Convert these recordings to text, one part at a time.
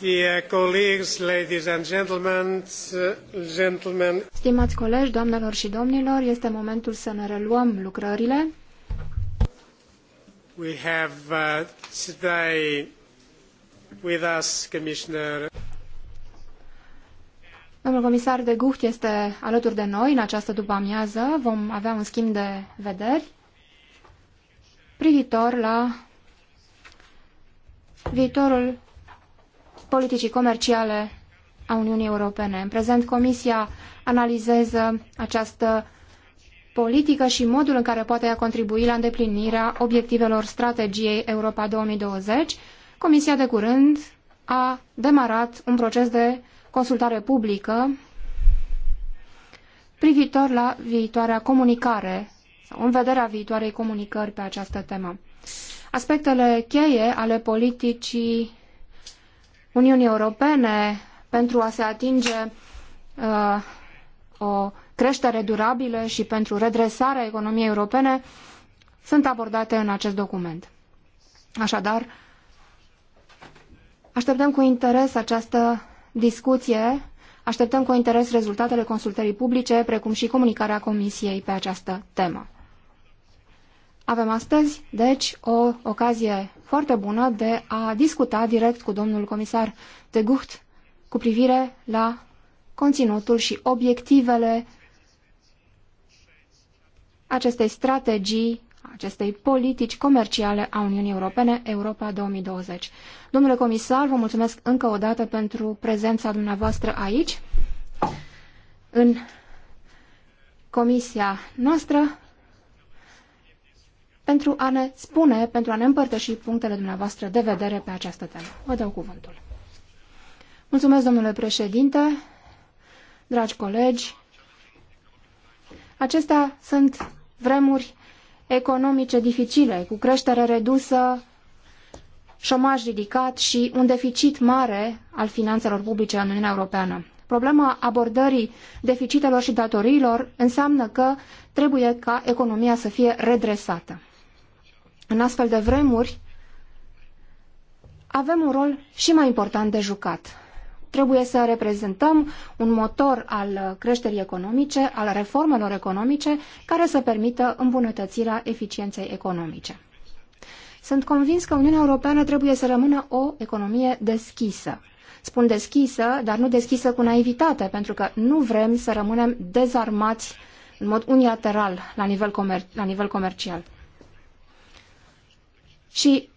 Dear colleagues, ladies and gentlemen, uh, gentlemen. Stimați colegi, doamnelor și domnilor, este momentul să ne reluăm lucrările. We have uh, today with us Commissioner Domnul comisar de Gucht este alături de noi în această după-amiază. Vom avea un schimb de vederi privitor la viitorul politicii comerciale a Uniunii Europene. În prezent, Comisia analizează această politică și modul în care poate ea contribui la îndeplinirea obiectivelor strategiei Europa 2020. Comisia de curând a demarat un proces de consultare publică privitor la viitoarea comunicare sau în vederea viitoarei comunicări pe această temă. Aspectele cheie ale politicii Uniunii Europene pentru a se atinge uh, o creștere durabilă și pentru redresarea economiei europene sunt abordate în acest document. Așadar, așteptăm cu interes această discuție, așteptăm cu interes rezultatele consultării publice, precum și comunicarea Comisiei pe această temă. Avem astăzi, deci, o ocazie foarte bună de a discuta direct cu domnul comisar de Gucht cu privire la conținutul și obiectivele acestei strategii, acestei politici comerciale a Uniunii Europene, Europa 2020. Domnule comisar, vă mulțumesc încă o dată pentru prezența dumneavoastră aici, în comisia noastră pentru a ne spune, pentru a ne împărtăși punctele dumneavoastră de vedere pe această temă. Vă dau cuvântul. Mulțumesc, domnule președinte, dragi colegi. Acestea sunt vremuri economice dificile, cu creștere redusă, șomaj ridicat și un deficit mare al finanțelor publice în Uniunea Europeană. Problema abordării deficitelor și datoriilor înseamnă că trebuie ca economia să fie redresată. În astfel de vremuri, avem un rol și mai important de jucat. Trebuie să reprezentăm un motor al creșterii economice, al reformelor economice, care să permită îmbunătățirea eficienței economice. Sunt convins că Uniunea Europeană trebuie să rămână o economie deschisă. Spun deschisă, dar nu deschisă cu naivitate, pentru că nu vrem să rămânem dezarmați în mod unilateral la nivel, comer la nivel comercial. Și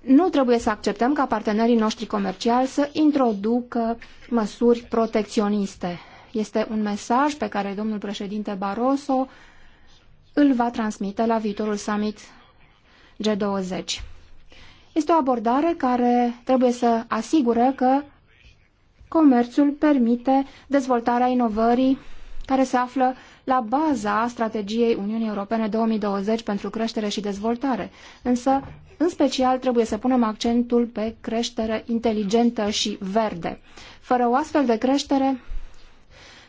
nu trebuie să acceptăm ca partenerii noștri comerciali să introducă măsuri protecționiste. Este un mesaj pe care domnul președinte Barroso îl va transmite la viitorul summit G20. Este o abordare care trebuie să asigure că comerțul permite dezvoltarea inovării care se află la baza strategiei Uniunii Europene 2020 pentru creștere și dezvoltare. Însă în special, trebuie să punem accentul pe creștere inteligentă și verde. Fără o astfel de creștere,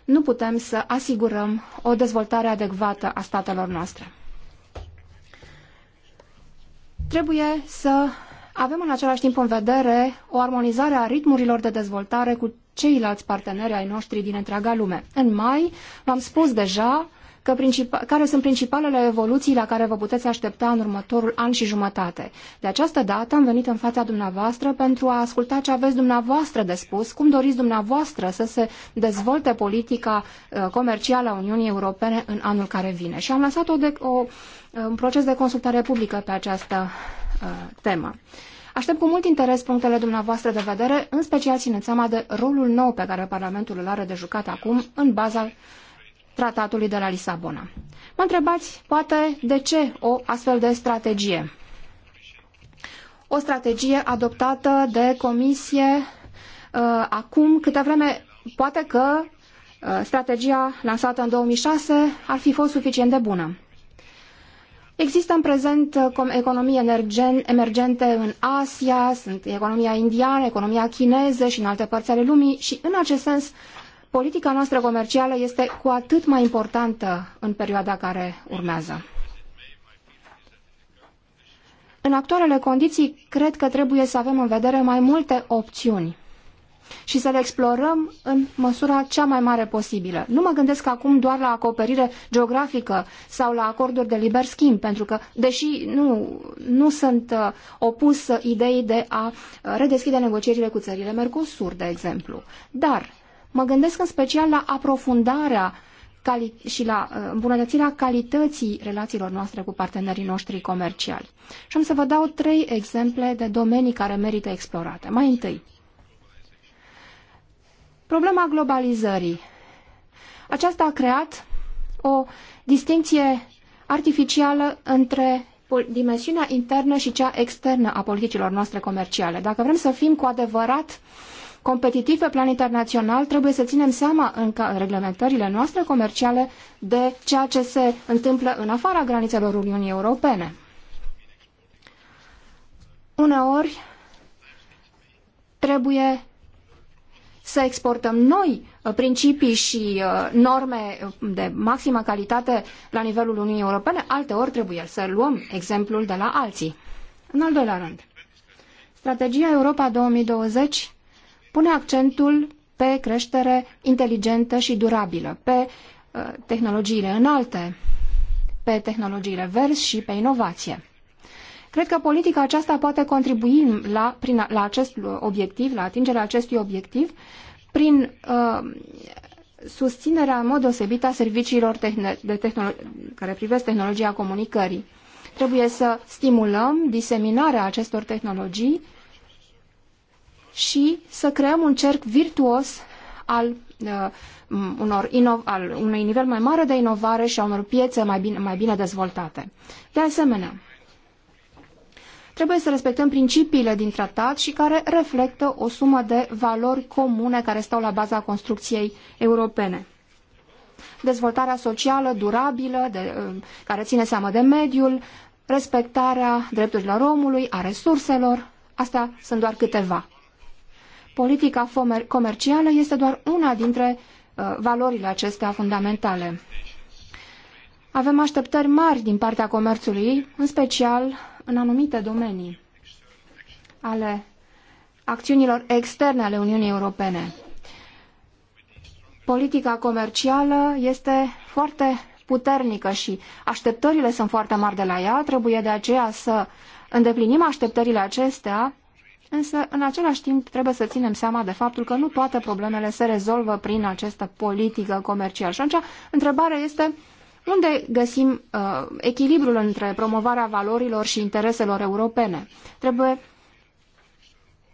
nu putem să asigurăm o dezvoltare adecvată a statelor noastre. Trebuie să avem în același timp în vedere o armonizare a ritmurilor de dezvoltare cu ceilalți parteneri ai noștri din întreaga lume. În mai, v-am spus deja, că care sunt principalele evoluții la care vă puteți aștepta în următorul an și jumătate. De această dată am venit în fața dumneavoastră pentru a asculta ce aveți dumneavoastră de spus, cum doriți dumneavoastră să se dezvolte politica uh, comercială a Uniunii Europene în anul care vine. Și am lăsat o de, o, uh, un proces de consultare publică pe această uh, temă. Aștept cu mult interes punctele dumneavoastră de vedere, în special ținând seama de rolul nou pe care Parlamentul îl are de jucat acum în baza tratatului de la Lisabona. Mă întrebați, poate, de ce o astfel de strategie? O strategie adoptată de comisie uh, acum câte vreme, poate că uh, strategia lansată în 2006 ar fi fost suficient de bună. Există în prezent uh, economii emergente în Asia, sunt economia indiană, economia chineză și în alte părți ale lumii și în acest sens politica noastră comercială este cu atât mai importantă în perioada care urmează. În actualele condiții, cred că trebuie să avem în vedere mai multe opțiuni și să le explorăm în măsura cea mai mare posibilă. Nu mă gândesc acum doar la acoperire geografică sau la acorduri de liber schimb, pentru că, deși nu, nu sunt uh, opus ideii de a uh, redeschide negocierile cu țările Mercosur, de exemplu, dar Mă gândesc în special la aprofundarea și la uh, îmbunătățirea calității relațiilor noastre cu partenerii noștri comerciali. Și am să vă dau trei exemple de domenii care merită explorate. Mai întâi, problema globalizării. Aceasta a creat o distinție artificială între dimensiunea internă și cea externă a politicilor noastre comerciale. Dacă vrem să fim cu adevărat uh, competitiv pe plan internațional, trebuie să ținem seama în reglementările noastre comerciale de ceea ce se întâmplă în afara granițelor Uniunii Europene. Uneori trebuie să exportăm noi uh, principii și uh, norme uh, de maximă calitate la nivelul Uniunii Europene, alteori trebuie să luăm exemplul de la alții. În al doilea rând, strategia Europa 2020 pune accentul pe creștere inteligentă și durabilă, pe uh, tehnologiile înalte, pe tehnologiile verzi și pe inovație. Cred că politica aceasta poate contribui la, prin, la acest obiectiv, la atingerea acestui obiectiv, prin uh, susținerea în mod deosebit a serviciilor tehn de tehnolo- care privesc tehnologia comunicării. Trebuie să stimulăm diseminarea acestor tehnologii și să creăm un cerc virtuos al, uh, unor ino- al unui nivel mai mare de inovare și a unor piețe mai bine, mai bine dezvoltate. De asemenea, trebuie să respectăm principiile din tratat și care reflectă o sumă de valori comune care stau la baza construcției europene. Dezvoltarea socială durabilă, de, uh, care ține seama de mediul, respectarea drepturilor omului, a resurselor, astea sunt doar câteva politica comercială este doar una dintre uh, valorile acestea fundamentale. Avem așteptări mari din partea comerțului, în special în anumite domenii ale acțiunilor externe ale Uniunii Europene. Politica comercială este foarte puternică și așteptările sunt foarte mari de la ea, trebuie de aceea să îndeplinim așteptările acestea însă în același timp trebuie să ținem seama de faptul că nu toate problemele se rezolvă prin această politică comercială. Și atunci întrebarea este unde găsim uh, echilibrul între promovarea valorilor și intereselor europene. Trebuie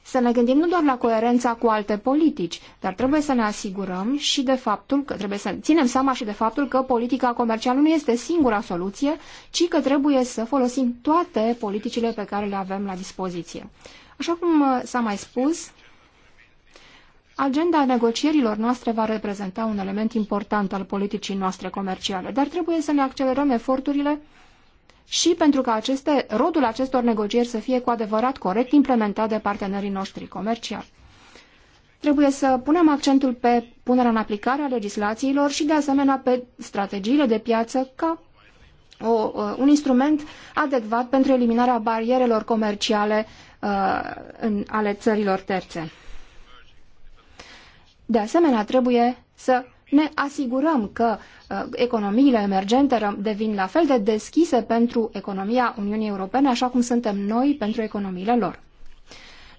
să ne gândim nu doar la coerența cu alte politici, dar trebuie să ne asigurăm și de faptul că trebuie să ținem seama și de faptul că politica comercială nu este singura soluție, ci că trebuie să folosim toate politicile pe care le avem la dispoziție. Așa cum uh, s-a mai spus, agenda negocierilor noastre va reprezenta un element important al politicii noastre comerciale, dar trebuie să ne accelerăm eforturile și pentru ca aceste, rodul acestor negocieri să fie cu adevărat corect implementat de partenerii noștri comerciali. Trebuie să punem accentul pe punerea în aplicare a legislațiilor și de asemenea pe strategiile de piață ca o, uh, un instrument adecvat pentru eliminarea barierelor comerciale Uh, în, ale țărilor terțe. De asemenea, trebuie să ne asigurăm că uh, economiile emergente devin la fel de deschise pentru economia Uniunii Europene, așa cum suntem noi pentru economiile lor.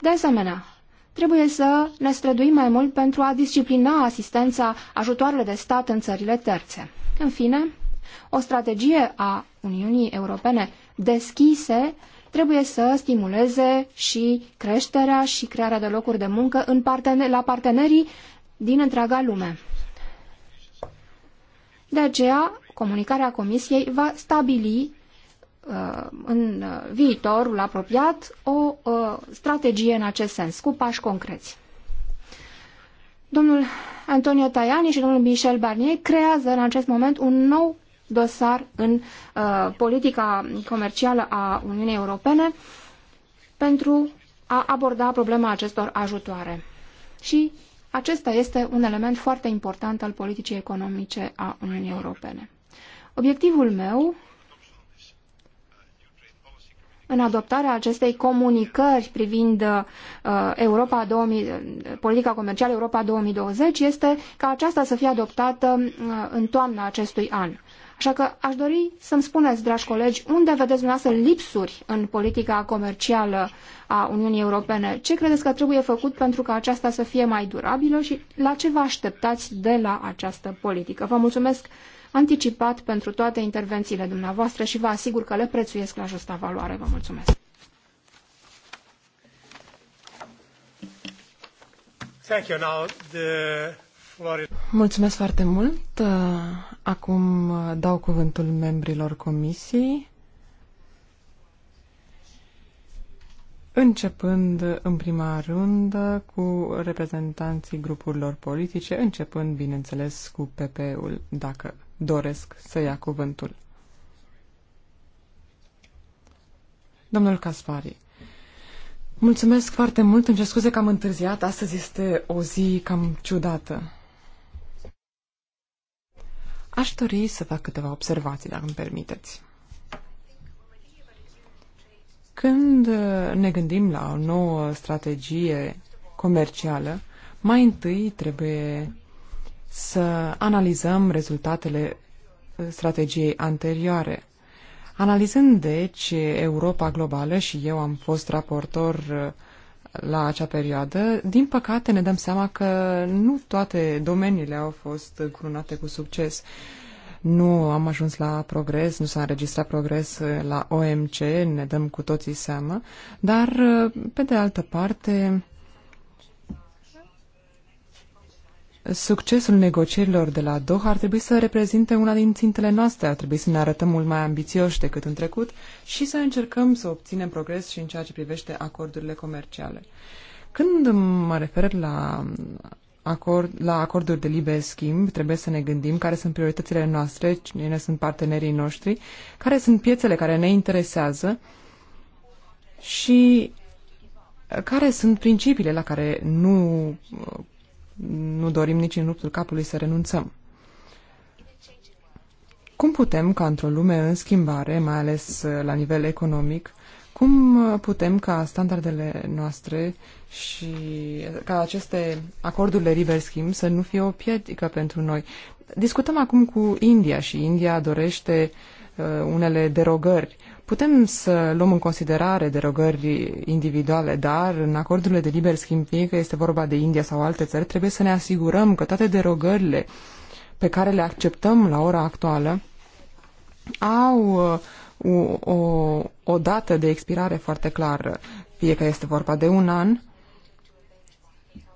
De asemenea, trebuie să ne străduim mai mult pentru a disciplina asistența ajutoarele de stat în țările terțe. În fine, o strategie a Uniunii Europene deschise trebuie să stimuleze și creșterea și crearea de locuri de muncă în partener la partenerii din întreaga lume. De aceea, comunicarea Comisiei va stabili uh, în viitorul apropiat o uh, strategie în acest sens, cu pași concreți. Domnul Antonio Tajani și domnul Michel Barnier creează în acest moment un nou dosar în uh, politica comercială a Uniunii Europene pentru a aborda problema acestor ajutoare. Și acesta este un element foarte important al politicii economice a Uniunii Europene. Obiectivul meu în adoptarea acestei comunicări privind uh, Europa 2000, politica comercială Europa 2020 este ca aceasta să fie adoptată uh, în toamna acestui an. Așa că aș dori să-mi spuneți, dragi colegi, unde vedeți dumneavoastră lipsuri în politica comercială a Uniunii Europene? Ce credeți că trebuie făcut pentru ca aceasta să fie mai durabilă și la ce vă așteptați de la această politică? Vă mulțumesc anticipat pentru toate intervențiile dumneavoastră și vă asigur că le prețuiesc la justa valoare. Vă mulțumesc! Thank you. Now, the Mulțumesc foarte mult. Acum dau cuvântul membrilor comisiei. Începând în prima rundă cu reprezentanții grupurilor politice, începând, bineînțeles, cu PP-ul, dacă doresc să ia cuvântul. Domnul Caspari, mulțumesc foarte mult, îmi scuze că am întârziat, astăzi este o zi cam ciudată. Aș dori să fac câteva observații, dacă îmi permiteți. Când uh, ne gândim la o nouă strategie comercială, mai întâi trebuie să analizăm rezultatele uh, strategiei anterioare. Analizând, deci, Europa globală și eu am fost raportor uh, la acea perioadă. Din păcate ne dăm seama că nu toate domeniile au fost curunate cu succes. Nu am ajuns la progres, nu s-a înregistrat progres la OMC, ne dăm cu toții seama, dar pe de altă parte Succesul negocierilor de la Doha ar trebui să reprezinte una din țintele noastre, ar trebui să ne arătăm mult mai ambițioși decât în trecut și să încercăm să obținem progres și în ceea ce privește acordurile comerciale. Când mă refer la, acord, la acorduri de liber schimb, trebuie să ne gândim care sunt prioritățile noastre, cine sunt partenerii noștri, care sunt piețele care ne interesează și care sunt principiile la care nu nu dorim nici în ruptul capului să renunțăm. Cum putem, ca într-o lume în schimbare, mai ales uh, la nivel economic, cum uh, putem ca standardele noastre și uh, ca aceste acorduri de liber schimb să nu fie o piedică pentru noi? Discutăm acum cu India și India dorește unele derogări Putem să luăm în considerare derogări individuale, dar în acordurile de liber schimb, fie că este vorba de India sau alte țări, trebuie să ne asigurăm că toate derogările pe care le acceptăm la ora actuală au o, uh, o, o dată de expirare foarte clară, fie că este vorba de un an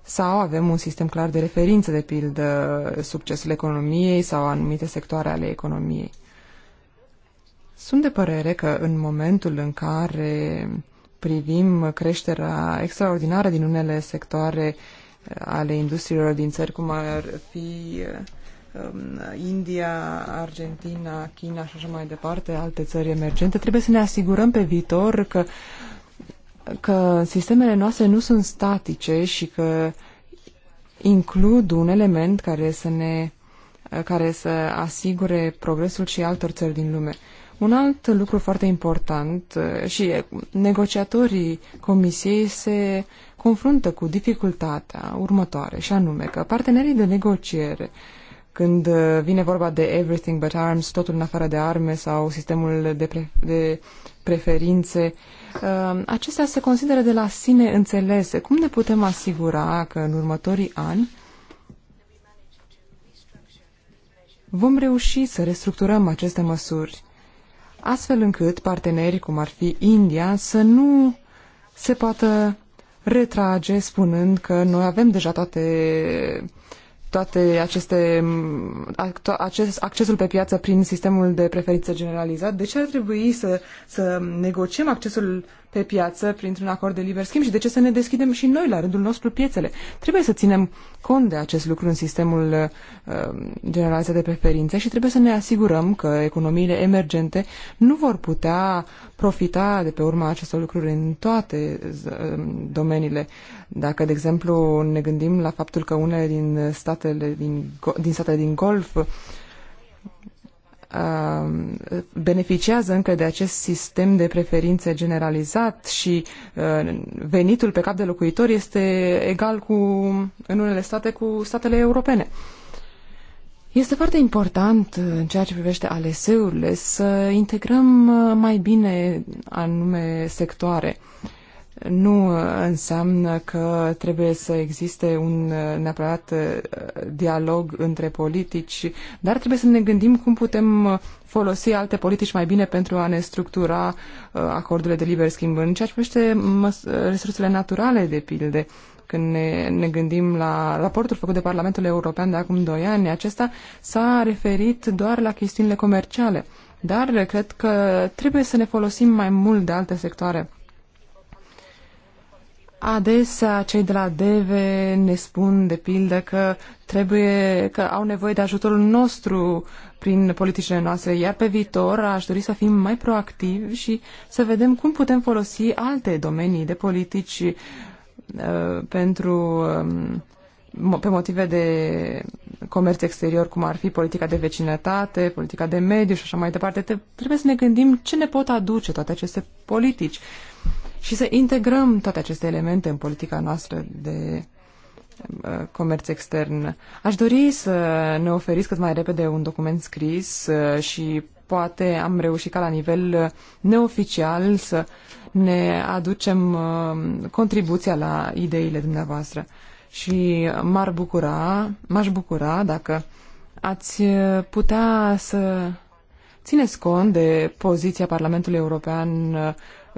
sau avem un sistem clar de referință, de pildă succesul economiei sau anumite sectoare ale economiei. Sunt de părere că în momentul în care privim creșterea extraordinară din unele sectoare eh, ale industriilor din țări, cum ar fi eh, um, India, Argentina, China și așa mai departe, alte țări emergente, trebuie să ne asigurăm pe viitor că, că sistemele noastre nu sunt statice și că includ un element care să ne eh, care să asigure progresul și altor țări din lume. Un alt lucru foarte important uh, și negociatorii comisiei se confruntă cu dificultatea următoare și anume că partenerii de negociere când uh, vine vorba de Everything But Arms, totul în afară de arme sau sistemul de, pre- de preferințe, uh, acestea se consideră de la sine înțelese. Cum ne putem asigura că în următorii ani vom reuși să restructurăm aceste măsuri astfel încât partenerii, cum ar fi India, să nu se poată retrage spunând că noi avem deja toate toate aceste, acest, accesul pe piață prin sistemul de preferință generalizat, de ce ar trebui să, să negociem accesul pe piață printr-un acord de liber schimb și de ce să ne deschidem și noi la rândul nostru piețele? Trebuie să ținem cont de acest lucru în sistemul uh, generalizat de preferințe și trebuie să ne asigurăm că economiile emergente nu vor putea profita de pe urma acestor lucruri în toate uh, domeniile. Dacă, de exemplu, ne gândim la faptul că unele din statele din, din, statele din Golf uh, beneficiază încă de acest sistem de preferințe generalizat și uh, venitul pe cap de locuitor este egal cu, în unele state cu statele europene. Este foarte important uh, în ceea ce privește aleseurile, să integrăm mai bine anume sectoare. Uh, nu uh, înseamnă că trebuie să existe un uh, neapărat uh, dialog între politici, dar trebuie să ne gândim cum putem folosi alte politici mai bine pentru a ne structura acordurile de liber schimb. În ceea ce privește resursele naturale, de pilde, când ne, ne gândim la raportul făcut de Parlamentul European de acum doi ani, acesta s-a referit doar la chestiunile comerciale. Dar cred că trebuie să ne folosim mai mult de alte sectoare Adesea cei de la DEVE ne spun, de pildă, că trebuie, că au nevoie de ajutorul nostru prin politicile noastre, iar pe viitor aș dori să fim mai proactivi și să vedem cum putem folosi alte domenii de politici uh, pentru uh, pe motive de comerț exterior, cum ar fi politica de vecinătate, politica de mediu și așa mai departe, trebuie să ne gândim ce ne pot aduce toate aceste politici și să integrăm toate aceste elemente în politica noastră de uh, comerț extern. Aș dori să ne oferiți cât mai repede un document scris uh, și poate am reușit ca la nivel uh, neoficial să ne aducem contribuția la ideile dumneavoastră. Și m-ar bucura, m-aș bucura dacă ați putea să țineți cont de poziția Parlamentului European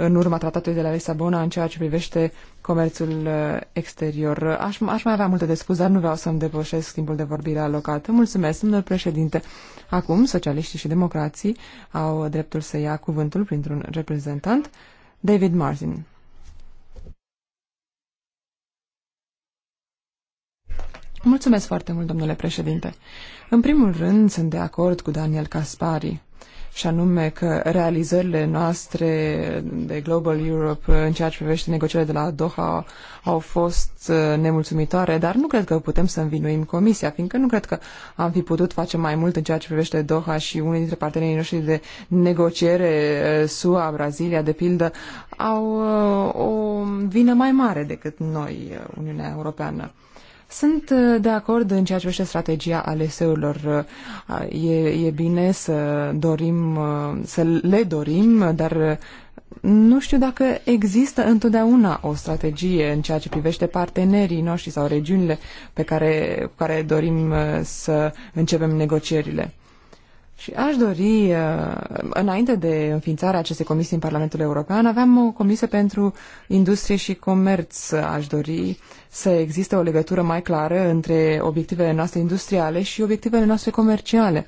în urma tratatului de la Lisabona în ceea ce privește comerțul uh, exterior. Aș, aș mai avea multe de spus, dar nu vreau să-mi depășesc timpul de vorbire alocat. Mulțumesc, domnul președinte. Acum, socialiștii și democrații au dreptul să ia cuvântul printr-un reprezentant, David Martin. Mulțumesc foarte mult, domnule președinte. În primul rând, sunt de acord cu Daniel Caspari și anume că realizările noastre de Global Europe uh, în ceea ce privește negocierile de la Doha au fost uh, nemulțumitoare, dar nu cred că putem să învinuim Comisia, fiindcă nu cred că am fi putut face mai mult în ceea ce privește Doha și unii dintre partenerii noștri de negociere, uh, SUA, Brazilia, de pildă, au o vină mai mare decât noi, Uniunea Europeană. Sunt uh, de acord în ceea ce privește strategia aleseurilor. Uh, e, e bine să dorim, uh, să le dorim, dar nu știu dacă există întotdeauna o strategie în ceea ce privește partenerii noștri sau regiunile pe care, cu care dorim să începem negocierile. Și aș dori, înainte de înființarea acestei comisii în Parlamentul European, aveam o comisie pentru industrie și comerț. Aș dori să existe o legătură mai clară între obiectivele noastre industriale și obiectivele noastre comerciale.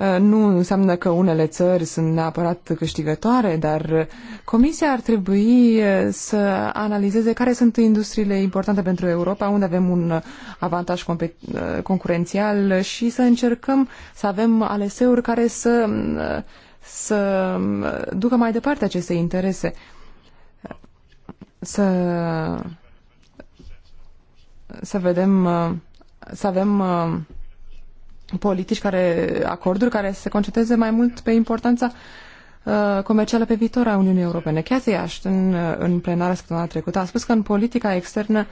Uh, nu înseamnă că unele țări sunt neapărat câștigătoare, dar Comisia ar trebui uh, să analizeze care sunt industriile importante pentru Europa, unde avem un avantaj uh, concurențial și să încercăm să avem aleseuri care să, să um, ducă mai departe aceste interese să, să vedem, uh, să avem uh, politici care, acorduri care se concentreze mai mult pe importanța uh, comercială pe viitor a Uniunii Europene. Cathy Ashton, în în plenară săptămâna trecută, a spus că în politica externă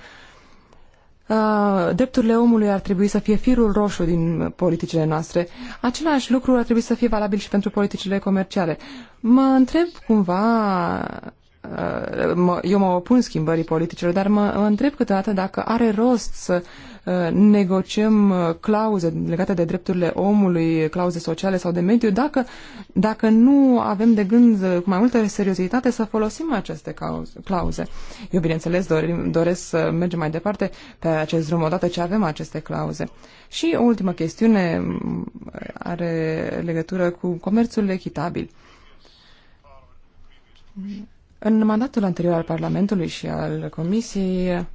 drepturile omului ar trebui să fie firul roșu din politicile noastre. Același lucru ar trebui să fie valabil și pentru politicile comerciale. Mă întreb cumva Uh, eu mă opun schimbării politicilor, dar mă, mă întreb câteodată dacă are rost să uh, negociem uh, clauze legate de drepturile omului, clauze sociale sau de mediu, dacă, dacă nu avem de gând cu mai multă seriozitate să folosim aceste clauze. Eu, bineînțeles, dorim, doresc să mergem mai departe pe acest drum odată ce avem aceste clauze. Și o ultimă chestiune mm, are legătură cu comerțul echitabil. În mandatul anterior al Parlamentului și al Comisiei,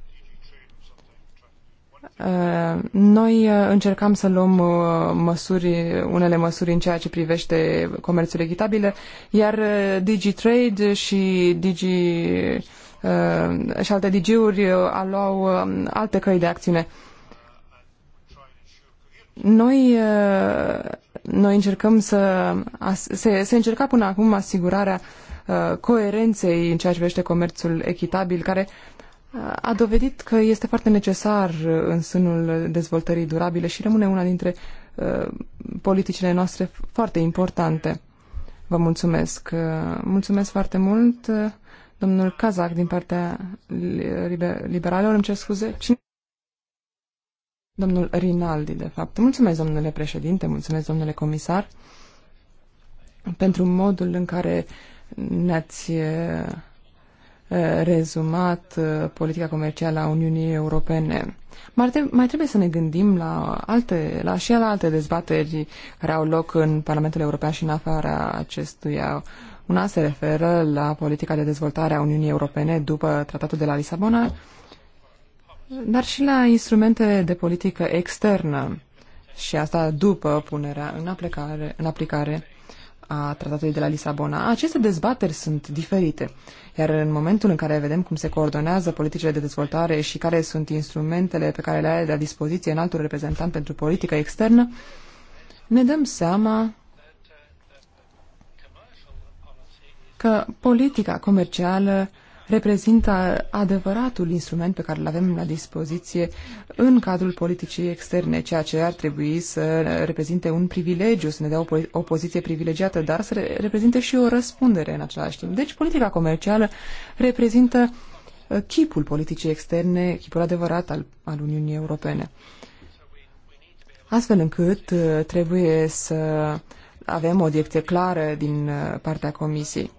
uh, noi uh, încercam să luăm uh, măsuri, unele măsuri în ceea ce privește comerțul echitabil, iar DigiTrade și Digi și alte DG-uri aluau um, alte căi de acțiune. Noi, noi încercăm să, se, se încerca până acum asigurarea uh, Uh, coerenței în ceea ce privește comerțul echitabil, care uh, a dovedit că este foarte necesar în sânul dezvoltării durabile și rămâne una dintre uh, politicile noastre foarte importante. Vă mulțumesc. Mulțumesc foarte mult, domnul Kazak, din partea liberalilor. Îmi cer scuze. Cine? Domnul Rinaldi, de fapt. Mulțumesc, domnule președinte, mulțumesc, domnule comisar, pentru modul în care uh, ne-ați rezumat politica comercială a Uniunii Europene. Mai trebuie să ne gândim la alte, la și la alte dezbateri care au loc în Parlamentul European și în afara acestuia. Una se referă la politica de dezvoltare a Uniunii Europene după tratatul de la Lisabona, dar și la instrumente de politică externă și asta după punerea în aplicare, în aplicare a tratatului de la Lisabona. Aceste dezbateri sunt diferite, iar în momentul în care vedem cum se coordonează politicile de dezvoltare și care sunt instrumentele pe care le are la dispoziție în altul reprezentant pentru politică externă, ne dăm seama că politica comercială reprezintă adevăratul instrument pe care îl avem la dispoziție în cadrul politicii externe, ceea ce ar trebui să reprezinte un privilegiu, să ne dea o, po- o poziție privilegiată, dar să re- reprezinte și o răspundere în același timp. Deci politica comercială reprezintă uh, chipul politicii externe, chipul adevărat al, al Uniunii Europene. Astfel încât uh, trebuie să avem o direcție clară din uh, partea Comisiei.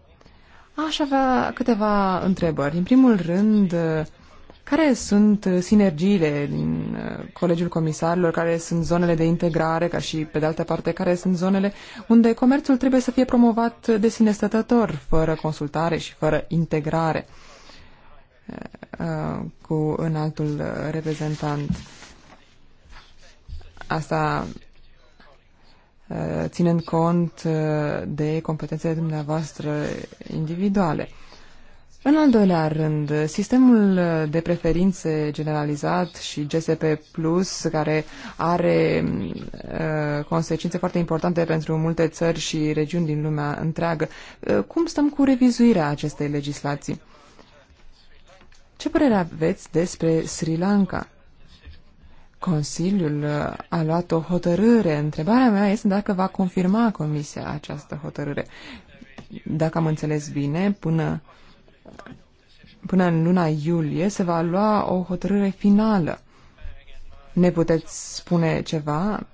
Aș avea câteva întrebări. În primul rând, care sunt sinergiile din uh, Colegiul Comisarilor, care sunt zonele de integrare, ca și, pe de altă parte, care sunt zonele unde comerțul trebuie să fie promovat de sine stătător, fără consultare și fără integrare uh, cu înaltul reprezentant? Asta Uh, ținând cont uh, de competențele dumneavoastră individuale. În al doilea rând, sistemul de preferințe generalizat și GSP Plus, care are uh, consecințe foarte importante pentru multe țări și regiuni din lumea întreagă, cum stăm cu revizuirea acestei legislații? Ce părere aveți despre Sri Lanka? Consiliul uh, a luat o hotărâre. Întrebarea mea este dacă va confirma Comisia această hotărâre. Dacă am înțeles bine, până, până în luna iulie se va lua o hotărâre finală. Ne puteți spune ceva,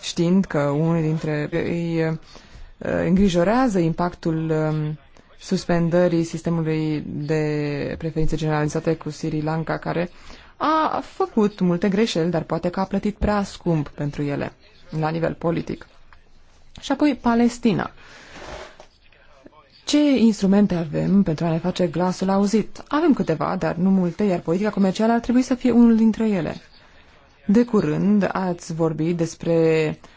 știind că unul dintre ei uh, îngrijorează impactul um, suspendării sistemului de preferințe generalizate cu Sri Lanka, care uh, a făcut multe greșeli, dar poate că a plătit prea scump pentru ele, la nivel politic. Și apoi Palestina. Ce instrumente avem pentru a ne face glasul auzit? Avem câteva, dar nu multe, iar politica comercială ar trebui să fie unul dintre ele. De curând ați vorbit despre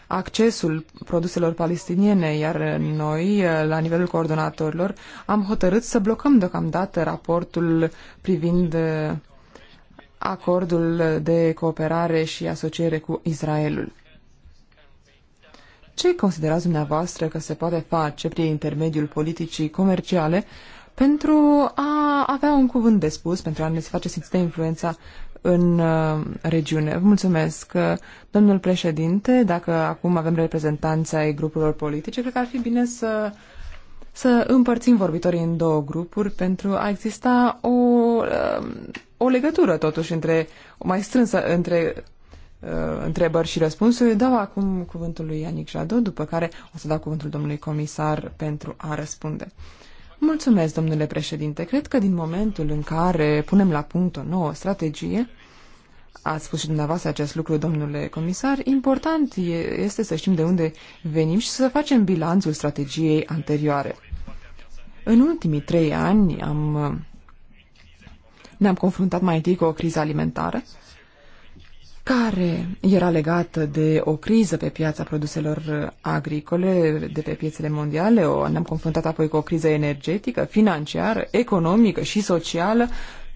accesul produselor palestiniene, iar noi, la nivelul coordonatorilor, am hotărât să blocăm deocamdată raportul privind acordul de cooperare și asociere cu Israelul. Ce considerați dumneavoastră că se poate face prin intermediul politicii comerciale pentru a avea un cuvânt de spus, pentru a ne face simțită influența în uh, regiune. Vă mulțumesc, uh, domnul președinte. Dacă acum avem reprezentanța ai grupurilor politice, cred că ar fi bine să să împărțim vorbitorii în două grupuri pentru a exista o, um, o legătură totuși între, o mai strânsă între uh, întrebări și răspunsuri. Dau acum cuvântul lui Ianic Jadot, după care o să dau cuvântul domnului comisar pentru a răspunde. Mulțumesc, domnule președinte. Cred că din momentul în care punem la punct o nouă strategie, ați spus și dumneavoastră acest lucru, domnule comisar, important este să știm de unde venim și să facem bilanțul strategiei anterioare. În ultimii trei ani am, ne-am confruntat mai întâi cu o criză alimentară, care era legată de o criză pe piața produselor agricole de pe piețele mondiale. O, ne-am confruntat apoi cu o criză energetică, financiară, economică și socială,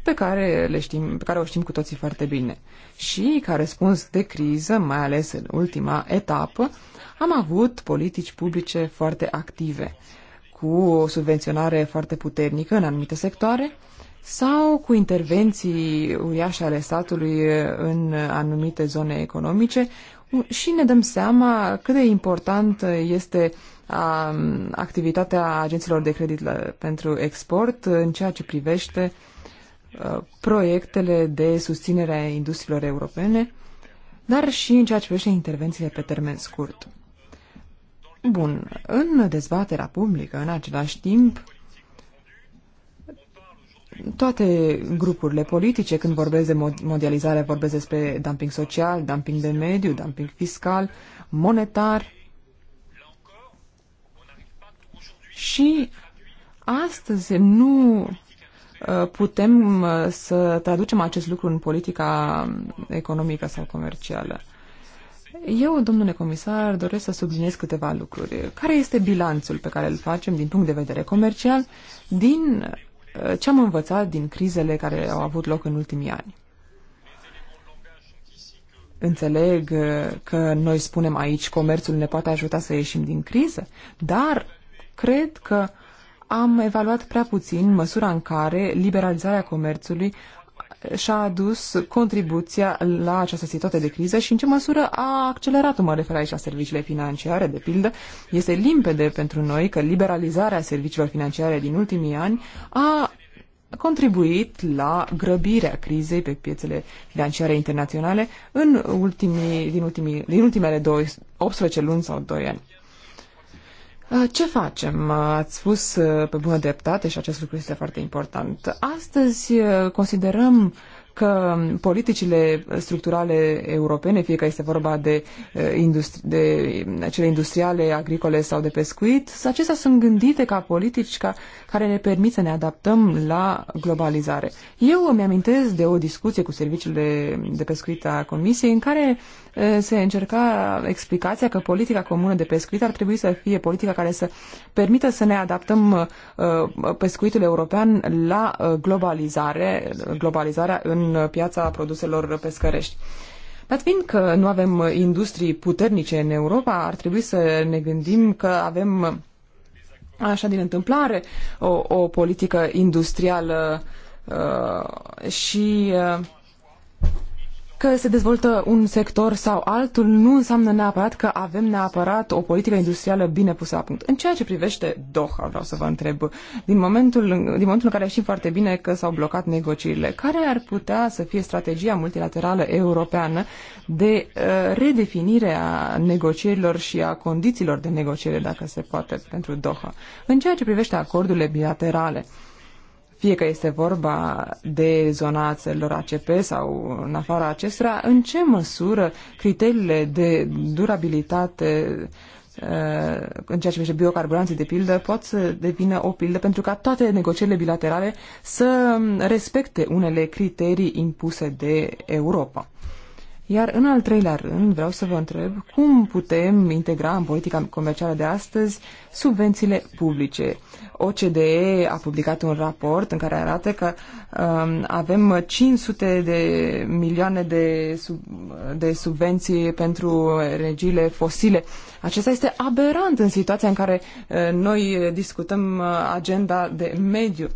pe care, le știm, pe care o știm cu toții foarte bine. Și ca răspuns de criză, mai ales în ultima etapă, am avut politici publice foarte active cu o subvenționare foarte puternică în anumite sectoare sau cu intervenții uriașe ale statului în anumite zone economice și ne dăm seama cât de important este activitatea agenților de credit pentru export în ceea ce privește uh, proiectele de susținere a industriilor europene, dar și în ceea ce privește intervențiile pe termen scurt. Bun, în dezbaterea publică, în același timp, toate grupurile politice, când vorbesc de mondializare, vorbesc despre dumping social, dumping de mediu, dumping fiscal, monetar. Și astăzi nu ă, putem ă, să traducem acest lucru în politica economică sau comercială. Eu, domnule comisar, doresc să subliniez câteva lucruri. Care este bilanțul pe care îl facem din punct de vedere comercial din uh, ce am învățat din crizele care au avut loc în ultimii ani? Înțeleg uh, că noi spunem aici comerțul ne poate ajuta să ieșim din criză, dar cred că am evaluat prea puțin măsura în care liberalizarea comerțului și-a adus contribuția la această situație de criză și în ce măsură a accelerat-o, mă refer aici la serviciile financiare, de pildă. Este limpede pentru noi că liberalizarea serviciilor financiare din ultimii ani a contribuit la grăbirea crizei pe piețele financiare internaționale în ultimii, din, ultimii, din ultimele 12, 18 luni sau 2 ani. Uh, ce facem? Uh, ați spus uh, pe bună dreptate și acest lucru este foarte important. Astăzi considerăm că politicile structurale europene, fie că este vorba de, industri- de cele industriale, agricole sau de pescuit, acestea sunt gândite ca politici ca, care ne permit să ne adaptăm la globalizare. Eu îmi amintesc de o discuție cu serviciile de pescuit a Comisiei în care se încerca explicația că politica comună de pescuit ar trebui să fie politica care să permită să ne adaptăm pescuitul european la globalizare, globalizarea în piața produselor pescărești. Dar fiind că nu avem industrii puternice în Europa, ar trebui să ne gândim că avem așa din întâmplare o, o politică industrială uh, și uh, Că se dezvoltă un sector sau altul nu înseamnă neapărat că avem neapărat o politică industrială bine pusă la punct. În ceea ce privește Doha, vreau să vă întreb, din momentul, din momentul în care știm foarte bine că s-au blocat negocierile, care ar putea să fie strategia multilaterală europeană de uh, redefinire a negocierilor și a condițiilor de negociere, dacă se poate, pentru Doha? În ceea ce privește acordurile bilaterale, uh, fie că este vorba de zona țărilor ACP sau în afara acestora, în ce măsură criteriile de durabilitate uh, în ceea ce privește biocarburanții, de pildă, pot să devină o pildă pentru ca toate negocierile bilaterale să respecte unele criterii impuse de Europa. Iar în al treilea rând vreau să vă întreb cum putem integra în politica comercială de astăzi subvențiile publice. OCDE a publicat un raport în care arată că um, avem 500 de milioane de, sub, de subvenții pentru regiile fosile. Acesta este aberant în situația în care uh, noi discutăm uh, agenda de mediu. Uh,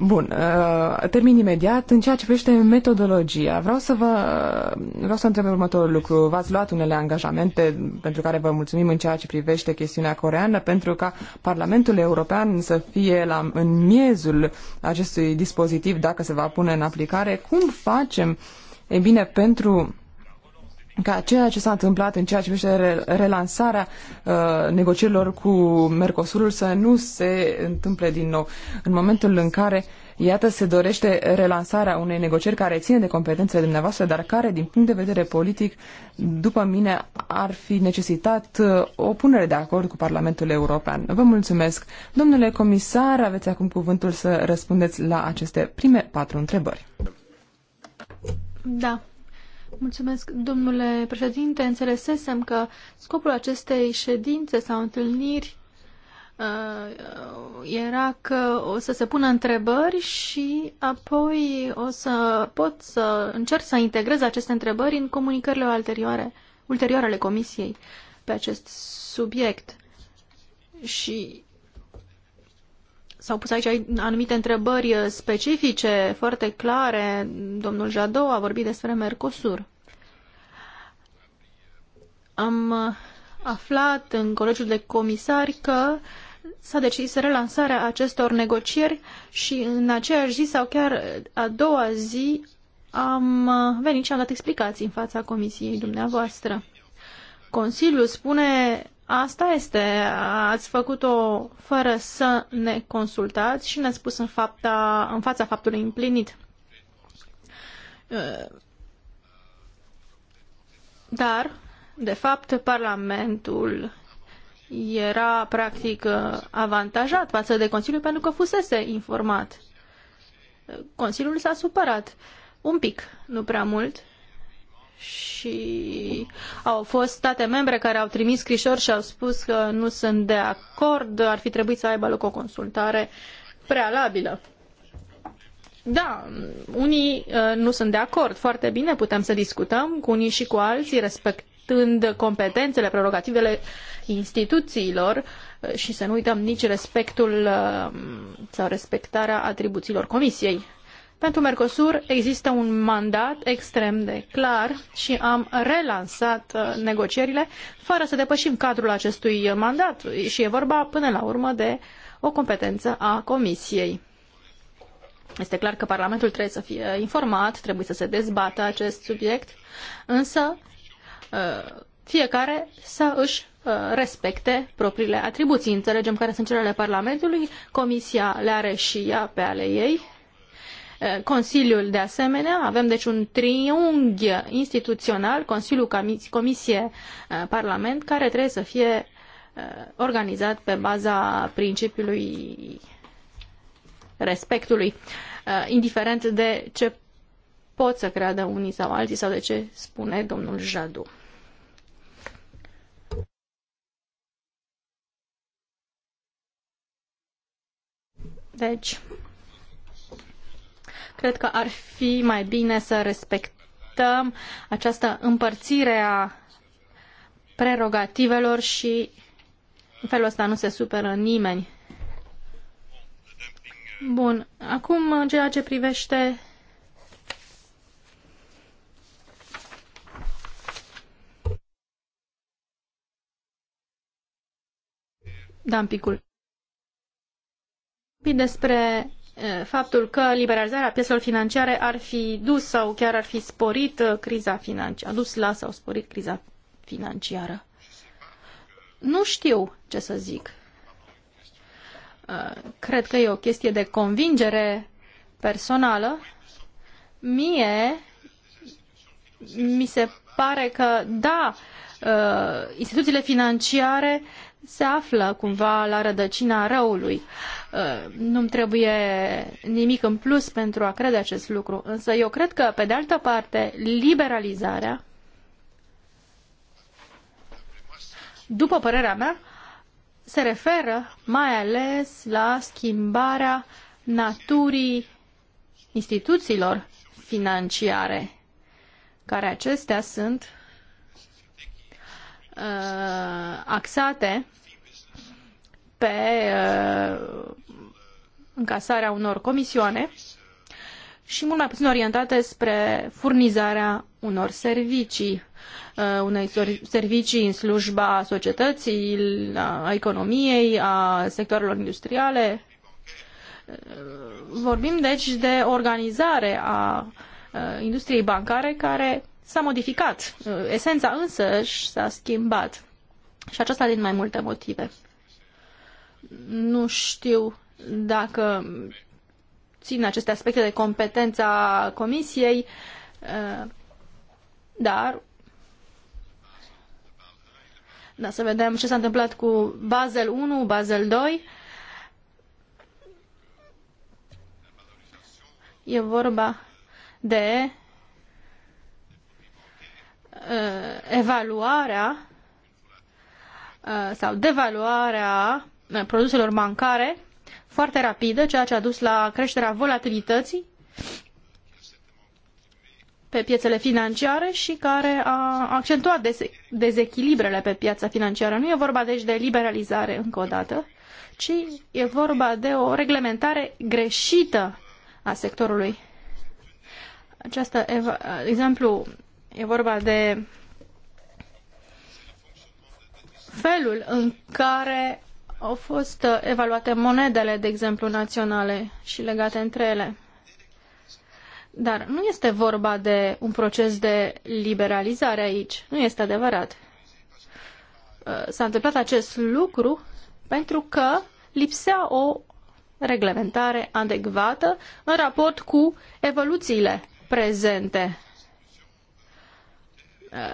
Bun, uh, termin imediat. În ceea ce privește metodologia, vreau să vă vreau să întreb următorul lucru. V-ați luat unele angajamente pentru care vă mulțumim în ceea ce privește chestiunea coreană, pentru ca Parlamentul European să fie la, în miezul acestui dispozitiv dacă se va pune în aplicare. Cum facem? E bine, pentru ca ceea ce s-a întâmplat în ceea ce privește relansarea uh, negocierilor cu Mercosurul să nu se întâmple din nou. În momentul în care, iată, se dorește relansarea unei negocieri care ține de competențele dumneavoastră, dar care, din punct de vedere politic, după mine, ar fi necesitat uh, o punere de acord cu Parlamentul European. Vă mulțumesc. Domnule comisar, aveți acum cuvântul să răspundeți la aceste prime patru întrebări. Da. Mulțumesc, domnule președinte. Înțelesesem că scopul acestei ședințe sau întâlniri uh, era că o să se pună întrebări și apoi o să pot să încerc să integrez aceste întrebări în comunicările ulterioare, ulterioare ale Comisiei pe acest subiect. Și s-au pus aici anumite întrebări uh, specifice, foarte clare. Domnul Jadot a vorbit despre Mercosur. Am uh, aflat în Colegiul de Comisari că s-a decis relansarea acestor negocieri și în aceeași zi sau chiar uh, a doua zi am venit și am dat explicații în fața Comisiei dumneavoastră. Consiliul spune Asta este, ați făcut-o fără să ne consultați și ne-ați spus în, fapta, în fața faptului împlinit. Dar, de fapt, Parlamentul era practic avantajat față de Consiliu pentru că fusese informat. Consiliul s-a supărat. Un pic, nu prea mult, și au fost state membre care au trimis scrișori și au spus că nu sunt de acord, ar fi trebuit să aibă loc o consultare prealabilă. Da, unii uh, nu sunt de acord. Foarte bine, putem să discutăm cu unii și cu alții, respectând competențele, prerogativele instituțiilor uh, și să nu uităm nici respectul uh, sau respectarea atribuțiilor comisiei. Pentru Mercosur există un mandat extrem de clar și am relansat uh, negocierile fără să depășim cadrul acestui mandat și e vorba până la urmă de o competență a Comisiei. Este clar că Parlamentul trebuie să fie informat, trebuie să se dezbată acest subiect, însă uh, fiecare să își uh, respecte propriile atribuții. Înțelegem care sunt cele ale Parlamentului, Comisia le are și ea pe ale ei Eh, Consiliul de asemenea. Avem deci un triunghi instituțional, Consiliul, Comisie, eh, Parlament, care trebuie să fie eh, organizat pe baza principiului respectului, indiferent de ce pot să creadă unii sau alții sau de ce spune domnul Jadu. Deci, Cred că ar fi mai bine să respectăm această împărțire a prerogativelor și în felul ăsta nu se supără nimeni. Bun. Acum, în ceea ce privește dumpingul. Despre faptul că liberalizarea pieselor financiare ar fi dus sau chiar ar fi sporit criza financiară, dus la sau sporit criza financiară. Nu știu ce să zic. Cred că e o chestie de convingere personală. Mie mi se pare că, da, instituțiile financiare uh, se află cumva la rădăcina răului. Uh, nu-mi trebuie nimic în plus pentru a crede acest lucru, însă eu cred că, pe de altă parte, liberalizarea, după părerea mea, se referă mai ales la schimbarea naturii instituțiilor financiare, care acestea sunt Uh, axate pe uh, încasarea unor comisioane și mult mai puțin orientate spre furnizarea unor servicii, uh, unei servicii în slujba societății, a economiei, a sectoarelor industriale. Vorbim deci de organizare a industriei bancare care s-a modificat. Esența însă s-a schimbat. Și aceasta din mai multe motive. Nu știu dacă țin aceste aspecte de competența comisiei, uh, dar da, să vedem ce s-a întâmplat cu Basel 1, Basel 2. E vorba de Uh, evaluarea uh, sau devaluarea uh, produselor bancare foarte rapidă, ceea ce a dus la creșterea volatilității pe piețele financiare și care a accentuat dezechilibrele pe piața financiară. Nu e vorba deci de liberalizare încă o dată, ci e vorba de o reglementare greșită a sectorului. Această exemplu E vorba de felul în care au fost evaluate monedele, de exemplu, naționale și legate între ele. Dar nu este vorba de un proces de liberalizare aici. Nu este adevărat. Uh, s-a întâmplat acest lucru pentru că lipsea o reglementare adecvată în raport cu evoluțiile prezente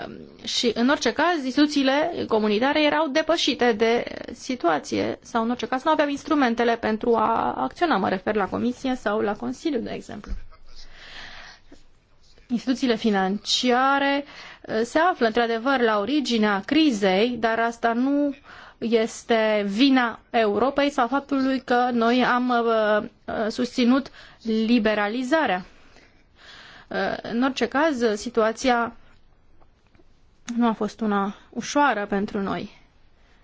Um, și în orice caz, instituțiile comunitare erau depășite de situație sau în orice caz nu aveau instrumentele pentru a acționa, mă refer la Comisie sau la Consiliu, de exemplu. Instituțiile financiare uh, se află într-adevăr la originea crizei, dar asta nu este vina Europei sau faptului că noi am uh, uh, susținut liberalizarea. În orice caz, situația nu a fost una ușoară pentru noi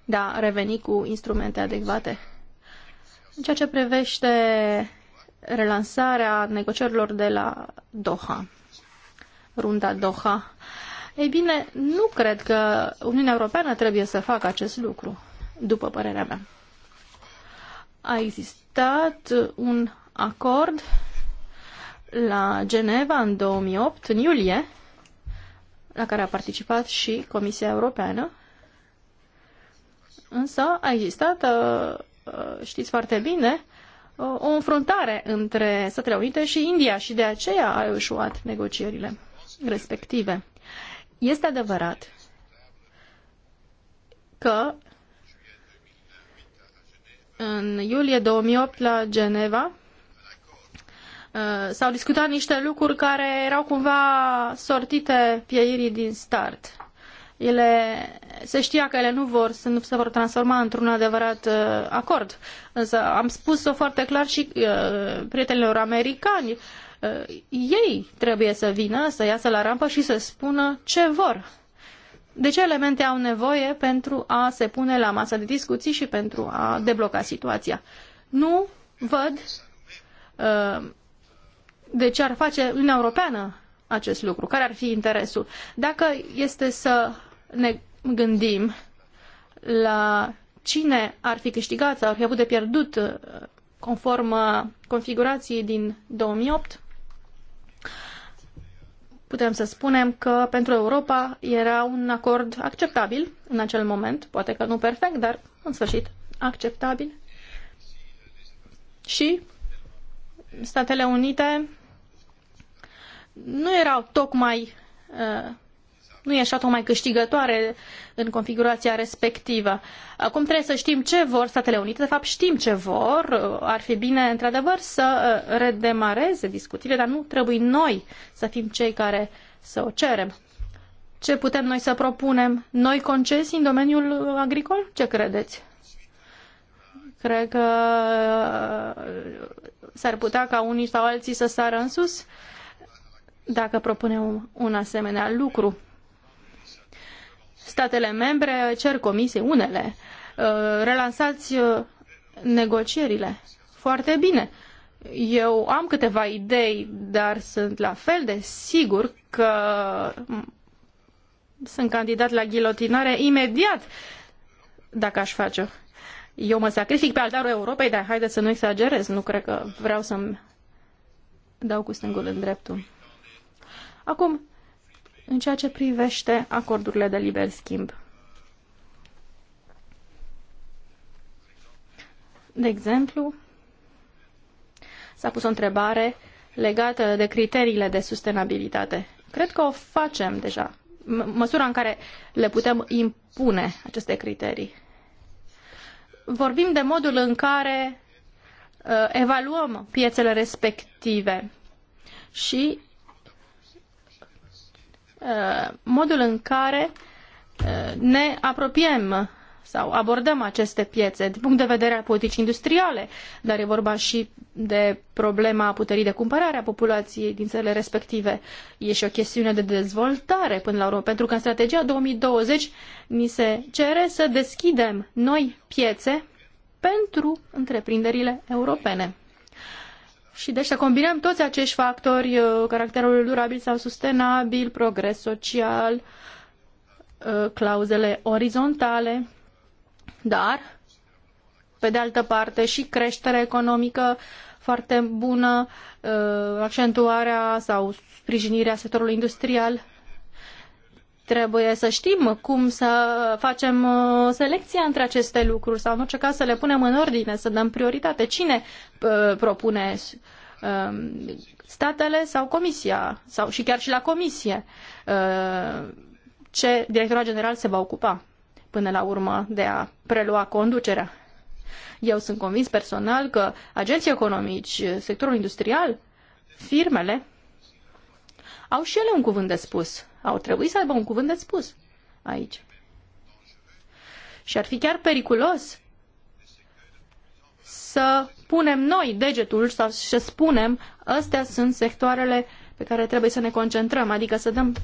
de a reveni cu instrumente adecvate. În ceea ce privește relansarea negocierilor de la Doha, runda Doha, ei bine, nu cred că Uniunea Europeană trebuie să facă acest lucru, după părerea mea. A existat un acord la Geneva în 2008, în iulie, la care a participat și Comisia Europeană. Însă a existat, uh, uh, știți foarte bine, uh, o înfruntare între Statele Unite și India și de aceea a eșuat negocierile respective. Este adevărat că în iulie 2008 la Geneva Uh, s-au discutat niște lucruri care erau cumva sortite pieirii din start. Ele se știa că ele nu vor să nu se vor transforma într-un adevărat uh, acord. Însă am spus-o foarte clar și uh, prietenilor americani. Uh, ei trebuie să vină, să iasă la rampă și să spună ce vor. De ce elemente au nevoie pentru a se pune la masa de discuții și pentru a debloca situația? Nu văd uh, de ce ar face Uniunea Europeană acest lucru? Care ar fi interesul? Dacă este să ne gândim la cine ar fi câștigat sau ar fi avut de pierdut uh, conform uh, configurației din 2008, putem să spunem că pentru Europa era un acord acceptabil în acel moment, poate că nu perfect, dar în sfârșit acceptabil. Și Statele Unite nu erau tocmai uh, nu e așa tocmai câștigătoare în configurația respectivă. Acum trebuie să știm ce vor Statele Unite, de fapt știm ce vor, uh, ar fi bine într-adevăr să uh, redemareze discuțiile, dar nu trebuie noi să fim cei care să o cerem. Ce putem noi să propunem? Noi concesii în domeniul agricol? Ce credeți? Cred că s-ar putea ca unii sau alții să sară în sus. Uh, dacă propunem un asemenea lucru. Statele membre cer comisiei unele. Uh, relansați uh, negocierile. Foarte bine. Eu am câteva idei, dar sunt la fel de sigur că sunt candidat la ghilotinare imediat dacă aș face. Eu mă sacrific pe altarul Europei, dar haideți să nu exagerez. Nu cred că vreau să-mi dau cu stângul în dreptul. Acum, în ceea ce privește acordurile de liber schimb. De exemplu, s-a pus o întrebare legată de criteriile de sustenabilitate. Cred că o facem deja, măsura în care le putem impune aceste criterii. Vorbim de modul în care uh, evaluăm piețele respective și Uh, modul în care uh, ne apropiem sau abordăm aceste piețe din punct de vedere al politicii industriale, dar e vorba și de problema puterii de cumpărare a populației din țările respective. E și o chestiune de dezvoltare până la urmă, pentru că în strategia 2020 ni se cere să deschidem noi piețe pentru întreprinderile europene. Și deci să combinăm toți acești factori, uh, caracterul durabil sau sustenabil, progres social, uh, clauzele orizontale, dar, pe de altă parte, și creștere economică foarte bună, uh, accentuarea sau sprijinirea sectorului industrial Trebuie să știm cum să facem uh, selecția între aceste lucruri sau în orice caz să le punem în ordine, să dăm prioritate. Cine uh, propune um, statele sau comisia sau și chiar și la comisie uh, ce directorul general se va ocupa până la urmă de a prelua conducerea. Eu sunt convins personal că agenții economici, sectorul industrial, firmele au și ele un cuvânt de spus. Au trebuit să aibă un cuvânt de spus aici. Și ar fi chiar periculos să punem noi degetul sau să spunem astea sunt sectoarele pe care trebuie să ne concentrăm, adică să dăm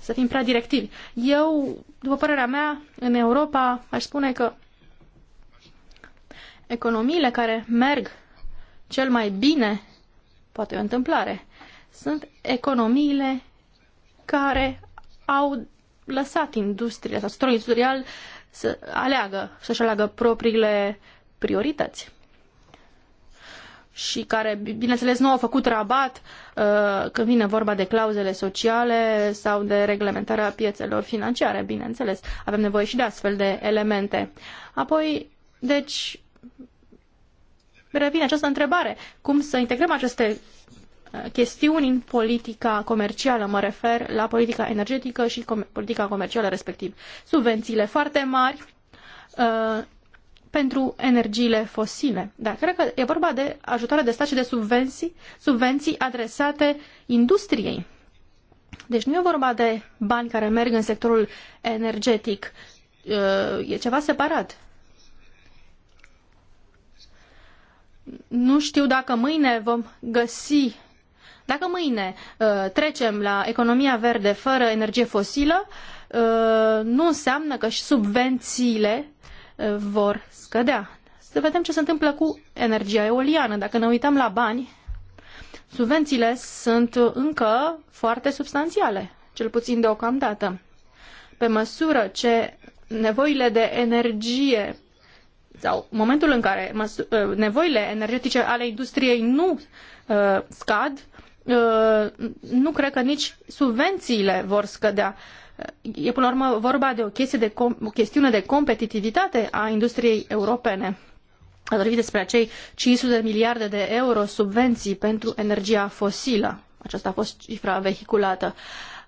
să fim prea directivi. Eu, după părerea mea, în Europa aș spune că economiile care merg cel mai bine, poate o întâmplare, sunt economiile care au lăsat industria sau sectorul industrial să aleagă, să-și aleagă propriile priorități și care, bineînțeles, nu au făcut rabat uh, când vine vorba de clauzele sociale sau de reglementarea piețelor financiare, bineînțeles. Avem nevoie și de astfel de elemente. Apoi, deci, revine această întrebare. Cum să integrăm aceste chestiuni în politica comercială, mă refer la politica energetică și com politica comercială respectiv. Subvențiile foarte mari uh, pentru energiile fosile. Da, cred că e vorba de ajutoare de stat și de subvenții, subvenții adresate industriei. Deci nu e vorba de bani care merg în sectorul energetic, uh, e ceva separat. Nu știu dacă mâine vom găsi dacă mâine uh, trecem la economia verde fără energie fosilă, uh, nu înseamnă că și subvențiile uh, vor scădea. Să vedem ce se întâmplă cu energia eoliană. Dacă ne uităm la bani, subvențiile sunt încă foarte substanțiale, cel puțin deocamdată. Pe măsură ce nevoile de energie sau momentul în care nevoile energetice ale industriei nu uh, scad, Uh, nu cred că nici subvențiile vor scădea. E până la urmă vorba de o, chestie de o chestiune de competitivitate a industriei europene. A vorbit despre acei 500 de miliarde de euro subvenții pentru energia fosilă. Aceasta a fost cifra vehiculată.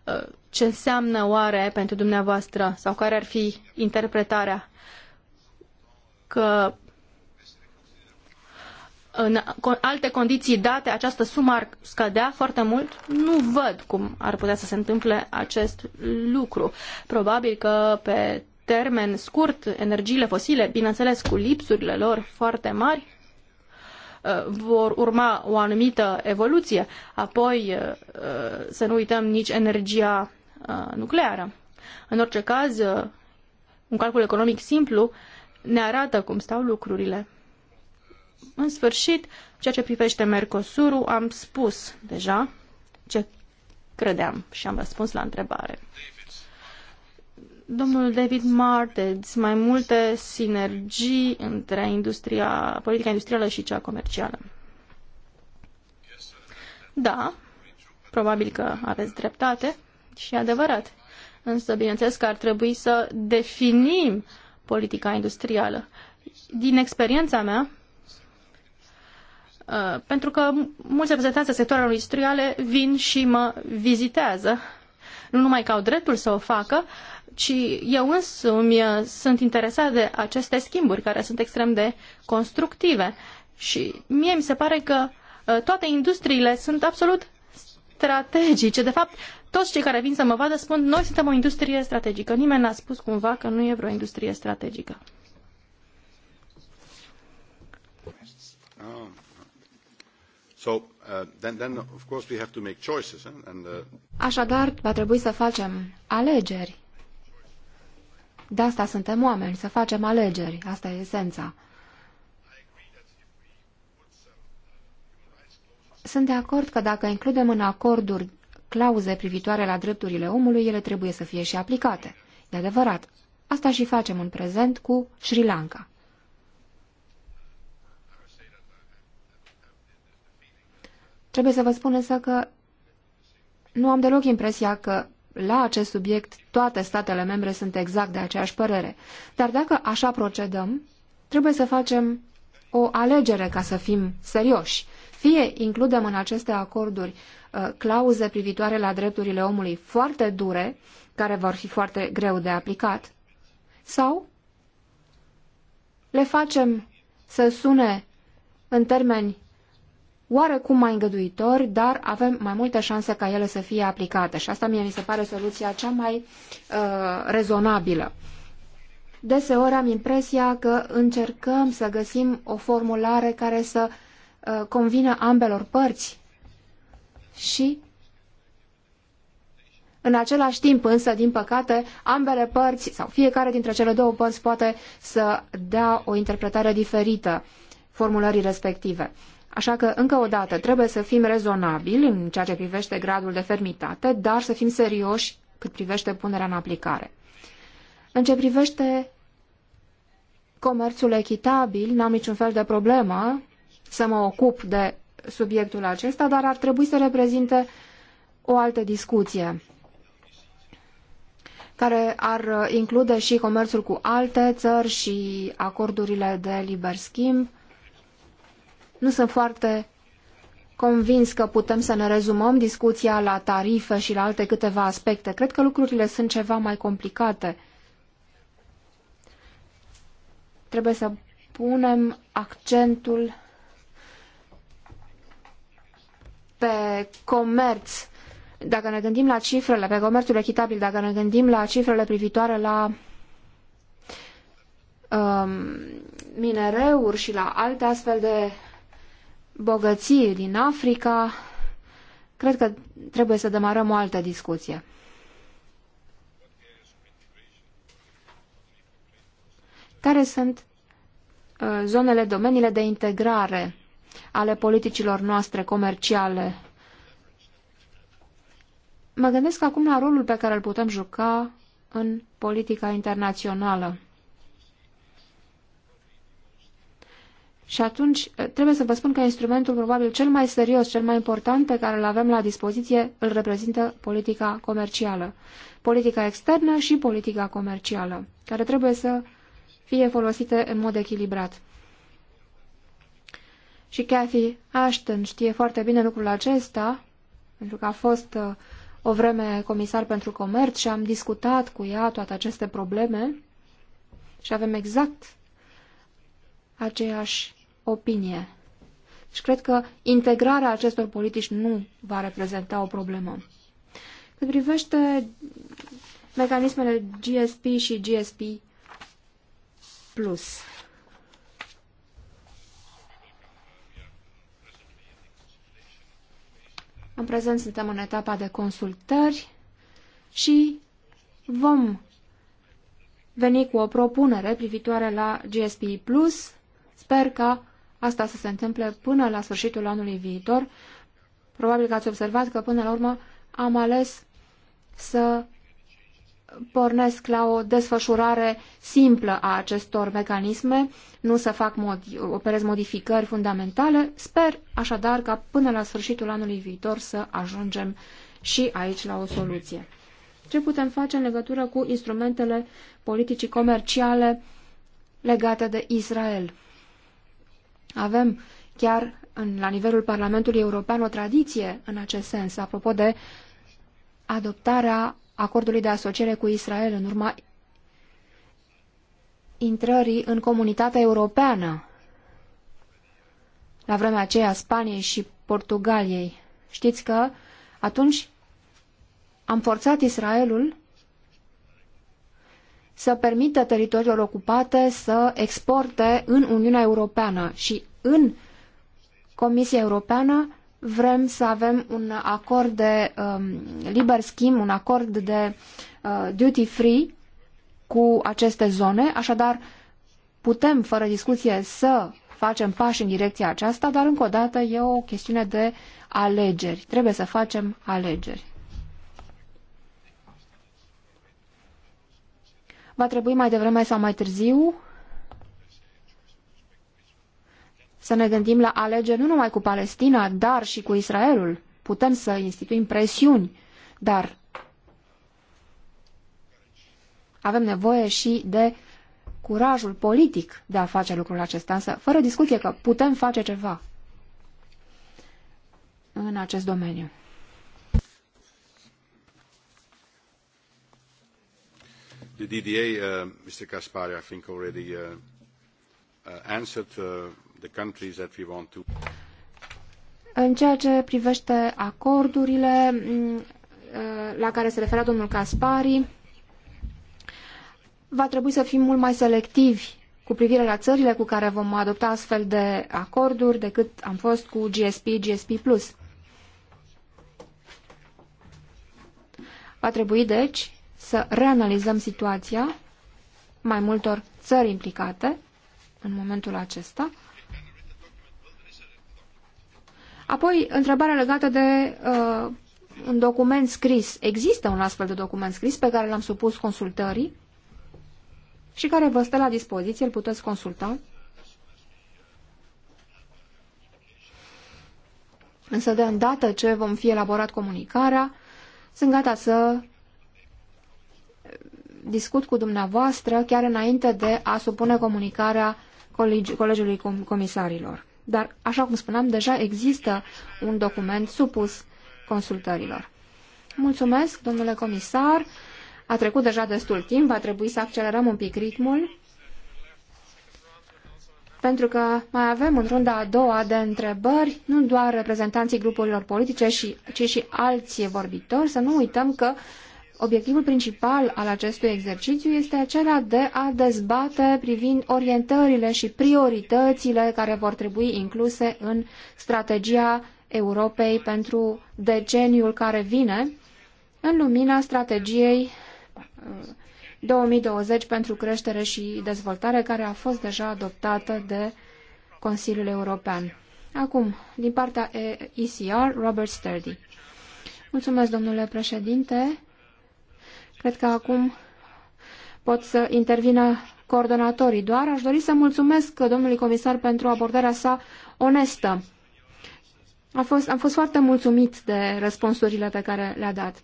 Uh, ce înseamnă oare pentru dumneavoastră sau care ar fi interpretarea că în alte condiții date această sumă ar scădea foarte mult, nu văd cum ar putea să se întâmple acest lucru. Probabil că pe termen scurt, energiile fosile, bineînțeles cu lipsurile lor foarte mari, uh, vor urma o anumită evoluție. Apoi uh, uh, să nu uităm nici energia nucleară. În orice caz, un calcul economic simplu ne arată cum stau lucrurile. În sfârșit, ceea ce privește Mercosurul, am spus deja ce credeam și am răspuns la întrebare. Domnul David Martens, mai multe sinergii între industria, politica industrială și cea comercială. Da, probabil că aveți dreptate și adevărat. Însă, bineînțeles că ar trebui să definim politica industrială. Din experiența mea, Uh, pentru că mulți reprezentanți sectoarelor industriale vin și mă vizitează. Nu numai că au dreptul să o facă, ci eu însumi uh, sunt interesat de aceste schimburi care sunt extrem de constructive. Și mie mi se pare că uh, toate industriile sunt absolut strategice. De fapt, toți cei care vin să mă vadă spun noi suntem o industrie strategică. Nimeni n-a spus cumva că nu e vreo industrie strategică. Așadar, va trebui să facem alegeri. De asta suntem oameni, să facem alegeri. Asta e esența. Sunt de acord că dacă includem în acorduri clauze privitoare la drepturile omului, ele trebuie să fie și aplicate. De adevărat, asta și facem în prezent cu Sri Lanka. Trebuie să vă spun însă că nu am deloc impresia că la acest subiect toate statele membre sunt exact de aceeași părere. Dar dacă așa procedăm, trebuie să facem o alegere ca să fim serioși. Fie includem în aceste acorduri uh, clauze privitoare la drepturile omului foarte dure, care vor fi foarte greu de aplicat, sau le facem să sune în termeni oarecum mai îngăduitori, dar avem mai multe șanse ca ele să fie aplicate și asta mie mi se pare soluția cea mai uh, rezonabilă. Deseori am impresia că încercăm să găsim o formulare care să uh, convină ambelor părți și în același timp însă, din păcate, ambele părți sau fiecare dintre cele două părți poate să dea o interpretare diferită formulării respective. Așa că, încă o dată, trebuie să fim rezonabili în ceea ce privește gradul de fermitate, dar să fim serioși cât privește punerea în aplicare. În ce privește comerțul echitabil, n-am niciun fel de problemă să mă ocup de subiectul acesta, dar ar trebui să reprezinte o altă discuție care ar include și comerțul cu alte țări și acordurile de liber schimb, nu sunt foarte convins că putem să ne rezumăm discuția la tarife și la alte câteva aspecte. Cred că lucrurile sunt ceva mai complicate. Trebuie să punem accentul pe comerț. Dacă ne gândim la cifrele, pe comerțul echitabil, dacă ne gândim la cifrele privitoare la um, minereuri și la alte astfel de bogății din Africa, cred că trebuie să demarăm o altă discuție. Care sunt uh, zonele, domeniile de integrare ale politicilor noastre comerciale? Mă gândesc acum la rolul pe care îl putem juca în politica internațională. Și atunci eh, trebuie să vă spun că instrumentul probabil cel mai serios, cel mai important pe care îl avem la dispoziție îl reprezintă politica comercială. Politica externă și politica comercială, care trebuie să fie folosite în mod echilibrat. Și Cathy Ashton știe foarte bine lucrul acesta, pentru că a fost eh, o vreme comisar pentru comerț și am discutat cu ea toate aceste probleme și avem exact aceeași opinie. Și cred că integrarea acestor politici nu va reprezenta o problemă. Cât privește mecanismele GSP și GSP+, plus. În prezent suntem în etapa de consultări și vom veni cu o propunere privitoare la GSP+. Plus. Sper că asta să se întâmple până la sfârșitul anului viitor. Probabil că ați observat că până la urmă am ales să pornesc la o desfășurare simplă a acestor mecanisme, nu să fac modi operez modificări fundamentale. Sper așadar ca până la sfârșitul anului viitor să ajungem și aici la o soluție. Ce putem face în legătură cu instrumentele politicii comerciale legate de Israel? Avem chiar în, la nivelul Parlamentului European o tradiție în acest sens, apropo de adoptarea acordului de asociere cu Israel în urma intrării în comunitatea europeană la vremea aceea Spaniei și Portugaliei. Știți că atunci am forțat Israelul să permită teritoriilor ocupate să exporte în Uniunea Europeană și în Comisia Europeană vrem să avem un acord de um, liber schimb, un acord de uh, duty free cu aceste zone, așadar putem fără discuție să facem pași în direcția aceasta, dar încă o dată e o chestiune de alegeri. Trebuie să facem alegeri. Va trebui mai devreme sau mai târziu să ne gândim la alegeri nu numai cu Palestina, dar și cu Israelul. Putem să instituim presiuni, dar avem nevoie și de curajul politic de a face lucrul acesta, însă fără discuție că putem face ceva în acest domeniu. The DDA, Mr. I think already eh, eh, answered eh, the countries that we want to. În ceea ce privește acordurile mm, la care se referea domnul Caspari, va trebui să fim mult mai selectivi cu privire la țările cu care vom adopta astfel de acorduri decât am fost cu GSP, GSP+. Va trebui, deci, să reanalizăm situația mai multor țări implicate în momentul acesta. Apoi, întrebarea legată de uh, un document scris. Există un astfel de document scris pe care l-am supus consultării și care vă stă la dispoziție, îl puteți consulta. Însă, de îndată ce vom fi elaborat comunicarea, sunt gata să discut cu dumneavoastră chiar înainte de a supune comunicarea colegi Colegiului Comisarilor. Dar, așa cum spuneam, deja există un document supus consultărilor. Mulțumesc, domnule comisar. A trecut deja destul timp, va trebui să accelerăm un pic ritmul, pentru că mai avem în runda a doua de întrebări, nu doar reprezentanții grupurilor politice, ci și alți vorbitori. Să nu uităm că Obiectivul principal al acestui exercițiu este acela de a dezbate privind orientările și prioritățile care vor trebui incluse în strategia Europei pentru deceniul care vine, în lumina strategiei 2020 uh, pentru creștere și dezvoltare, care a fost deja adoptată de Consiliul European. Acum, din partea ECR, Robert Sturdy. Mulțumesc, domnule președinte. Cred că acum pot să intervină coordonatorii. Doar aș dori să mulțumesc domnului comisar pentru abordarea sa onestă. Am fost, am fost foarte mulțumit de răspunsurile pe care le-a dat.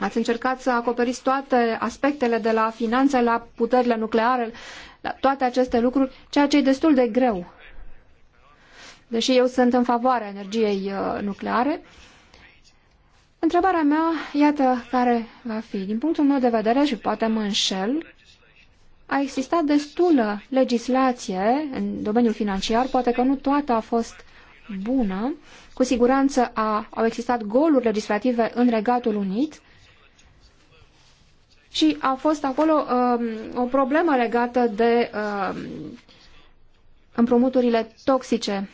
Ați încercat să acoperiți toate aspectele de la finanțe la puterile nucleare, la toate aceste lucruri, ceea ce e destul de greu. Deși eu sunt în favoarea energiei uh, nucleare, Întrebarea mea, iată care va fi. Din punctul meu de vedere, și poate mă înșel, a existat destulă legislație în domeniul financiar, poate că nu toată a fost bună, cu siguranță a, au existat goluri legislative în Regatul Unit și a fost acolo um, o problemă legată de um, împrumuturile toxice.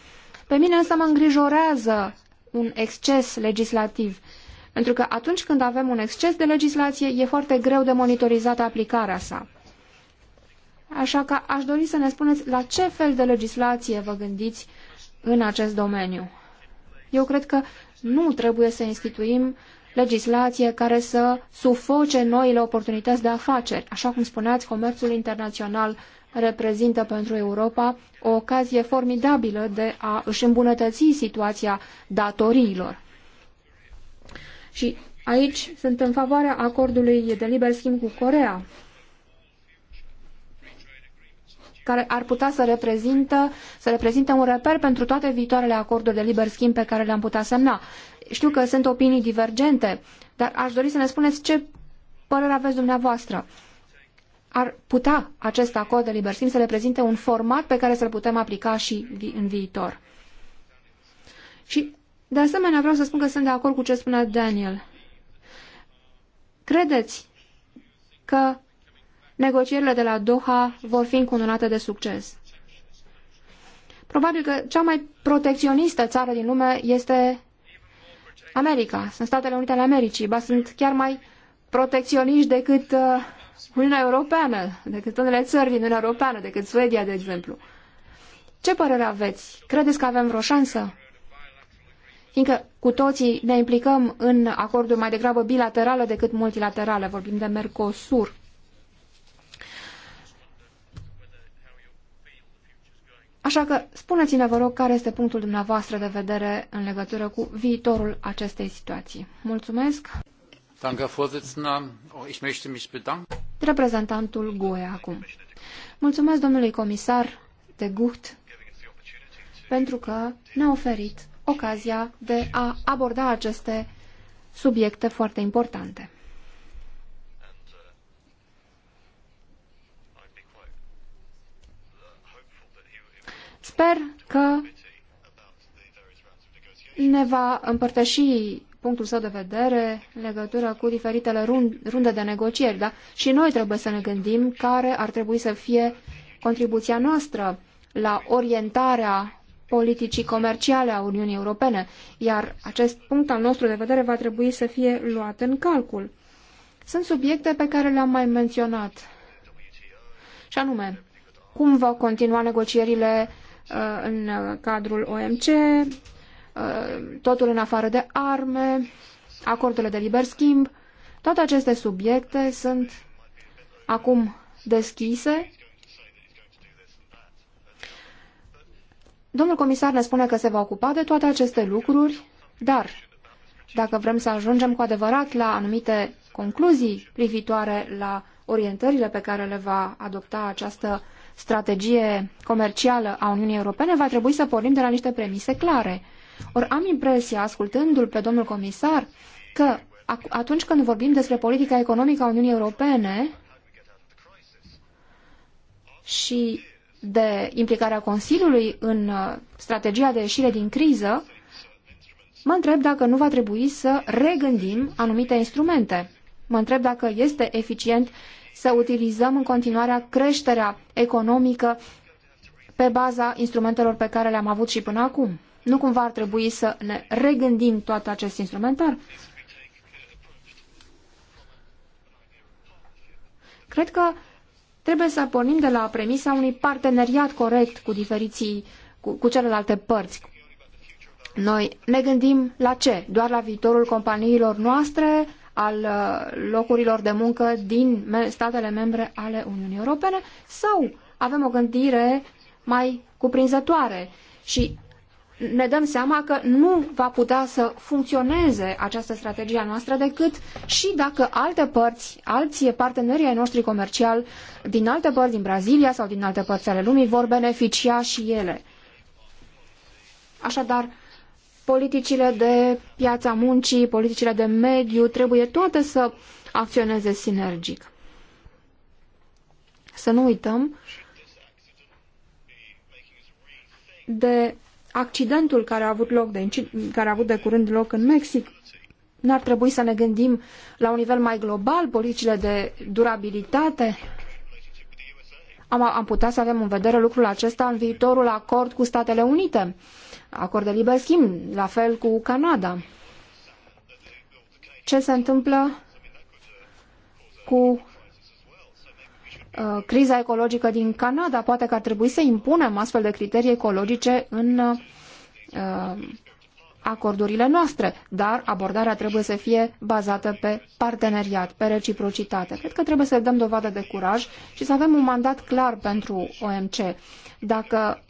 Pe mine însă mă îngrijorează un exces legislativ. Pentru că atunci când avem un exces de legislație, e foarte greu de monitorizat aplicarea sa. Așa că aș dori să ne spuneți la ce fel de legislație vă gândiți în acest domeniu. Eu cred că nu trebuie să instituim legislație care să sufoce noile oportunități de afaceri. Așa cum spuneați, comerțul internațional reprezintă pentru Europa o ocazie formidabilă de a își îmbunătăți situația datoriilor. Și aici sunt în favoarea acordului de liber schimb cu Corea, care ar putea să, reprezintă, să reprezinte un reper pentru toate viitoarele acorduri de liber schimb pe care le-am putea semna. Știu că sunt opinii divergente, dar aș dori să ne spuneți ce părere aveți dumneavoastră. Ar putea acest acord de liber schimb să reprezinte un format pe care să-l putem aplica și în viitor. Și de asemenea, vreau să spun că sunt de acord cu ce spunea Daniel. Credeți că negocierile de la Doha vor fi încununate de succes? Probabil că cea mai protecționistă țară din lume este America, sunt Statele Unite ale Americii, ba sunt chiar mai protecționiști decât uh, Uniunea Europeană, decât unele țări din Uniunea Europeană, decât Suedia, de exemplu. Ce părere aveți? Credeți că avem vreo șansă? fiindcă cu toții ne implicăm în acorduri mai degrabă bilaterale decât multilaterale, vorbim de Mercosur. Așa că spuneți-ne, vă rog, care este punctul dumneavoastră de vedere în legătură cu viitorul acestei situații. Mulțumesc! Oh, Reprezentantul GUE acum. Mulțumesc domnului comisar de Gucht pentru că ne-a oferit ocazia de a aborda aceste subiecte foarte importante. Sper că ne va împărtăși punctul său de vedere în legătură cu diferitele runde de negocieri, da? Și noi trebuie să ne gândim care ar trebui să fie contribuția noastră la orientarea politicii comerciale a Uniunii Europene, iar acest punct al nostru de vedere va trebui să fie luat în calcul. Sunt subiecte pe care le-am mai menționat, și anume, cum vor continua negocierile uh, în cadrul OMC, uh, totul în afară de arme, acordurile de liber schimb, toate aceste subiecte sunt acum deschise Domnul comisar ne spune că se va ocupa de toate aceste lucruri, dar dacă vrem să ajungem cu adevărat la anumite concluzii privitoare la orientările pe care le va adopta această strategie comercială a Uniunii Europene, va trebui să pornim de la niște premise clare. Ori am impresia, ascultându-l pe domnul comisar, că atunci când vorbim despre politica economică a Uniunii Europene și de implicarea Consiliului în uh, strategia de ieșire din criză, mă întreb dacă nu va trebui să regândim anumite instrumente. Mă întreb dacă este eficient să utilizăm în continuare creșterea economică pe baza instrumentelor pe care le-am avut și până acum. Nu cumva ar trebui să ne regândim tot acest instrumentar? Cred că Trebuie să pornim de la premisa unui parteneriat corect cu diferiții, cu, cu celelalte părți. Noi ne gândim la ce? Doar la viitorul companiilor noastre, al uh, locurilor de muncă din statele membre ale Uniunii Europene sau avem o gândire mai cuprinzătoare și ne dăm seama că nu va putea să funcționeze această strategie a noastră decât și dacă alte părți, alții partenerii ai noștri comerciali din alte părți, din Brazilia sau din alte părți ale lumii, vor beneficia și ele. Așadar, politicile de piața muncii, politicile de mediu trebuie toate să acționeze sinergic. Să nu uităm de accidentul care a avut, loc de, care a avut de curând loc în Mexic, n-ar trebui să ne gândim la un nivel mai global politicile de durabilitate? Am, am putea să avem în vedere lucrul acesta în viitorul acord cu Statele Unite, acord de liber schimb, la fel cu Canada. Ce se întâmplă cu Uh, criza ecologică din Canada. Poate că ar trebui să impunem astfel de criterii ecologice în uh, acordurile noastre, dar abordarea trebuie să fie bazată pe parteneriat, pe reciprocitate. Cred că trebuie să dăm dovadă de curaj și să avem un mandat clar pentru OMC. Dacă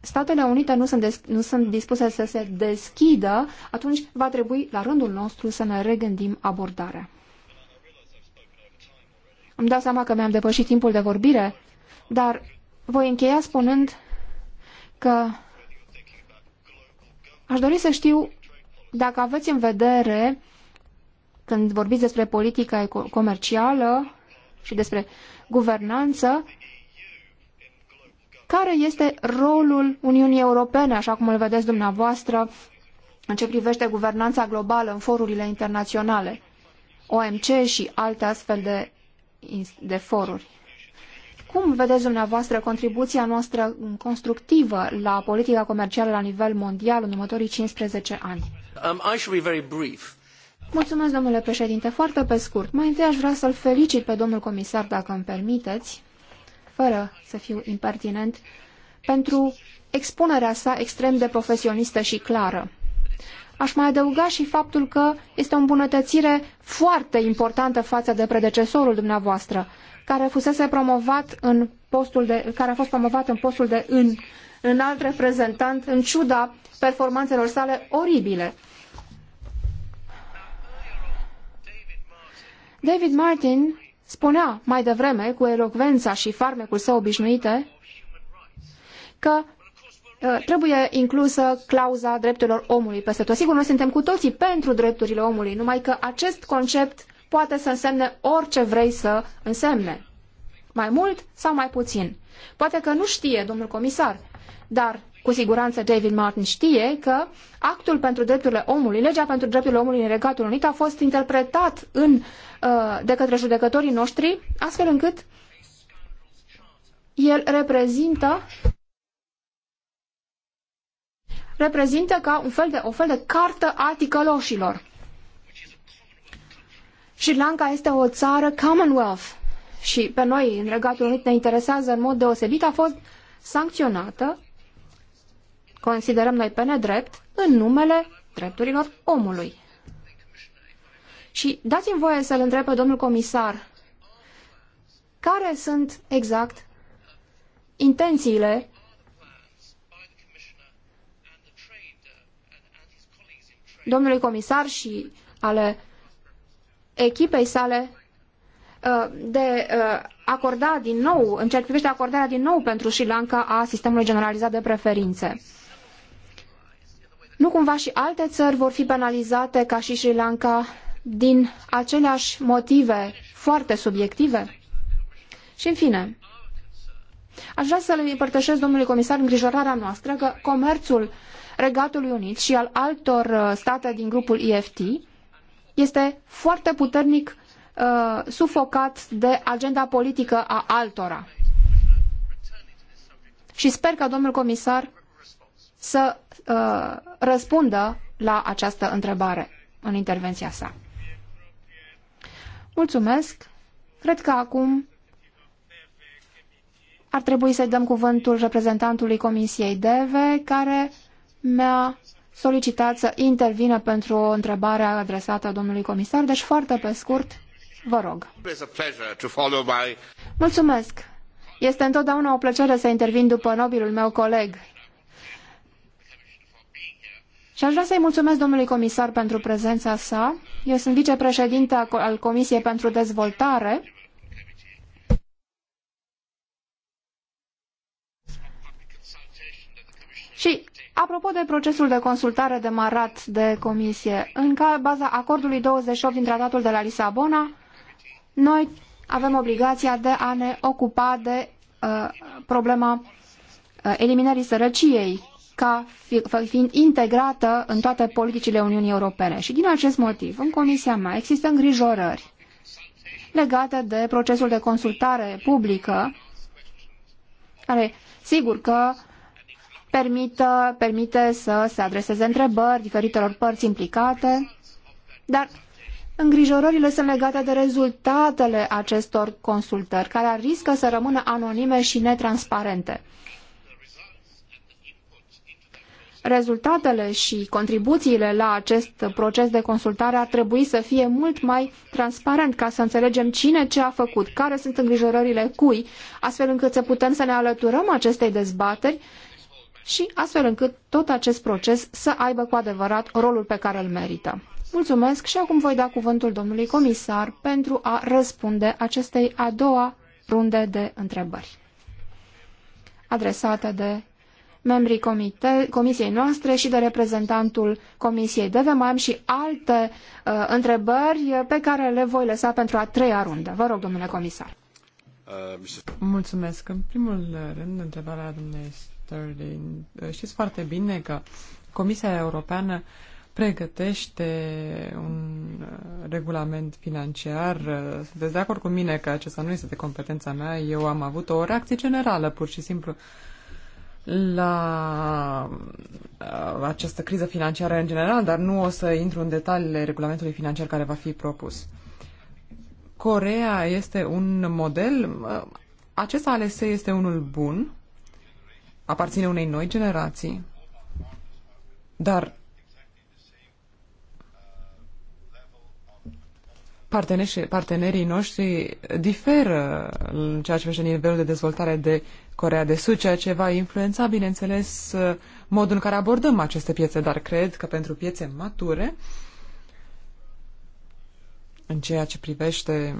Statele Unite nu sunt, des, nu sunt dispuse să se deschidă, atunci va trebui, la rândul nostru, să ne regândim abordarea. Îmi dau seama că mi-am depășit timpul de vorbire, dar voi încheia spunând că aș dori să știu dacă aveți în vedere, când vorbiți despre politica comercială și despre guvernanță, care este rolul Uniunii Europene, așa cum îl vedeți dumneavoastră, în ce privește guvernanța globală în forurile internaționale, OMC și alte astfel de de foruri. Cum vedeți dumneavoastră contribuția noastră constructivă la politica comercială la nivel mondial în următorii 15 ani? Um, Mulțumesc, domnule președinte. Foarte pe scurt. Mai întâi aș vrea să-l felicit pe domnul comisar, dacă îmi permiteți, fără să fiu impertinent, pentru expunerea sa extrem de profesionistă și clară. Aș mai adăuga și faptul că este o îmbunătățire foarte importantă față de predecesorul dumneavoastră, care fusese promovat în postul de, care a fost promovat în postul de în, înalt reprezentant, în ciuda performanțelor sale oribile. David Martin spunea mai devreme, cu elocvența și farmecul său obișnuite, că Uh, trebuie inclusă clauza drepturilor omului peste tot. Sigur, noi suntem cu toții pentru drepturile omului, numai că acest concept poate să însemne orice vrei să însemne. Mai mult sau mai puțin. Poate că nu știe, domnul comisar, dar cu siguranță David Martin știe că actul pentru drepturile omului, legea pentru drepturile omului în Regatul Unit a fost interpretat în, uh, de către judecătorii noștri astfel încât el reprezintă reprezintă ca un fel de, o fel de cartă a ticăloșilor. Sri Lanka este o țară Commonwealth și pe noi, în Regatul Unit, ne interesează în mod deosebit, a fost sancționată, considerăm noi pe nedrept, în numele drepturilor omului. Și dați-mi voie să-l întreb pe domnul comisar, care sunt exact intențiile domnului comisar și ale echipei sale uh, de uh, acorda din nou, în ceea ce privește acordarea din nou pentru Sri Lanka a sistemului generalizat de preferințe. Nu cumva și alte țări vor fi penalizate ca și Sri Lanka din aceleași motive foarte subiective? Și în fine, aș vrea să le împărtășesc domnului comisar îngrijorarea noastră că comerțul Regatului Unit și al altor uh, state din grupul EFT este foarte puternic uh, sufocat de agenda politică a altora. Și sper că domnul comisar să uh, răspundă la această întrebare în intervenția sa. Mulțumesc. Cred că acum ar trebui să-i dăm cuvântul reprezentantului Comisiei DEVE, care mi-a solicitat să intervină pentru o întrebare adresată domnului comisar, deci foarte pe scurt, vă rog. Mulțumesc! Este întotdeauna o plăcere să intervin după nobilul meu coleg. Și aș vrea să-i mulțumesc domnului comisar pentru prezența sa. Eu sunt vicepreședinte al Comisiei pentru Dezvoltare. Și Apropo de procesul de consultare demarat de comisie, în baza acordului 28 din tratatul de la Lisabona, noi avem obligația de a ne ocupa de uh, problema uh, eliminării sărăciei ca fi, fiind integrată în toate politicile Uniunii Europene. Și din acest motiv, în comisia mea există îngrijorări legate de procesul de consultare publică, care sigur că permită, permite să se adreseze întrebări diferitelor părți implicate, dar Îngrijorările sunt legate de rezultatele acestor consultări, care riscă să rămână anonime și netransparente. Rezultatele și contribuțiile la acest proces de consultare ar trebui să fie mult mai transparent ca să înțelegem cine ce a făcut, care sunt îngrijorările cui, astfel încât să putem să ne alăturăm acestei dezbateri și astfel încât tot acest proces să aibă cu adevărat rolul pe care îl merită. Mulțumesc și acum voi da cuvântul domnului comisar pentru a răspunde acestei a doua runde de întrebări adresate de membrii comite, comisiei noastre și de reprezentantul comisiei De Mai am și alte uh, întrebări pe care le voi lăsa pentru a treia rundă. Vă rog, domnule comisar. Uh, Mulțumesc. În primul rând, întrebarea dumneavoastră Sterling, știți foarte bine că Comisia Europeană pregătește un uh, regulament financiar. Sunteți de acord cu mine că acesta nu este de competența mea. Eu am avut o reacție generală, pur și simplu, la uh, această criză financiară în general, dar nu o să intru în detaliile regulamentului financiar care va fi propus. Corea este un model. Uh, acesta alese este unul bun, aparține unei noi generații, dar partenerii noștri diferă în ceea ce privește nivelul de dezvoltare de Corea de Sud, ceea ce va influența, bineînțeles, modul în care abordăm aceste piețe, dar cred că pentru piețe mature, în ceea ce privește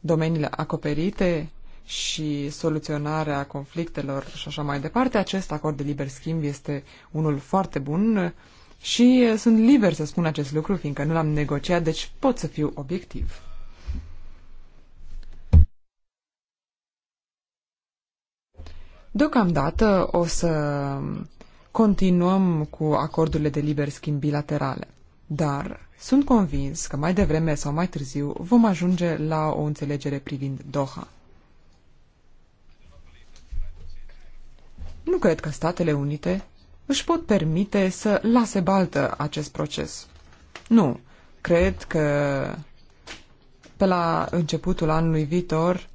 domeniile acoperite și soluționarea conflictelor și așa mai departe, acest acord de liber schimb este unul foarte bun și sunt liber să spun acest lucru, fiindcă nu l-am negociat, deci pot să fiu obiectiv. Deocamdată o să continuăm cu acordurile de liber schimb bilaterale, dar sunt convins că mai devreme sau mai târziu vom ajunge la o înțelegere privind Doha. Nu cred că Statele Unite își pot permite să lase baltă acest proces. Nu, cred că pe la începutul anului viitor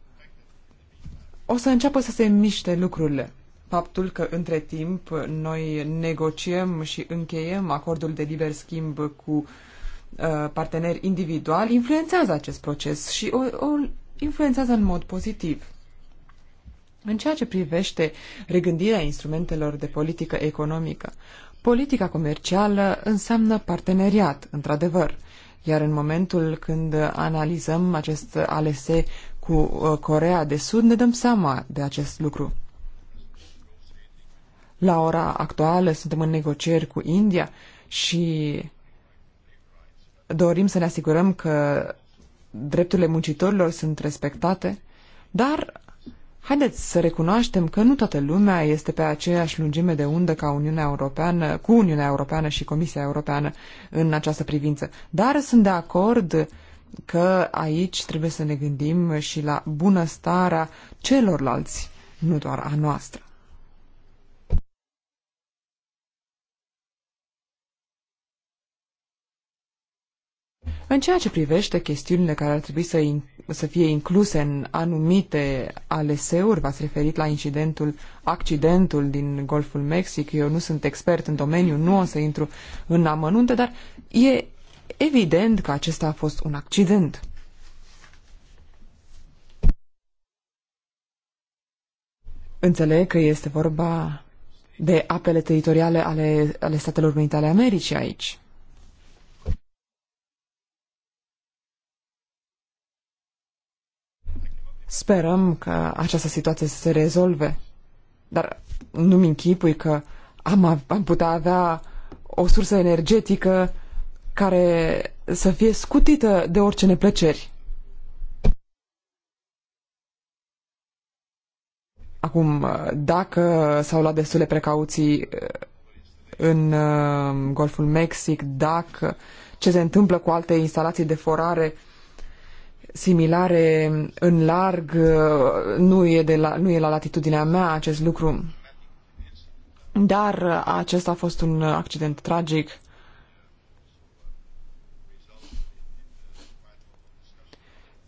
o să înceapă să se miște lucrurile. Faptul că între timp noi negociem și încheiem acordul de liber schimb cu uh, parteneri individuali influențează acest proces și o, o influențează în mod pozitiv. În ceea ce privește regândirea instrumentelor de politică economică, politica comercială înseamnă parteneriat, într-adevăr, iar în momentul când analizăm acest alese cu uh, Corea de Sud, ne dăm seama de acest lucru. La ora actuală suntem în negocieri cu India și dorim să ne asigurăm că drepturile muncitorilor sunt respectate, dar Haideți să recunoaștem că nu toată lumea este pe aceeași lungime de undă ca Uniunea Europeană, cu Uniunea Europeană și Comisia Europeană în această privință. Dar sunt de acord că aici trebuie să ne gândim și la bunăstarea celorlalți, nu doar a noastră. În ceea ce privește chestiunile care ar trebui să să fie incluse în anumite aleseuri, V-ați referit la incidentul, accidentul din Golful Mexic. Eu nu sunt expert în domeniu, nu o să intru în amănunte, dar e evident că acesta a fost un accident. Înțeleg că este vorba de apele teritoriale ale, ale Statelor Unite ale Americii aici. Sperăm că această situație să se rezolve. Dar nu-mi închipui că am, am putea avea o sursă energetică care să fie scutită de orice neplăceri. Acum, dacă s-au luat destule precauții uh, în uh, Golful Mexic, dacă ce se întâmplă cu alte instalații de forare similare în larg, nu e, de la, nu e la latitudinea mea acest lucru. Dar acesta a fost un accident tragic.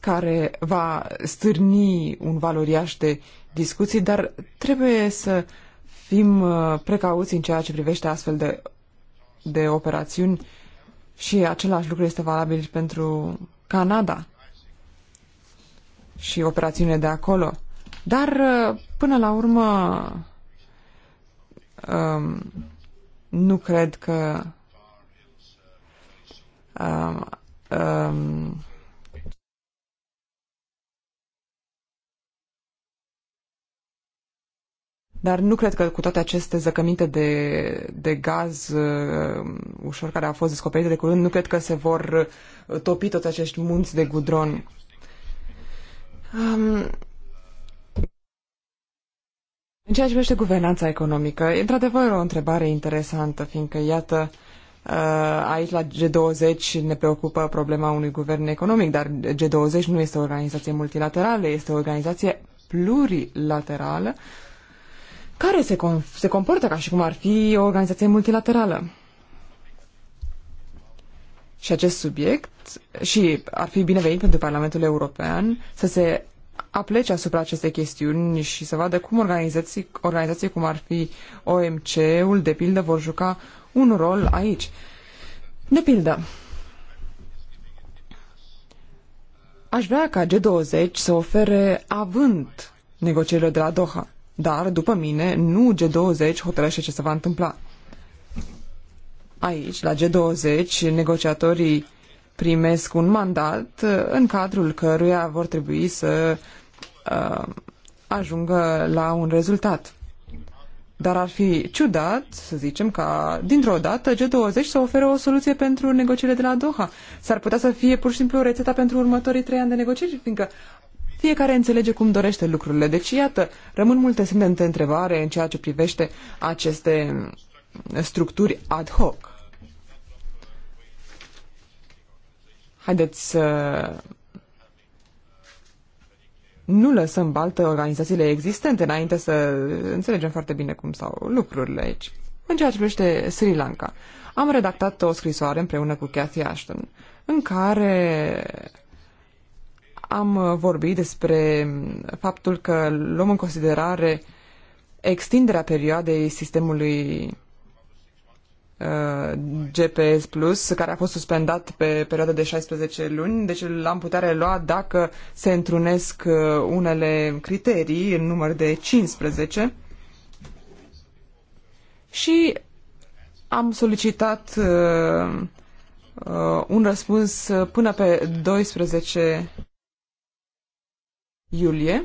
care va stârni un valoriaș de discuții, dar trebuie să fim uh, precauți în ceea ce privește astfel de, de operațiuni și același lucru este valabil pentru Canada și operațiune de acolo. Dar, uh, până la urmă, um, nu cred că um, um, Dar nu cred că cu toate aceste zăcăminte de, de gaz uh, ușor care au fost descoperite de curând, nu cred că se vor uh, topi toți acești munți de gudron. Um, în ceea ce privește guvernanța economică, e într-adevăr o întrebare interesantă, fiindcă, iată, uh, aici la G20 ne preocupă problema unui guvern economic, dar G20 nu este o organizație multilaterală, este o organizație plurilaterală care se, com- se comportă ca și cum ar fi o organizație multilaterală și acest subiect și ar fi binevenit pentru Parlamentul European să se aplece asupra acestei chestiuni și să vadă cum organizații, organizații cum ar fi OMC-ul, de pildă, vor juca un rol aici. De pildă, aș vrea ca G20 să ofere avânt negocierile de la Doha, dar, după mine, nu G20 hotărăște ce se va întâmpla. Aici, la G20, negociatorii primesc un mandat în cadrul căruia vor trebui să uh, ajungă la un rezultat. Dar ar fi ciudat, să zicem, ca dintr-o dată G20 să ofere o soluție pentru negocierile de la Doha. S-ar putea să fie pur și simplu rețeta pentru următorii trei ani de negocieri, fiindcă fiecare înțelege cum dorește lucrurile. Deci, iată, rămân multe semne de întrebare în ceea ce privește aceste structuri ad hoc. Haideți să nu lăsăm baltă organizațiile existente înainte să înțelegem foarte bine cum stau lucrurile aici. În ceea ce privește Sri Lanka, am redactat o scrisoare împreună cu Cathy Ashton, în care am vorbit despre faptul că luăm în considerare extinderea perioadei sistemului GPS Plus, care a fost suspendat pe perioada de 16 luni, deci l-am putea relua dacă se întrunesc uh, unele criterii în număr de 15. Și am solicitat uh, uh, un răspuns uh, până pe 12 iulie.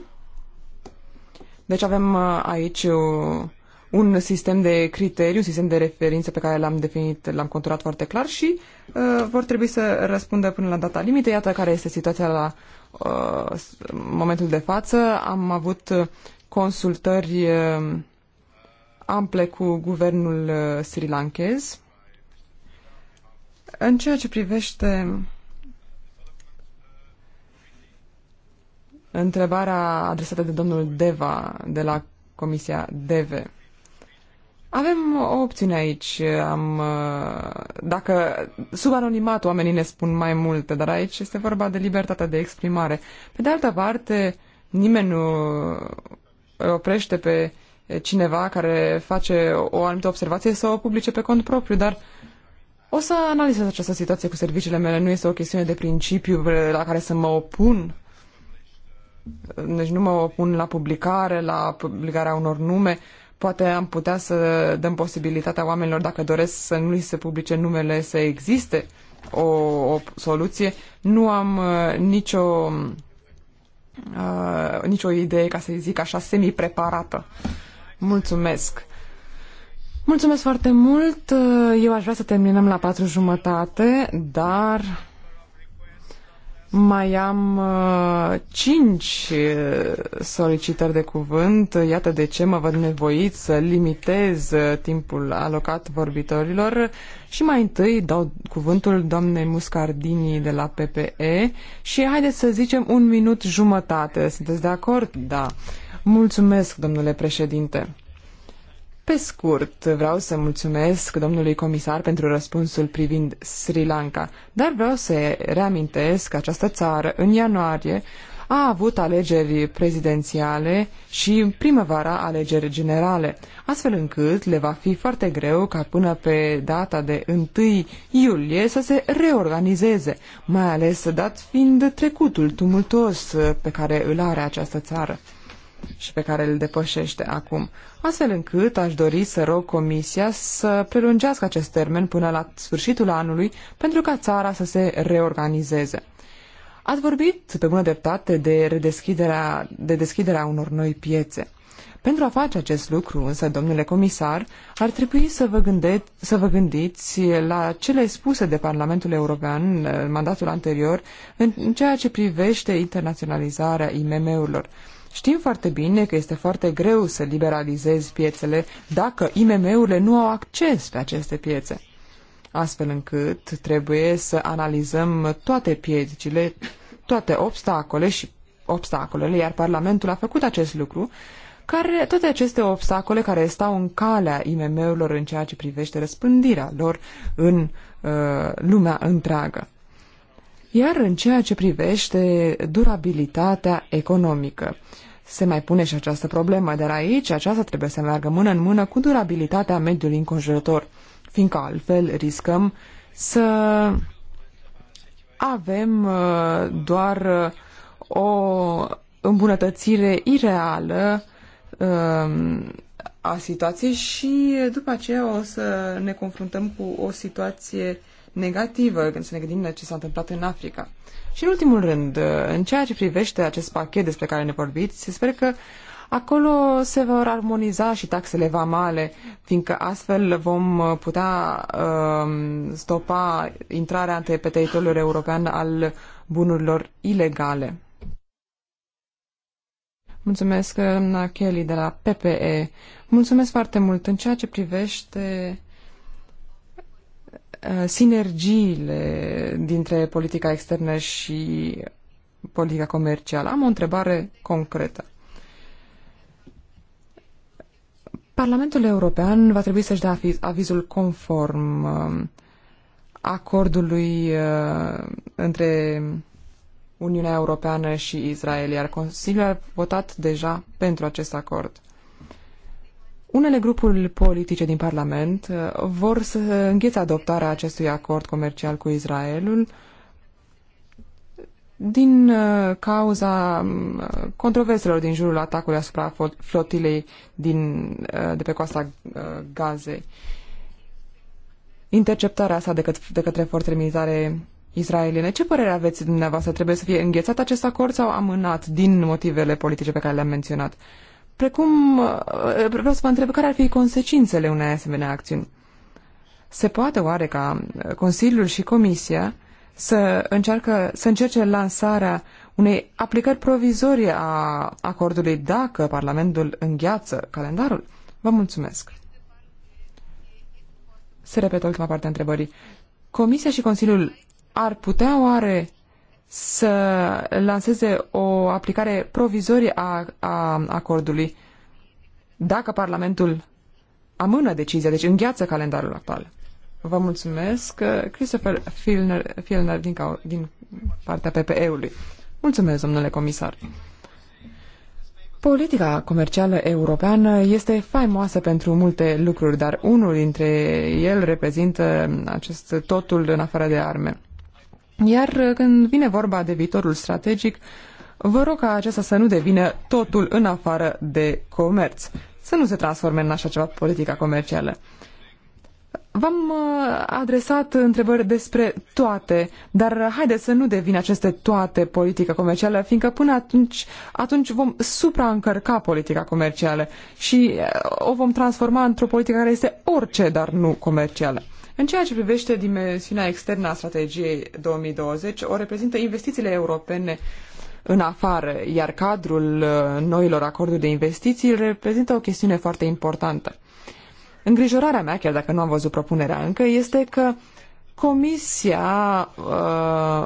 Deci avem uh, aici o un sistem de criteriu, un sistem de referință pe care l-am definit, l-am conturat foarte clar și uh, vor trebui să răspundă până la data limită. Iată care este situația la uh, momentul de față. Am avut uh, consultări uh, ample cu guvernul uh, sri lankez. În ceea ce privește întrebarea adresată de domnul Deva de la Comisia DEVE. Avem uh, o opțiune aici. Uh, am, uh, dacă sub anonimat oamenii ne spun mai multe, dar aici este vorba de libertatea de exprimare. Pe de altă parte, nimeni nu oprește pe cineva care face o anumită observație să o publice pe cont propriu, dar o să analizez această situație cu serviciile mele. Nu este o chestiune de principiu la care să mă opun. Deci nu mă opun la publicare, la publicarea unor nume. Uh, Poate am putea să dăm posibilitatea oamenilor, dacă doresc să nu li se publice numele, să existe o, o soluție. Nu am uh, nicio, uh, nicio idee, ca să zic așa, semi-preparată. Mulțumesc! Mulțumesc foarte mult! Eu aș vrea să terminăm la patru jumătate, dar mai am uh, cinci uh, solicitări de cuvânt. Iată de ce mă văd nevoit să limitez uh, timpul alocat vorbitorilor. Și mai întâi dau cuvântul doamnei Muscardini de la PPE și haideți să zicem un minut jumătate. Sunteți de acord? Da. Mulțumesc, domnule președinte. Pe scurt, vreau să mulțumesc domnului comisar pentru răspunsul privind Sri Lanka, dar vreau să reamintesc că această țară, în ianuarie, a avut alegeri prezidențiale și în primăvara alegeri generale, astfel încât le va fi foarte greu ca până pe data de 1 iulie să se reorganizeze, mai ales dat fiind trecutul tumultuos pe care îl are această țară și pe care îl depășește acum, astfel încât aș dori să rog Comisia să prelungească acest termen până la sfârșitul anului pentru ca țara să se reorganizeze. Ați vorbit, pe bună dreptate, de, redeschiderea, de deschiderea unor noi piețe. Pentru a face acest lucru, însă, domnule comisar, ar trebui să vă, gânde- să vă gândiți la cele spuse de Parlamentul European în mandatul anterior în ceea ce privește internaționalizarea IMM-urilor. Știm foarte bine că este foarte greu să liberalizezi piețele dacă IMM-urile nu au acces pe aceste piețe. Astfel încât trebuie să analizăm toate piedicile, toate obstacole și obstacolele, iar Parlamentul a făcut acest lucru, care, toate aceste obstacole care stau în calea IMM-urilor în ceea ce privește răspândirea lor în uh, lumea întreagă. Iar în ceea ce privește durabilitatea economică, se mai pune și această problemă, dar aici aceasta trebuie să meargă mână în mână cu durabilitatea mediului înconjurător, fiindcă altfel riscăm să avem uh, doar uh, o îmbunătățire ireală um, a situației și după aceea o să ne confruntăm cu o situație negativă când să ne gândim la ce s-a întâmplat în Africa. Și în ultimul rând, în ceea ce privește acest pachet despre care ne vorbiți, sper că acolo se vor armoniza și taxele vamale, fiindcă astfel vom putea uh, stopa intrarea pe teritoriul european al bunurilor ilegale. Mulțumesc, Kelly, de la PPE. Mulțumesc foarte mult. În ceea ce privește Eh, sinergiile dintre politica externă și politica comercială. Am o întrebare concretă. Parlamentul European va trebui să-și dea avizul conform eh, acordului eh, între Uniunea Europeană și Israel, iar Consiliul a votat deja pentru acest acord. Unele grupuri politice din Parlament uh, vor să înghețe adoptarea acestui acord comercial cu Israelul din uh, cauza mm, controverselor din jurul atacului asupra flotilei din, uh, de pe coasta Gazei. Interceptarea sa de, căt- de către forțele militare israeliene. Ce părere aveți dumneavoastră? Trebuie să fie înghețat acest acord sau amânat din motivele politice pe care le-am menționat? Uh, Precum, eh, vreau să vă întreb care ar fi consecințele unei asemenea acțiuni. Se poate oare ca eh, Consiliul și Comisia să, încearcă, să încerce lansarea unei aplicări provizorie a acordului dacă Parlamentul îngheață calendarul? Vă mulțumesc. Se repetă ultima parte a întrebării. Comisia și Consiliul ar putea oare să lanseze o aplicare provizorie a, a acordului dacă Parlamentul amână decizia, deci îngheață calendarul actual. Vă mulțumesc, Christopher Filner, Filner din, din partea PPE-ului. Mulțumesc, domnule comisar. Politica comercială europeană este faimoasă pentru multe lucruri, dar unul dintre el reprezintă acest totul în afară de arme. Iar uh, când vine vorba de viitorul strategic, vă rog ca acesta să nu devină totul în afară de comerț, să nu se transforme în așa ceva politica comercială. V-am uh, adresat întrebări despre toate, dar haideți să nu devină aceste toate politica comercială, fiindcă până atunci, atunci vom supraîncărca politica comercială și uh, o vom transforma într-o politică care este orice, dar nu comercială. În ceea ce privește dimensiunea externă a strategiei 2020, o reprezintă investițiile europene în afară, iar cadrul uh, noilor acorduri de investiții reprezintă o chestiune foarte importantă. Îngrijorarea mea, chiar dacă nu am văzut propunerea încă, este că Comisia uh,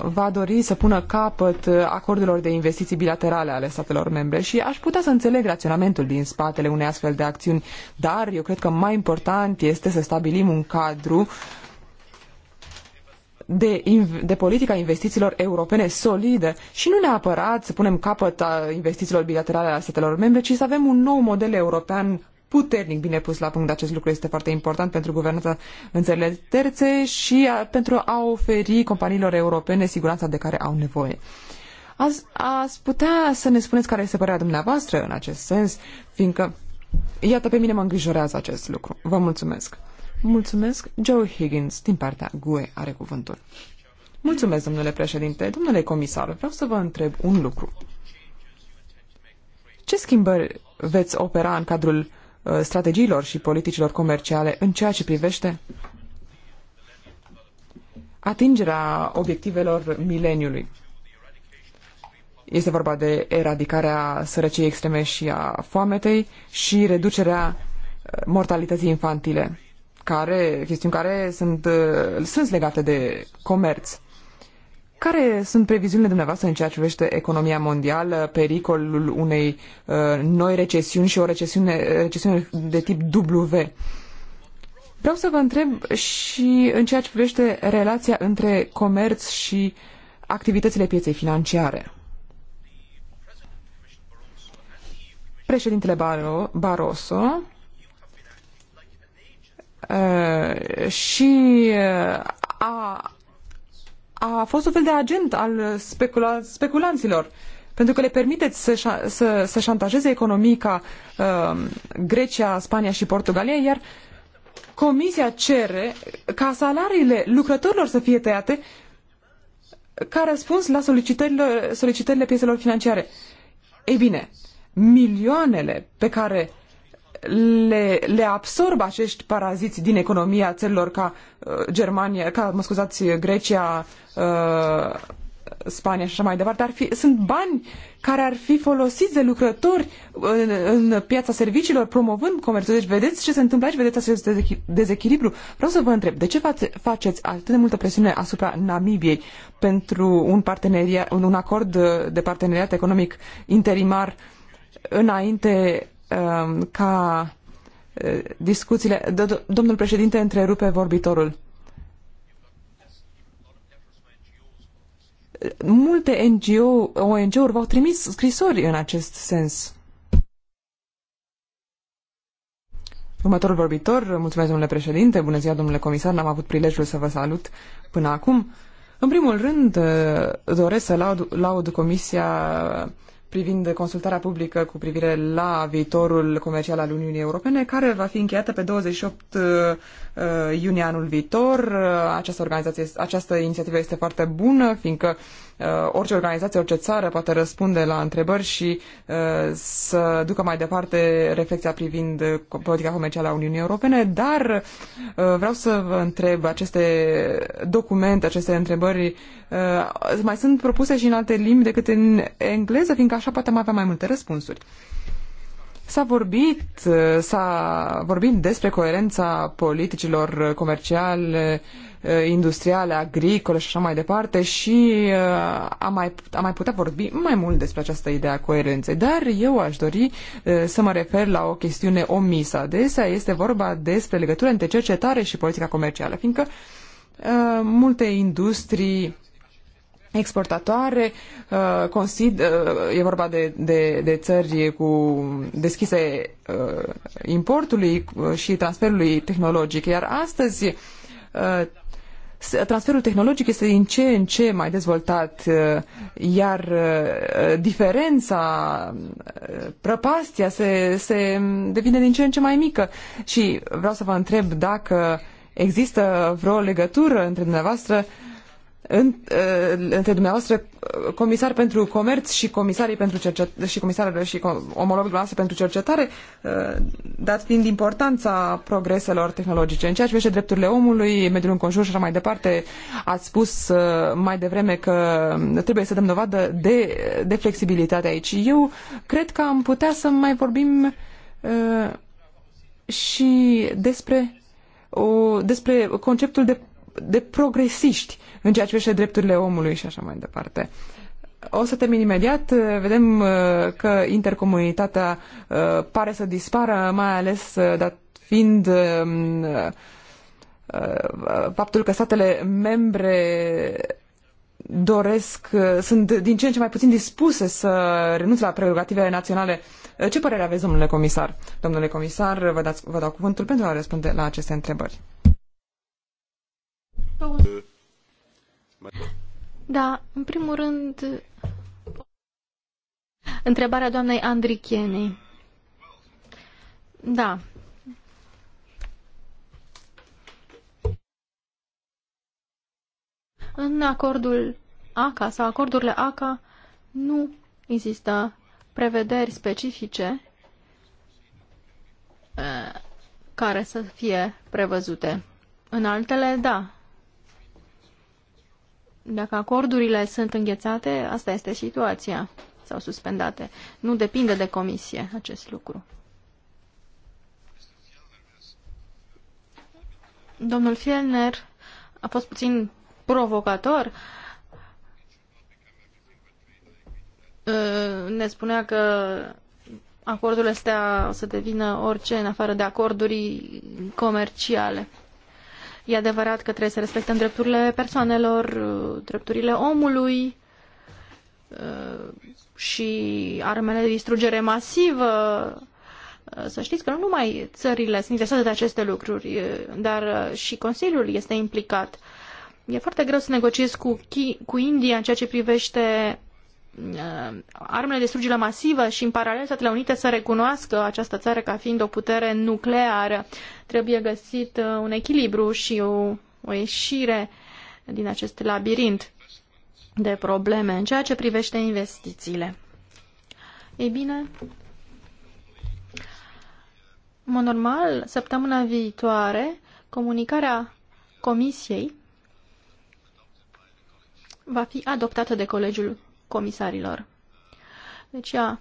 va dori să pună capăt acordurilor de investiții bilaterale ale statelor membre și aș putea să înțeleg raționamentul din spatele unei astfel de acțiuni, dar eu cred că mai important este să stabilim un cadru de, de politica investițiilor europene solidă și nu neapărat să punem capăt a investițiilor bilaterale ale statelor membre, ci să avem un nou model european puternic bine pus la punct. Acest lucru este foarte important pentru guvernanța în țările terțe și a, pentru a oferi companiilor europene siguranța de care au nevoie. Ați, ați putea să ne spuneți care este părerea dumneavoastră în acest sens, fiindcă, iată, pe mine mă îngrijorează acest lucru. Vă mulțumesc. Mulțumesc. Joe Higgins, din partea GUE, are cuvântul. Mulțumesc, domnule președinte. Domnule comisar, vreau să vă întreb un lucru. Ce schimbări veți opera în cadrul Uh, strategiilor și politicilor comerciale în ceea ce privește atingerea obiectivelor mileniului. Este vorba de eradicarea sărăciei extreme și a foametei și reducerea uh, mortalității infantile, care, chestiuni care sunt, uh, sunt legate de comerț. Care sunt previziunile dumneavoastră în ceea ce privește economia mondială, pericolul unei uh, noi recesiuni și o recesiune, recesiune de tip W? Vreau să vă întreb și în ceea ce privește relația între comerț și activitățile pieței financiare. Președintele Barroso uh, și uh, a a fost un fel de agent al specula- speculanților, pentru că le permiteți să, să, să șantajeze economii ca uh, Grecia, Spania și Portugalia, iar Comisia cere ca salariile lucrătorilor să fie tăiate ca răspuns la solicitările, solicitările pieselor financiare. Ei bine, milioanele pe care le, le absorb acești paraziți din economia țărilor ca uh, Germania, ca, mă scuzați, Grecia, uh, Spania și așa mai departe, ar fi, sunt bani care ar fi folosiți de lucrători în, uh, în piața serviciilor, promovând comerțul. Deci vedeți ce se întâmplă aici, vedeți acest dezechilibru. Vreau să vă întreb, de ce faceți atât de multă presiune asupra Namibiei pentru un, parteneriat, un acord de parteneriat economic interimar înainte Um, ca uh, discuțiile... Domnul președinte întrerupe vorbitorul. Multe NGO, ONG-uri v-au trimis scrisori în acest sens. Următorul vorbitor, mulțumesc domnule președinte, bună ziua domnule comisar, n-am avut prilejul să vă salut până acum. În primul rând, uh, doresc să laud, laud Comisia privind consultarea publică cu privire la viitorul comercial al Uniunii Europene, care va fi încheiată pe 28 uh, uh, iunie anul viitor. Uh, această, organizație, această inițiativă este foarte bună, fiindcă Uh, orice organizație, orice țară poate răspunde la întrebări și uh, să ducă mai departe reflexia privind politica comercială a Uniunii Europene, dar uh, vreau să vă întreb aceste documente, aceste întrebări mai sunt propuse și în alte limbi decât în engleză, fiindcă așa poate mai avea mai multe răspunsuri. S-a vorbit, s-a vorbit despre coerența politicilor comerciale uh, Eh, industriale, agricole și așa mai departe și eh, am mai, am mai putea vorbi mai mult despre această idee a coerenței. Dar eu aș dori eh, să mă refer la o chestiune omisă. Adesea este vorba despre legătura între cercetare și politica comercială, fiindcă multe industrii exportatoare, uh, consid, uh, e vorba de, de, de țări cu deschise uh, importului și transferului tehnologic, iar astăzi transferul tehnologic este din ce în ce mai dezvoltat, uh, iar uh, diferența, uh, prăpastia se, se devine din ce în ce mai mică. Și vreau să vă întreb dacă există vreo legătură între dumneavoastră uh, Uh, între dumneavoastră uh, comisar pentru comerț și comisarii pentru cercetare și comisarul și omologul dumneavoastră pentru cercetare, uh, dat fiind importanța progreselor tehnologice. În ceea ce privește drepturile omului, mediul înconjur și așa mai departe, ați spus mai devreme că trebuie să dăm dovadă de, de flexibilitate aici. Eu cred că am putea să mai vorbim și despre o, despre conceptul de de progresiști în ceea ce privește drepturile omului și așa mai departe. O să termin imediat. Vedem uh, că intercomunitatea uh, pare să dispară, mai ales uh, dat fiind um, faptul că statele membre doresc, sunt din ce în ce mai puțin dispuse să renunțe la prerogativele naționale. Ce părere aveți, domnule comisar? Domnule comisar, vă, dați, vă dau cuvântul pentru a răspunde la aceste întrebări. Da, în primul rând, întrebarea doamnei Andrichienei. Da. În acordul ACA sau acordurile ACA nu există prevederi specifice eh, care să fie prevăzute. În altele, da, dacă acordurile sunt înghețate, asta este situația sau suspendate. Nu depinde de comisie acest lucru. Domnul Fielner a fost puțin provocator. Ă, ne spunea că acordurile astea o să devină orice în afară de acorduri comerciale. E adevărat că trebuie să respectăm drepturile persoanelor, drepturile omului uh, și armele de distrugere masivă. Uh, să știți că nu numai țările sunt interesate de aceste lucruri, uh, dar și Consiliul este implicat. E foarte greu să negociezi cu, cu India în ceea ce privește Uh, armele de strugile masivă și în paralel Statele Unite să recunoască această țară ca fiind o putere nucleară. Trebuie găsit uh, un echilibru și o, o ieșire din acest labirint de probleme în ceea ce privește investițiile. Ei bine, în mod normal, săptămâna viitoare, comunicarea Comisiei va fi adoptată de Colegiul comisarilor. Deci ea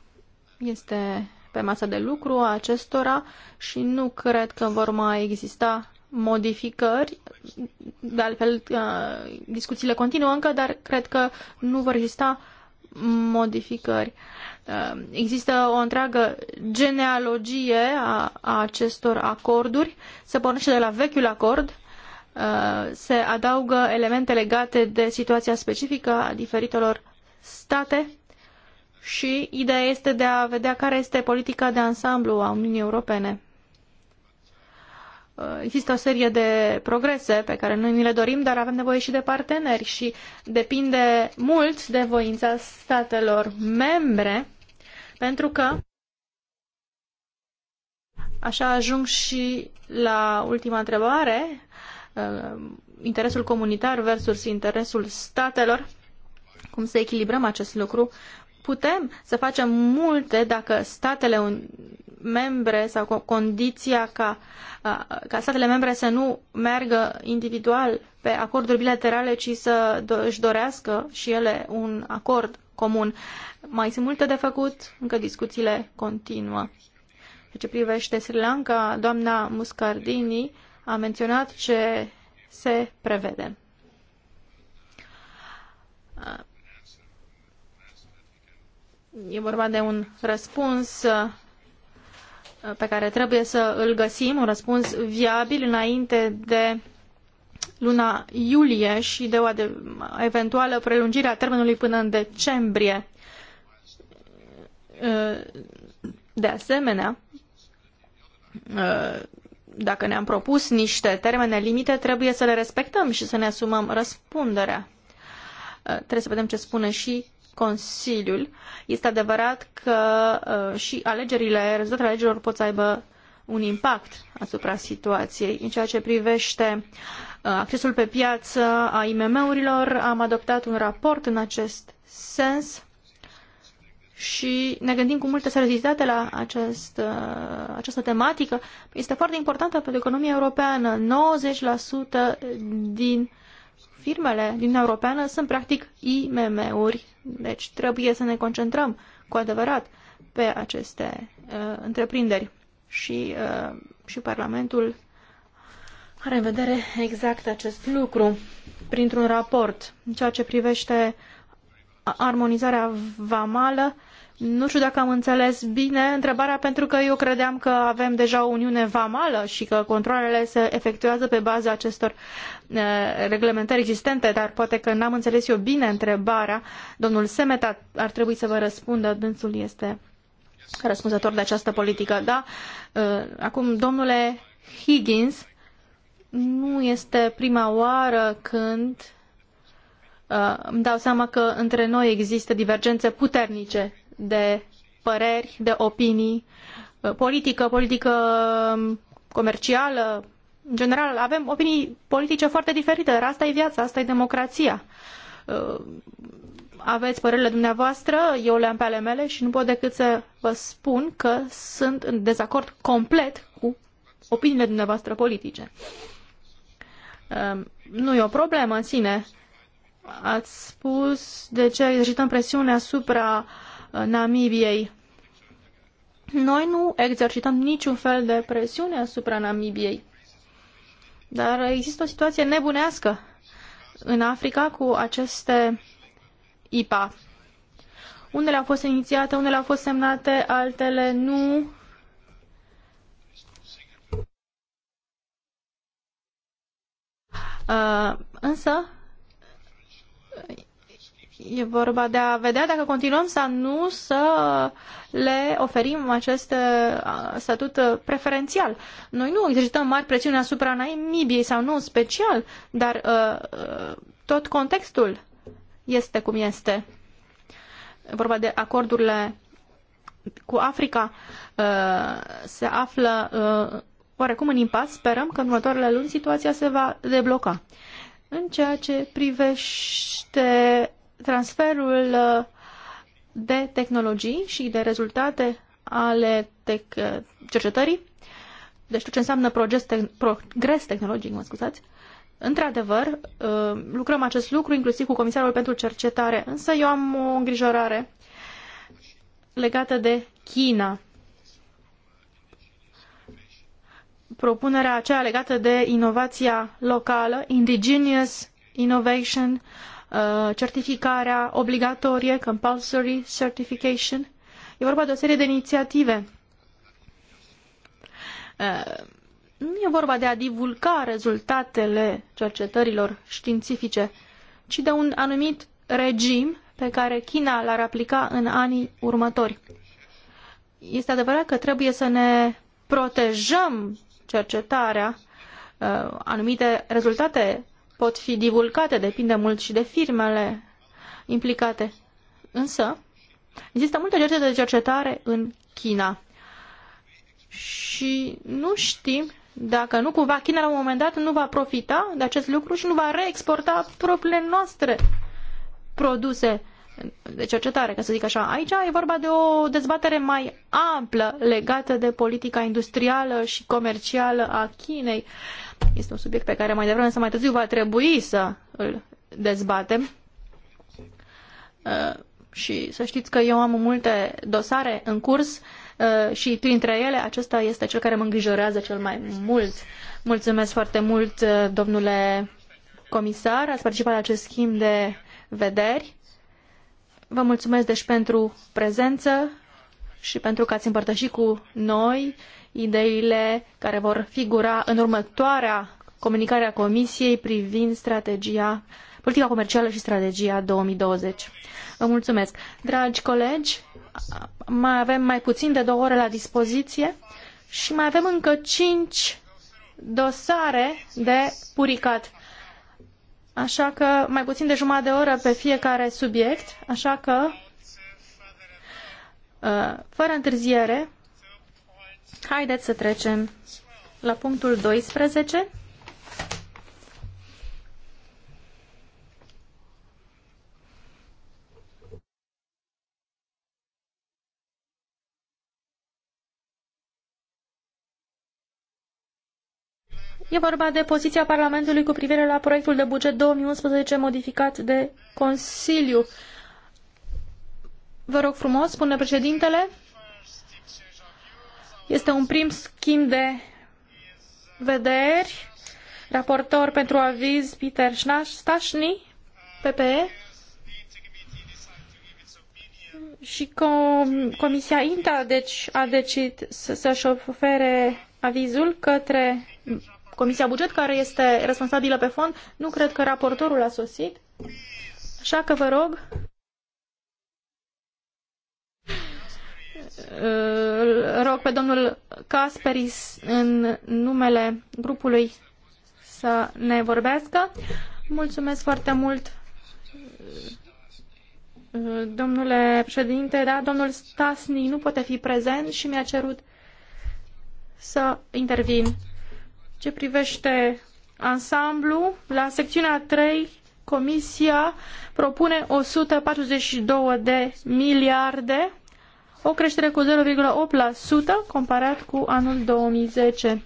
este pe masa de lucru a acestora și nu cred că vor mai exista modificări. De altfel, uh, discuțiile continuă încă, dar cred că nu vor exista modificări. Uh, există o întreagă genealogie a, a acestor acorduri. Se pornește de la vechiul acord, uh, se adaugă elemente legate de situația specifică a diferitelor state și ideea este de a vedea care este politica de ansamblu a Uniunii Europene. Uh, există o serie de progrese pe care noi ni le dorim, dar avem nevoie și de parteneri și depinde mult de voința statelor membre, pentru că așa ajung și la ultima întrebare, uh, interesul comunitar versus interesul statelor cum să echilibrăm acest lucru. Putem să facem multe dacă statele membre sau condiția ca, ca statele membre să nu meargă individual pe acorduri bilaterale, ci să își dorească și ele un acord comun. Mai sunt multe de făcut, încă discuțiile continuă. În ce privește Sri Lanka, doamna Muscardini a menționat ce se prevede. E vorba de un răspuns uh, pe care trebuie să îl găsim, un răspuns viabil înainte de luna iulie și de o eventuală prelungire a termenului până în decembrie. Uh, de asemenea, uh, dacă ne-am propus niște termene limite, trebuie să le respectăm și să ne asumăm răspunderea. Trebuie să vedem ce spune și Consiliul. Este adevărat că uh, și alegerile, rezultatele alegerilor pot să aibă un impact asupra situației. În ceea ce privește uh, accesul pe piață a IMM-urilor, am adoptat un raport în acest sens și ne gândim cu multă seriozitate la acest, uh, această tematică. Este foarte importantă pentru economia europeană. 90% din firmele din Europeană sunt practic IMM-uri deci trebuie să ne concentrăm cu adevărat pe aceste uh, întreprinderi și, uh, și Parlamentul are în vedere exact acest lucru printr-un raport în ceea ce privește armonizarea vamală nu știu dacă am înțeles bine întrebarea, pentru că eu credeam că avem deja o uniune vamală și că controlele se efectuează pe baza acestor eh, reglementări existente, dar poate că n-am înțeles eu bine întrebarea. Domnul Semeta ar trebui să vă răspundă, dânsul este răspunzător de această politică, da? Eh, acum, domnule Higgins, nu este prima oară când eh, îmi dau seama că între noi există divergențe puternice de păreri, de opinii, uh, politică, politică um, comercială. În general, avem opinii politice foarte diferite, dar asta e viața, asta e democrația. Uh, aveți părerile dumneavoastră, eu le-am pe ale mele și nu pot decât să vă spun că sunt în dezacord complet cu opiniile dumneavoastră politice. Uh, nu e o problemă în sine. Ați spus de ce exercităm presiune asupra uh, Uh, Namibiei. Noi nu exercităm niciun fel de presiune asupra Namibiei, dar există o situație nebunească în Africa cu aceste IPA. Unele au fost inițiate, unele au fost semnate, altele nu. Uh, însă, E vorba de a vedea dacă continuăm sau nu să le oferim acest uh, statut uh, preferențial. Noi nu exercităm mari presiuni asupra Namibiei sau nu special, dar uh, tot contextul este cum este. E vorba de acordurile cu Africa se află oarecum în impas. Sperăm că în următoarele luni situația se va debloca. În ceea ce privește transferul uh, de tehnologii și de rezultate ale tec- uh, cercetării, deci tot ce înseamnă progres, te- progres tehnologic, mă scuzați, într-adevăr, uh, lucrăm acest lucru inclusiv cu Comisarul pentru Cercetare, însă eu am o îngrijorare legată de China. Propunerea aceea legată de inovația locală, Indigenous Innovation, uh, Uh, certificarea obligatorie, compulsory certification. E vorba de o serie de inițiative. Uh, nu e vorba de a divulga rezultatele cercetărilor științifice, ci de un anumit regim pe care China l-ar aplica în anii următori. Este adevărat că trebuie să ne protejăm cercetarea, uh, anumite rezultate pot fi divulgate, depinde mult și de firmele implicate. Însă, există multe cercete de cercetare în China și nu știm dacă nu cumva China la un moment dat nu va profita de acest lucru și nu va reexporta propriile noastre produse de cercetare, ca să zic așa. Aici e vorba de o dezbatere mai amplă legată de politica industrială și comercială a Chinei. Este un subiect pe care mai devreme sau mai târziu va trebui să îl dezbatem. Uh, și să știți că eu am multe dosare în curs uh, și printre ele acesta este cel care mă îngrijorează cel mai mult. Mulțumesc foarte mult, uh, domnule comisar, ați participat la acest schimb de vederi. Vă mulțumesc deci pentru prezență și pentru că ați împărtășit cu noi ideile care vor figura în următoarea comunicare a Comisiei privind strategia, politica comercială și strategia 2020. Vă mulțumesc. Dragi colegi, mai avem mai puțin de două ore la dispoziție și mai avem încă cinci dosare de puricat. Așa că mai puțin de jumătate de oră pe fiecare subiect, așa că uh, fără întârziere Haideți să trecem la punctul 12. E vorba de poziția Parlamentului cu privire la proiectul de buget 2011 modificat de Consiliu. Vă rog frumos, spune președintele. Este un prim schimb de vederi. Raportor pentru aviz Peter Stașni, PPE. Și com Comisia INTA deci, a decis să-și ofere avizul către Comisia Buget, care este responsabilă pe fond. Nu cred că raportorul a sosit. Așa că vă rog îl rog pe domnul Casperis în numele grupului să ne vorbească. Mulțumesc foarte mult, domnule președinte, da, domnul Stasni nu poate fi prezent și mi-a cerut să intervin. Ce privește ansamblu, la secțiunea 3, Comisia propune 142 de miliarde o creștere cu 0,8% comparat cu anul 2010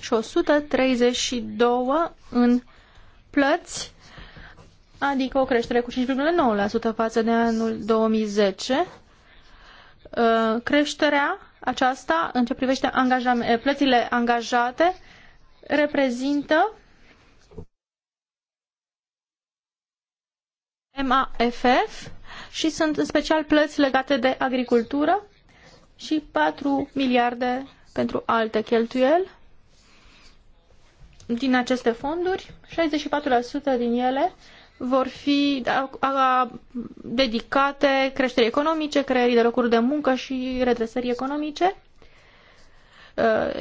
și 132 în plăți, adică o creștere cu 5,9% față de anul 2010. Uh, creșterea aceasta, în ce privește plățile angajate, reprezintă MAFF și sunt în special plăți legate de agricultură și 4 miliarde pentru alte cheltuieli. Din aceste fonduri, 64% din ele vor fi dedicate creșterii economice, creării de locuri de muncă și redresării economice.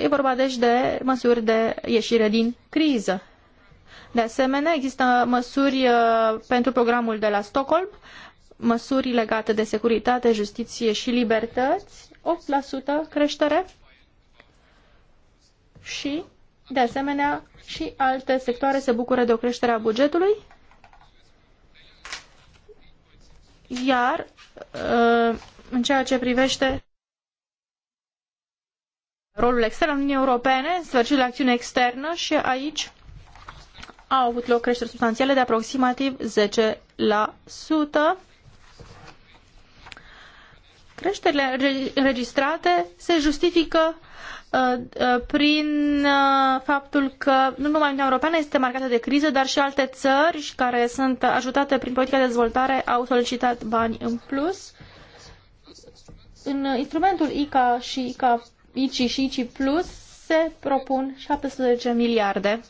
E vorba deci de măsuri de ieșire din criză. De asemenea, există măsuri uh, pentru programul de la Stockholm, măsuri legate de securitate, justiție și libertăți, 8% creștere și, de asemenea, și alte sectoare se bucură de o creștere a bugetului, iar uh, în ceea ce privește rolul extern al Uniunii Europene, sfârșitul de acțiune externă și aici au avut loc creșteri substanțiale de aproximativ 10%. Creșterile înregistrate se justifică uh, uh, prin uh, faptul că nu numai Uniunea Europeană este marcată de criză, dar și alte țări care sunt ajutate prin politica de dezvoltare au solicitat bani în plus. În instrumentul ICA și ICA, ICI și ICI Plus se propun 17 miliarde.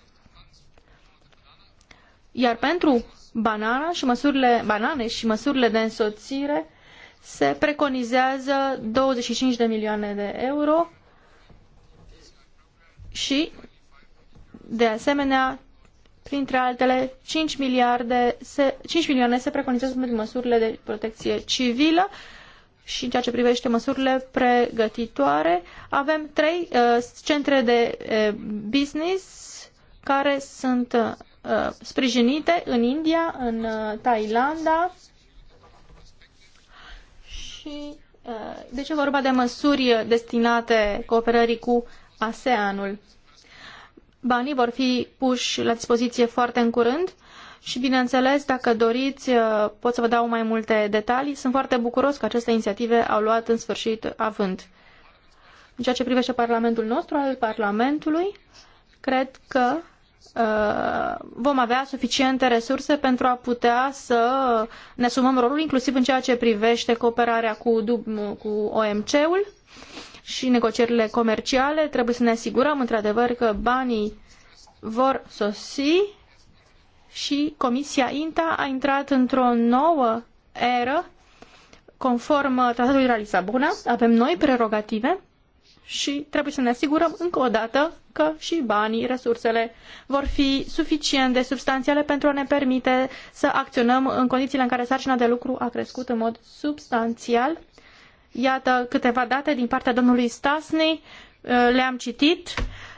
Iar pentru banana și măsurile, banane și măsurile de însoțire se preconizează 25 de milioane de euro și, de asemenea, printre altele, 5, miliarde se, 5 milioane se preconizează pentru măsurile de protecție civilă și în ceea ce privește măsurile pregătitoare. Avem trei uh, centre de uh, business care sunt uh, sprijinite în India, în uh, Thailanda și uh, de deci ce vorba de măsuri destinate cooperării cu ASEANul. Banii vor fi puși la dispoziție foarte în curând și, bineînțeles, dacă doriți, uh, pot să vă dau mai multe detalii. Sunt foarte bucuros că aceste inițiative au luat în sfârșit avânt. În ceea ce privește Parlamentul nostru, al Parlamentului, cred că Uh, vom avea suficiente resurse pentru a putea să ne asumăm rolul, inclusiv în ceea ce privește cooperarea cu, cu OMC-ul și negocierile comerciale. Trebuie să ne asigurăm, într-adevăr, că banii vor sosi și Comisia INTA a intrat într-o nouă eră conform Tratatului de la Lisabona. Avem noi prerogative și trebuie să ne asigurăm încă o dată că și banii, resursele vor fi suficient de substanțiale pentru a ne permite să acționăm în condițiile în care sarcina de lucru a crescut în mod substanțial. Iată câteva date din partea domnului Stasny. Eh, le-am citit,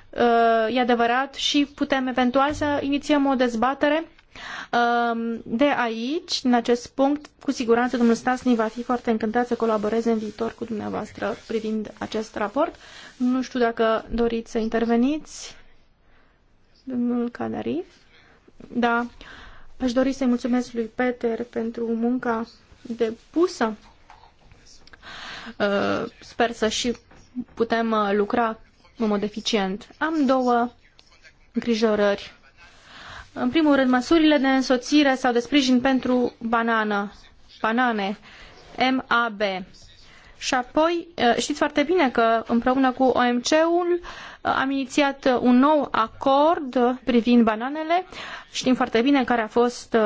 eh, e adevărat și putem eventual să inițiem o dezbatere de aici, în acest punct, cu siguranță domnul Stasni va fi foarte încântat să colaboreze în viitor cu dumneavoastră privind acest raport. Nu știu dacă doriți să interveniți. Domnul Kadari. Da. Aș dori să-i mulțumesc lui Peter pentru munca depusă. Uh, sper să și putem uh, lucra în mod eficient. Am două îngrijorări în primul rând, măsurile de însoțire sau de sprijin pentru banană, banane, MAB. Și apoi, eh, știți foarte bine că împreună cu OMC-ul eh, am inițiat un nou acord privind bananele. Știm foarte bine care a fost eh,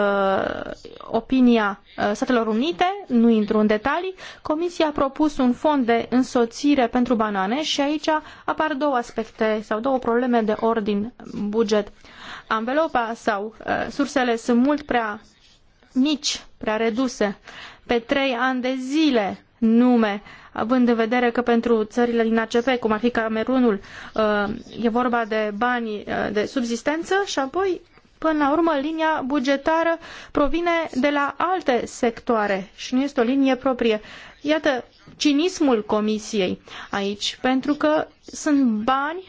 opinia Statelor Unite, nu intru în detalii. Comisia a propus un fond de însoțire pentru banane și aici apar două aspecte sau două probleme de ordin buget. Uh, Anvelopa sau uh, sursele sunt mult prea mici, prea reduse, pe trei ani de zile nume, având în vedere că pentru țările din ACP, cum ar fi Camerunul, uh, e vorba de bani uh, de subsistență și apoi, până la urmă, linia bugetară provine de la alte sectoare și nu este o linie proprie. Iată cinismul comisiei aici, pentru că sunt bani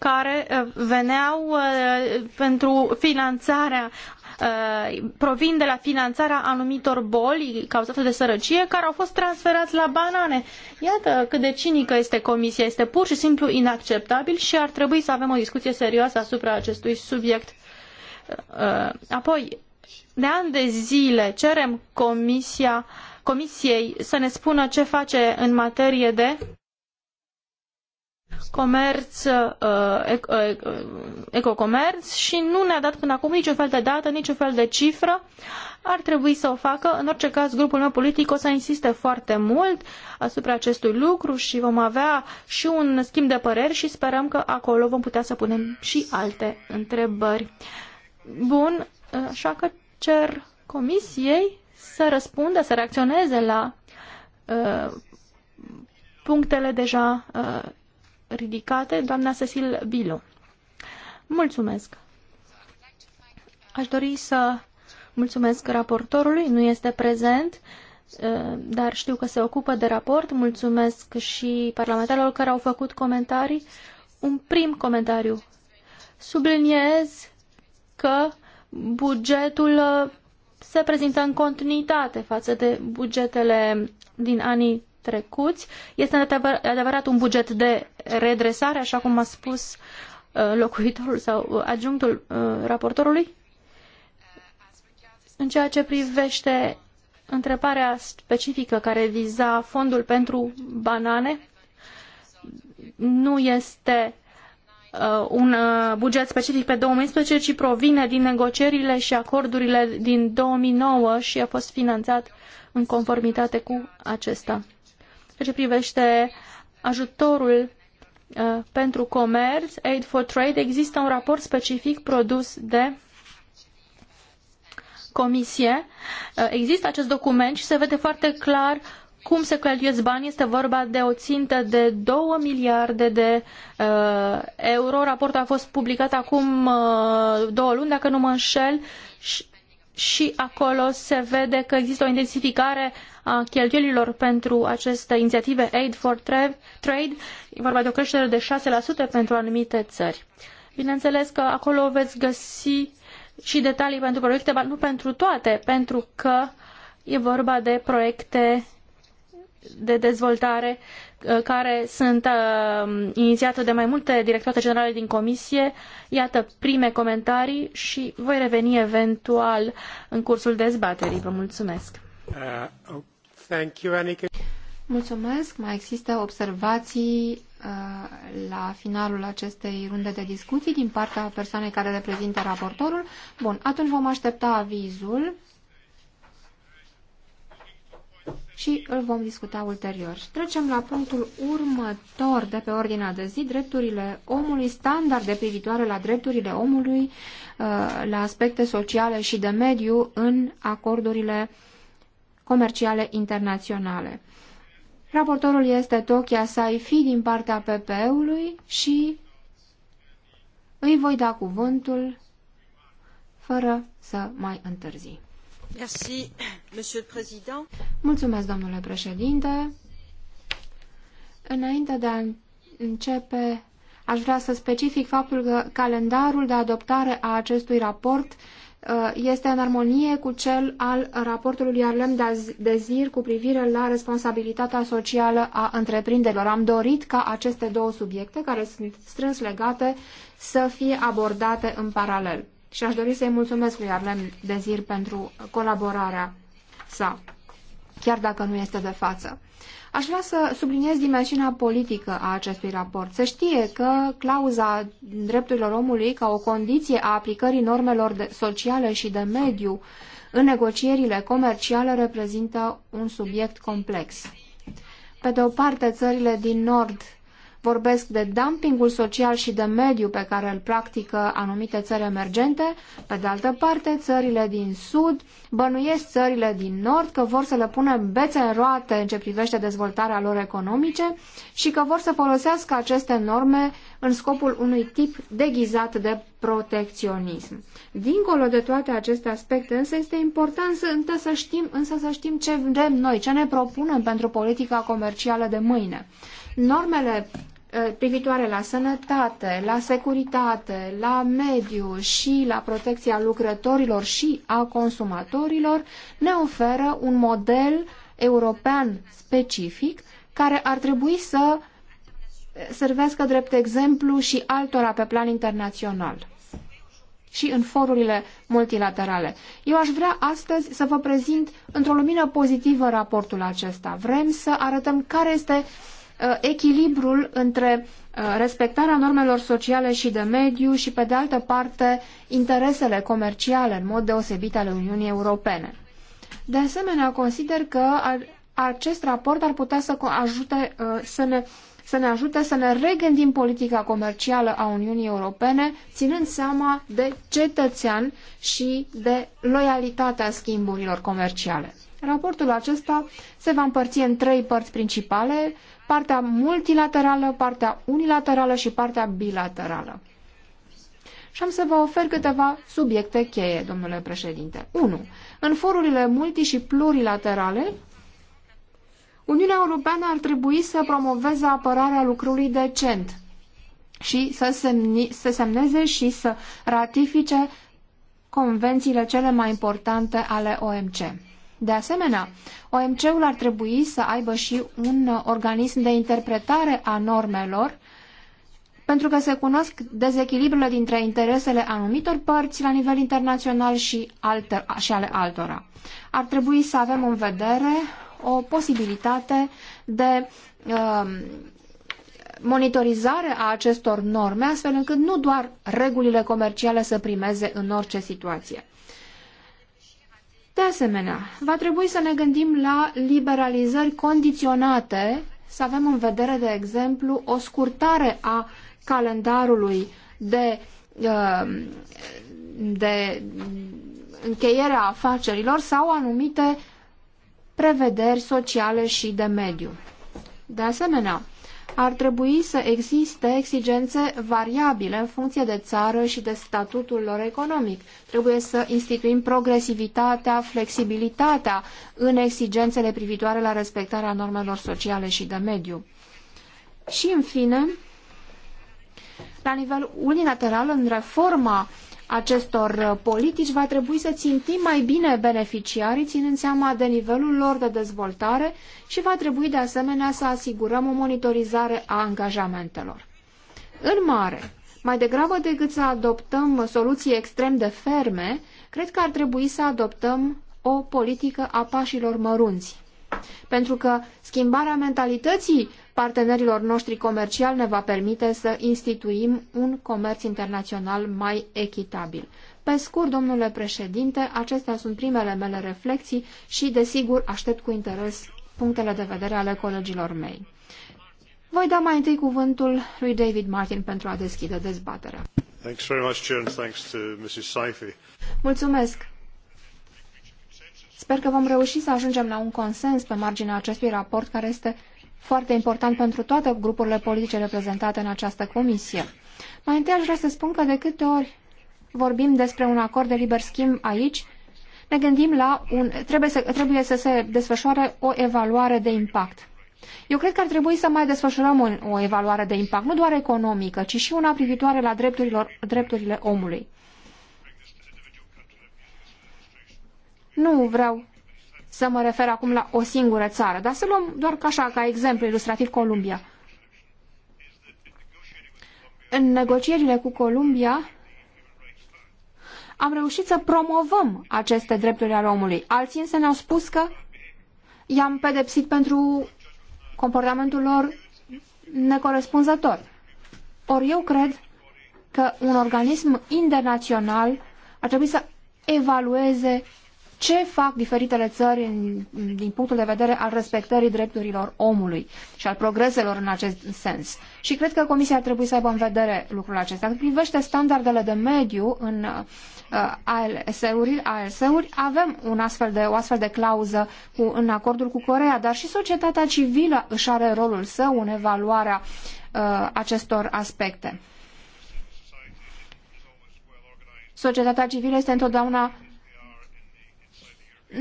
care uh, veneau uh, pentru finanțarea uh, provin de la finanțarea anumitor boli cauzate de sărăcie care au fost transferați la banane. Iată cât de cinică este comisia, este pur și simplu inacceptabil și ar trebui să avem o discuție serioasă asupra acestui subiect. Apoi, de ani de zile cerem comisia, comisiei să ne spună ce face în materie de comerț, uh, uh, uh, ecocomerț și nu ne-a dat până acum niciun fel de dată, niciun fel de cifră. Ar trebui să o facă. În orice caz, grupul meu politic o să insiste foarte mult asupra acestui lucru și vom avea și un schimb de păreri și sperăm că acolo vom putea să punem și alte întrebări. Bun, așa că cer comisiei să răspundă, să reacționeze la uh, punctele deja uh, ridicate, doamna Cecil Bilo. Mulțumesc! Aș dori să mulțumesc raportorului, nu este prezent, eh, dar știu că se ocupă de raport. Mulțumesc și parlamentarilor care au făcut comentarii. Un prim comentariu. Subliniez că bugetul eh, se prezintă în continuitate față de bugetele din anii trecuți. Este adevărat un buget de redresare, așa cum a spus uh, locuitorul sau uh, adjunctul uh, raportorului? În ceea ce privește întrebarea specifică care viza fondul pentru banane, nu este un buget specific pe 2011, ci provine din negocierile și acordurile din 2009 și a fost finanțat în conformitate cu acesta ce privește ajutorul uh, pentru comerț, Aid for Trade, există un raport specific produs de comisie. Uh, există acest document și se vede foarte clar cum se cheltuiesc bani. Este vorba de o țintă de 2 miliarde de uh, euro. Raportul a fost publicat acum uh, două luni, dacă nu mă înșel, și și acolo se vede că există o intensificare a cheltuielilor pentru aceste inițiative Aid for Trade, e vorba de o creștere de 6% pentru anumite țări. Bineînțeles că acolo veți găsi și detalii pentru proiecte, dar nu pentru toate, pentru că e vorba de proiecte de dezvoltare uh, care sunt uh, inițiate de mai multe directoare generale din comisie. Iată prime comentarii și voi reveni eventual în cursul dezbaterii. Vă mulțumesc. Uh, oh, thank you, Annika. Mulțumesc. Mai există observații uh, la finalul acestei runde de discuții din partea persoanei care reprezintă raportorul. Bun, atunci vom aștepta avizul și îl vom discuta ulterior. Și trecem la punctul următor de pe ordinea de zi, drepturile omului, standarde privitoare la drepturile omului, uh, la aspecte sociale și de mediu în acordurile comerciale internaționale. Raportorul este Tokia Saifi din partea PP-ului și îi voi da cuvântul fără să mai întârzi. Mulțumesc, domnule președinte. Înainte de a începe, aș vrea să specific faptul că calendarul de adoptare a acestui raport uh, este în armonie cu cel al raportului lui Arlem de Zir cu privire la responsabilitatea socială a întreprinderilor. Am dorit ca aceste două subiecte, care sunt strâns legate, să fie abordate în paralel și aș dori să-i mulțumesc lui Arlen Dezir pentru colaborarea sa, chiar dacă nu este de față. Aș vrea să subliniez dimensiunea politică a acestui raport. Se știe că clauza drepturilor omului ca o condiție a aplicării normelor de, sociale și de mediu în negocierile comerciale reprezintă un subiect complex. Pe de o parte, țările din nord vorbesc de dumpingul social și de mediu pe care îl practică anumite țări emergente, pe de altă parte țările din sud bănuiesc țările din nord că vor să le pună bețe în roate în ce privește dezvoltarea lor economice și că vor să folosească aceste norme în scopul unui tip deghizat de protecționism. Dincolo de toate aceste aspecte, însă este important să, însă să știm, însă să știm ce vrem noi, ce ne propunem pentru politica comercială de mâine. Normele uh, privitoare la sănătate, la securitate, la mediu și la protecția lucrătorilor și a consumatorilor ne oferă un model european specific care ar trebui să servească drept exemplu și altora pe plan internațional și în forurile multilaterale. Eu aș vrea astăzi să vă prezint într-o lumină pozitivă raportul acesta. Vrem să arătăm care este Uh, echilibrul între uh, respectarea normelor sociale și de mediu și, pe de altă parte, interesele comerciale, în mod deosebit ale Uniunii Europene. De asemenea, consider că acest raport ar putea să, ajute, uh, să, ne, să ne ajute să ne regândim politica comercială a Uniunii Europene, ținând seama de cetățean și de loialitatea schimburilor comerciale. Raportul acesta se va împărți în trei părți principale, partea multilaterală, partea unilaterală și partea bilaterală. Și am să vă ofer câteva subiecte cheie, domnule președinte. 1. În forurile multi și plurilaterale, Uniunea Europeană ar trebui să promoveze apărarea lucrului decent și să, semni, să semneze și să ratifice convențiile cele mai importante ale OMC. De asemenea, OMC-ul ar trebui să aibă și un organism de interpretare a normelor, pentru că se cunosc dezechilibrele dintre interesele anumitor părți la nivel internațional și, alter, și ale altora. Ar trebui să avem în vedere o posibilitate de uh, monitorizare a acestor norme, astfel încât nu doar regulile comerciale să primeze în orice situație. De asemenea, va trebui să ne gândim la liberalizări condiționate, să avem în vedere, de exemplu, o scurtare a calendarului de, uh, de încheiere a afacerilor sau anumite prevederi sociale și de mediu. De asemenea, ar trebui să existe exigențe variabile în funcție de țară și de statutul lor economic. Trebuie să instituim progresivitatea, flexibilitatea în exigențele privitoare la respectarea normelor sociale și de mediu. Și, în fine, la nivel unilateral, în reforma acestor uh, politici, va trebui să țintim mai bine beneficiarii, ținând seama de nivelul lor de dezvoltare și va trebui de asemenea să asigurăm o monitorizare a angajamentelor. În mare, mai degrabă decât să adoptăm soluții extrem de ferme, cred că ar trebui să adoptăm o politică a pașilor mărunți. Pentru că schimbarea mentalității partenerilor noștri comerciali ne va permite să instituim un comerț internațional mai echitabil. Pe scurt, domnule președinte, acestea sunt primele mele reflexii și, desigur, aștept cu interes punctele de vedere ale colegilor mei. Voi da mai întâi cuvântul lui David Martin pentru a deschide dezbaterea. Mulțumesc. Sper că vom reuși să ajungem la un consens pe marginea acestui raport, care este foarte important pentru toate grupurile politice reprezentate în această comisie. Mai întâi aș vrea să spun că de câte ori vorbim despre un acord de liber schimb aici, ne gândim la un... trebuie să, trebuie să se desfășoare o evaluare de impact. Eu cred că ar trebui să mai desfășurăm o evaluare de impact, nu doar economică, ci și una privitoare la drepturilor, drepturile omului. Nu vreau să mă refer acum la o singură țară, dar să luăm doar ca așa, ca exemplu ilustrativ, Columbia. În negocierile cu Columbia am reușit să promovăm aceste drepturi ale omului. Alții însă ne-au spus că i-am pedepsit pentru comportamentul lor necorespunzător. Ori eu cred că un organism internațional ar trebui să evalueze ce fac diferitele țări din punctul de vedere al respectării drepturilor omului și al progreselor în acest sens. Și cred că Comisia ar trebui să aibă în vedere lucrul acesta. Când privește standardele de mediu în uh, ALS-uri, ALS avem un astfel de, o astfel de clauză cu, în acordul cu Corea, dar și societatea civilă își are rolul său în evaluarea uh, acestor aspecte. Societatea civilă este întotdeauna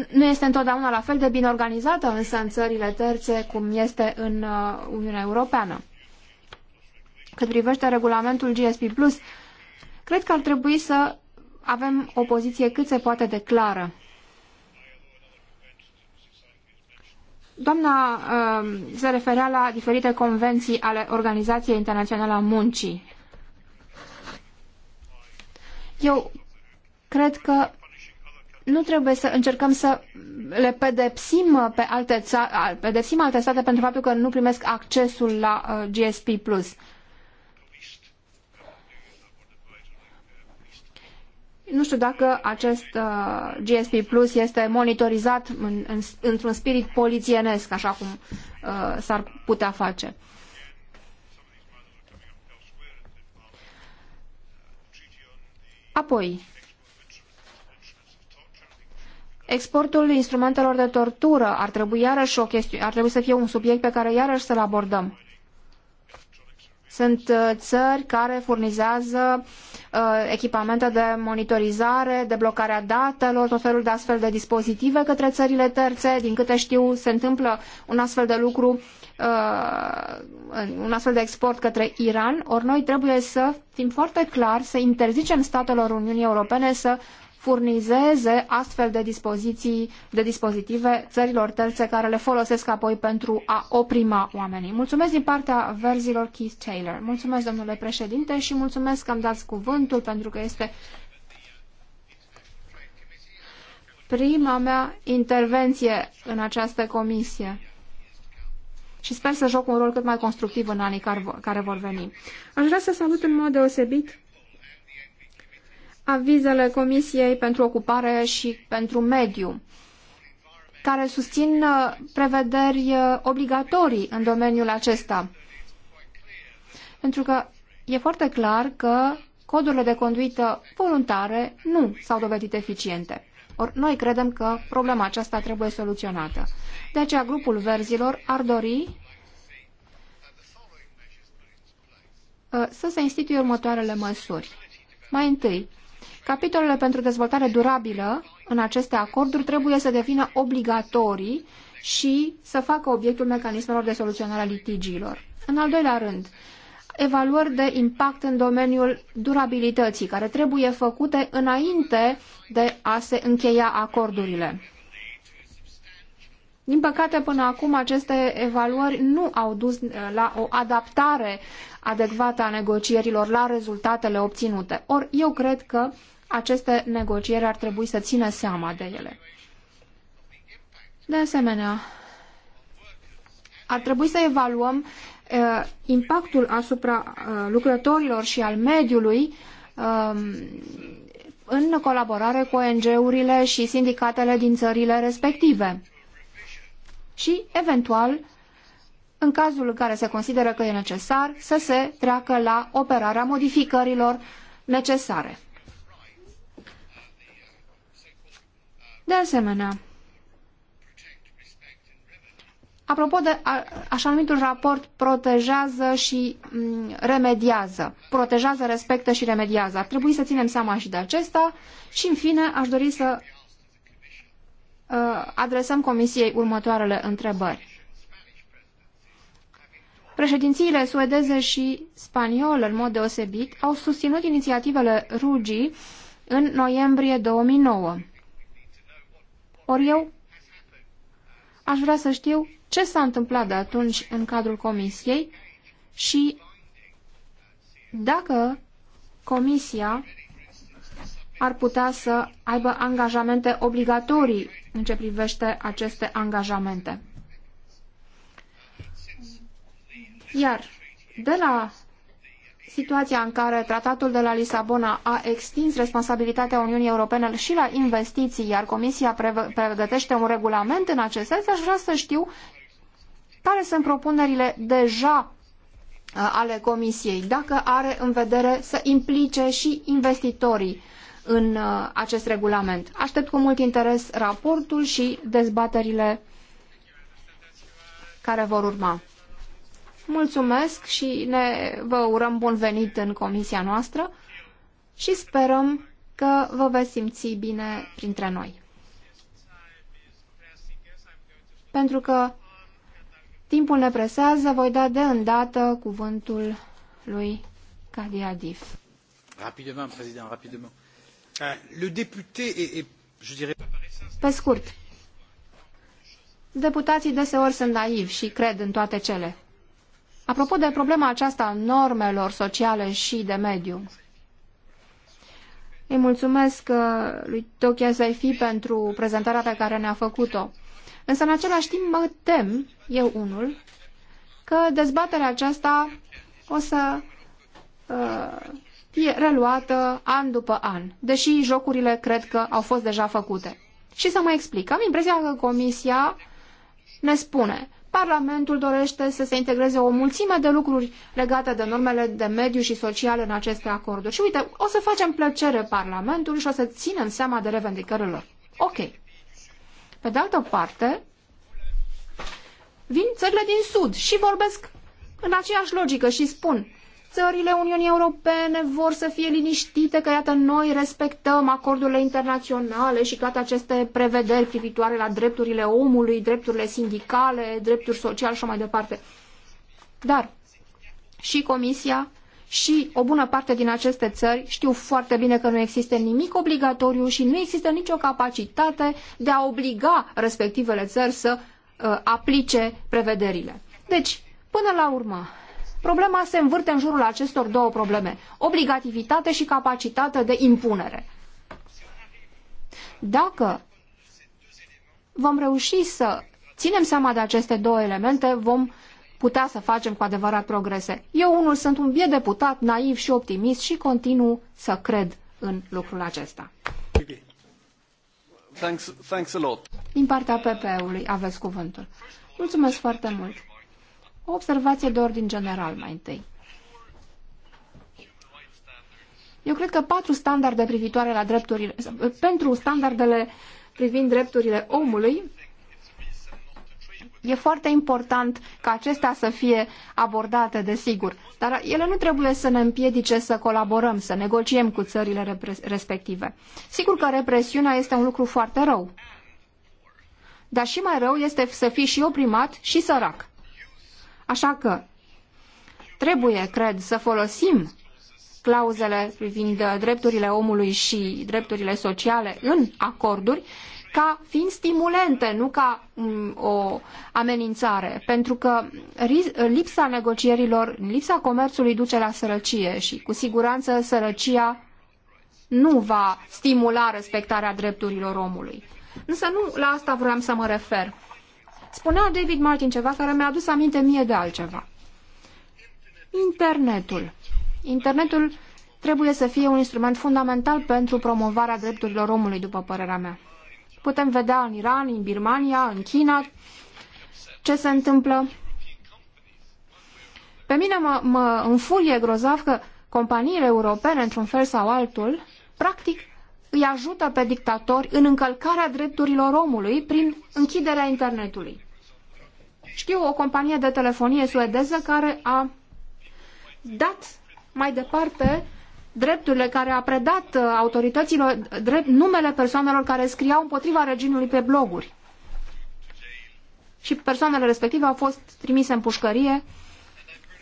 nu este întotdeauna la fel de bine organizată însă în țările terțe cum este în uh, Uniunea Europeană. Cât privește regulamentul GSP+, cred că ar trebui să avem o poziție cât se poate de clară. Doamna uh, se referea la diferite convenții ale Organizației Internaționale a Muncii. Eu cred că nu trebuie să încercăm să le pedepsim pe alte, ța- pedepsim alte state pentru faptul că nu primesc accesul la uh, GSP+. Nu știu dacă acest uh, GSP Plus este monitorizat în, în, într-un spirit polițienesc, așa cum uh, s-ar putea face. Apoi, Exportul instrumentelor de tortură ar trebui iarăși o chestiune, ar trebui să fie un subiect pe care iarăși să-l abordăm. Sunt uh, țări care furnizează uh, echipamente de monitorizare, de blocarea datelor, tot felul de astfel de dispozitive către țările terțe. Din câte știu, se întâmplă un astfel de lucru, uh, un astfel de export către Iran. Ori noi trebuie să fim foarte clari, să interzicem statelor Uniunii Europene să furnizeze astfel de dispoziții, de dispozitive țărilor terțe care le folosesc apoi pentru a oprima oamenii. Mulțumesc din partea verzilor Keith Taylor. Mulțumesc, domnule președinte, și mulțumesc că am dat cuvântul pentru că este prima mea intervenție în această comisie și sper să joc un rol cât mai constructiv în anii care vor veni. Aș vrea să salut în mod deosebit avizele Comisiei pentru Ocupare și pentru Mediu, care susțin uh, prevederi uh, obligatorii în domeniul acesta. Pentru că e foarte clar că codurile de conduită voluntare nu s-au dovedit eficiente. Or, noi credem că problema aceasta trebuie soluționată. De aceea, grupul verzilor ar dori uh, să se instituie următoarele măsuri. Mai întâi, Capitolele pentru dezvoltare durabilă în aceste acorduri trebuie să devină obligatorii și să facă obiectul mecanismelor de soluționare a litigiilor. În al doilea rând, evaluări de impact în domeniul durabilității, care trebuie făcute înainte de a se încheia acordurile. Din păcate, până acum, aceste evaluări nu au dus uh, la o adaptare adecvată a negocierilor la rezultatele obținute. Ori eu cred că aceste negocieri ar trebui să țină seama de ele. De asemenea, ar trebui să evaluăm uh, impactul asupra uh, lucrătorilor și al mediului uh, în colaborare cu ONG-urile și sindicatele din țările respective. Și, eventual, în cazul în care se consideră că e necesar, să se treacă la operarea modificărilor necesare. De asemenea, apropo de așa numitul raport protejează și mm, remediază, protejează, respectă și remediază. Ar trebui să ținem seama și de acesta și, în fine, aș dori să uh, adresăm Comisiei următoarele întrebări. Președințiile suedeze și spaniole, în mod deosebit, au susținut inițiativele RUGI în noiembrie 2009. Ori eu aș vrea să știu ce s-a întâmplat de atunci în cadrul comisiei și dacă comisia ar putea să aibă angajamente obligatorii în ce privește aceste angajamente. Iar de la situația în care tratatul de la Lisabona a extins responsabilitatea Uniunii Europene și la investiții, iar Comisia pregătește un regulament în acest sens, aș vrea să știu care sunt propunerile deja uh, ale Comisiei, dacă are în vedere să implice și investitorii în uh, acest regulament. Aștept cu mult interes raportul și dezbaterile care vor urma. Mulțumesc și ne vă urăm bun venit în comisia noastră și sperăm că vă veți simți bine printre noi. Pentru că timpul ne presează, voi da de îndată cuvântul lui Cadiadif. Rapidement, président, rapidement. Euh, le député est, est, je dirais... Pe scurt, deputații deseori sunt naivi și cred în toate cele. Apropo de problema aceasta a normelor sociale și de mediu, îi mulțumesc uh, lui Tokia fi pentru prezentarea pe care ne-a făcut-o. Însă, în același timp, mă tem, eu unul, că dezbaterea aceasta o să uh, fie reluată an după an, deși jocurile cred că au fost deja făcute. Și să mă explic. Am impresia că Comisia ne spune Parlamentul dorește să se integreze o mulțime de lucruri legate de normele de mediu și social în aceste acorduri. Și uite, o să facem plăcere Parlamentului și o să ținem seama de revendicările lor. Ok. Pe de altă parte, vin țările din Sud și vorbesc în aceeași logică și spun țările Uniunii Europene vor să fie liniștite că, iată, noi respectăm acordurile internaționale și toate aceste prevederi privitoare la drepturile omului, drepturile sindicale, drepturi sociale și mai departe. Dar și Comisia și o bună parte din aceste țări știu foarte bine că nu există nimic obligatoriu și nu există nicio capacitate de a obliga respectivele țări să uh, aplice prevederile. Deci, până la urmă, Problema se învârte în jurul acestor două probleme, obligativitate și capacitate de impunere. Dacă vom reuși să ținem seama de aceste două elemente, vom putea să facem cu adevărat progrese. Eu unul sunt un biet deputat, naiv și optimist și continuu să cred în lucrul acesta. Okay. Thanks, Din partea ppe ului aveți cuvântul. Mulțumesc foarte mult. O observație de ordin general mai întâi. Eu cred că patru standarde privitoare la drepturile, pentru standardele privind drepturile omului, e foarte important ca acestea să fie abordate, desigur, dar ele nu trebuie să ne împiedice să colaborăm, să negociem cu țările respective. Sigur că represiunea este un lucru foarte rău, dar și mai rău este să fii și oprimat și sărac. Așa că trebuie, cred, să folosim clauzele privind drepturile omului și drepturile sociale în acorduri ca fiind stimulente, nu ca mm, o amenințare, pentru că lipsa negocierilor, lipsa comerțului duce la sărăcie și cu siguranță sărăcia nu va stimula respectarea drepturilor omului. Însă nu la asta vreau să mă refer. Spunea David Martin ceva care mi-a adus aminte mie de altceva. Internetul. Internetul trebuie să fie un instrument fundamental pentru promovarea drepturilor omului, după părerea mea. Putem vedea în Iran, în Birmania, în China ce se întâmplă. Pe mine mă, mă înfurie grozav că companiile europene, într-un fel sau altul, practic îi ajută pe dictatori în încălcarea drepturilor omului prin închiderea internetului. Știu o companie de telefonie suedeză care a dat mai departe drepturile care a predat uh, autorităților drept, numele persoanelor care scriau împotriva regimului pe bloguri. Și persoanele respective au fost trimise în pușcărie,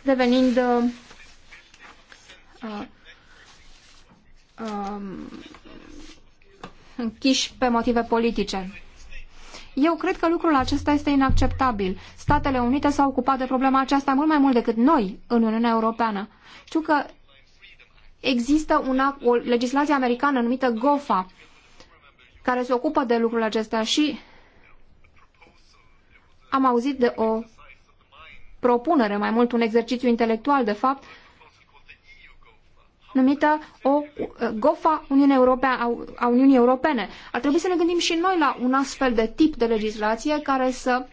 devenind uh, uh, um, închiși pe motive politice. Eu cred că lucrul acesta este inacceptabil. Statele Unite s-au ocupat de problema aceasta mult mai mult decât noi în Uniunea Europeană. Știu că există una, o legislație americană numită GOFA care se ocupă de lucrul acesta și am auzit de o propunere, mai mult un exercițiu intelectual, de fapt, numită o uh, GOFA Uniunii Europea, a Uniunii Europene. Ar trebui să ne gândim și noi la un astfel de tip de legislație care să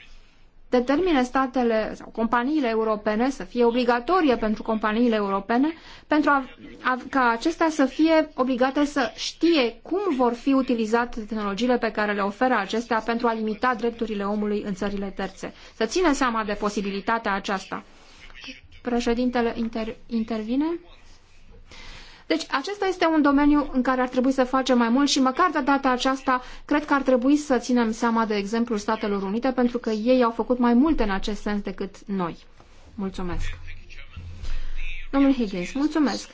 determine statele sau companiile europene să fie obligatorie pentru companiile europene pentru a, a, ca acestea să fie obligate să știe cum vor fi utilizate tehnologiile pe care le oferă acestea pentru a limita drepturile omului în țările terțe. Să ține seama de posibilitatea aceasta. Președintele inter, intervine. Deci acesta este un domeniu în care ar trebui să facem mai mult și măcar de data aceasta cred că ar trebui să ținem seama de exemplul Statelor Unite pentru că ei au făcut mai multe în acest sens decât noi. Mulțumesc. Domnul Higgins, mulțumesc.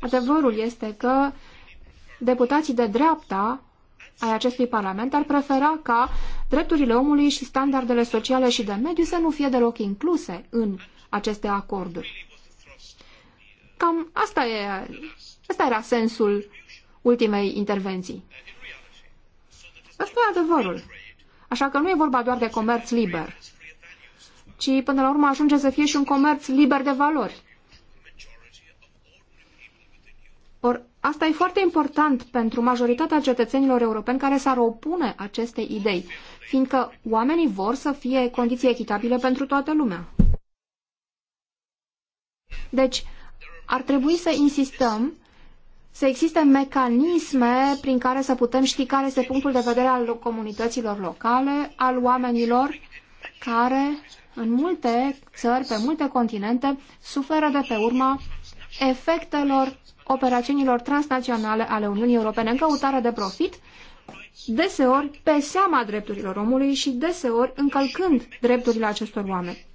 Adevărul este că deputații de dreapta ai acestui parlament ar prefera ca drepturile omului și standardele sociale și de mediu să nu fie deloc incluse în aceste acorduri. Cam asta, e, asta era sensul ultimei intervenții. Asta e adevărul. Așa că nu e vorba doar de comerț liber, ci până la urmă ajunge să fie și un comerț liber de valori. Or, asta e foarte important pentru majoritatea cetățenilor europeni care s-ar opune acestei idei, fiindcă oamenii vor să fie condiții echitabile pentru toată lumea. Deci, ar trebui să insistăm să existe mecanisme prin care să putem ști care este punctul de vedere al comunităților locale, al oamenilor care în multe țări, pe multe continente, suferă de pe urma efectelor operațiunilor transnaționale ale Uniunii Europene în căutare de profit, deseori pe seama drepturilor omului și deseori încălcând drepturile acestor oameni.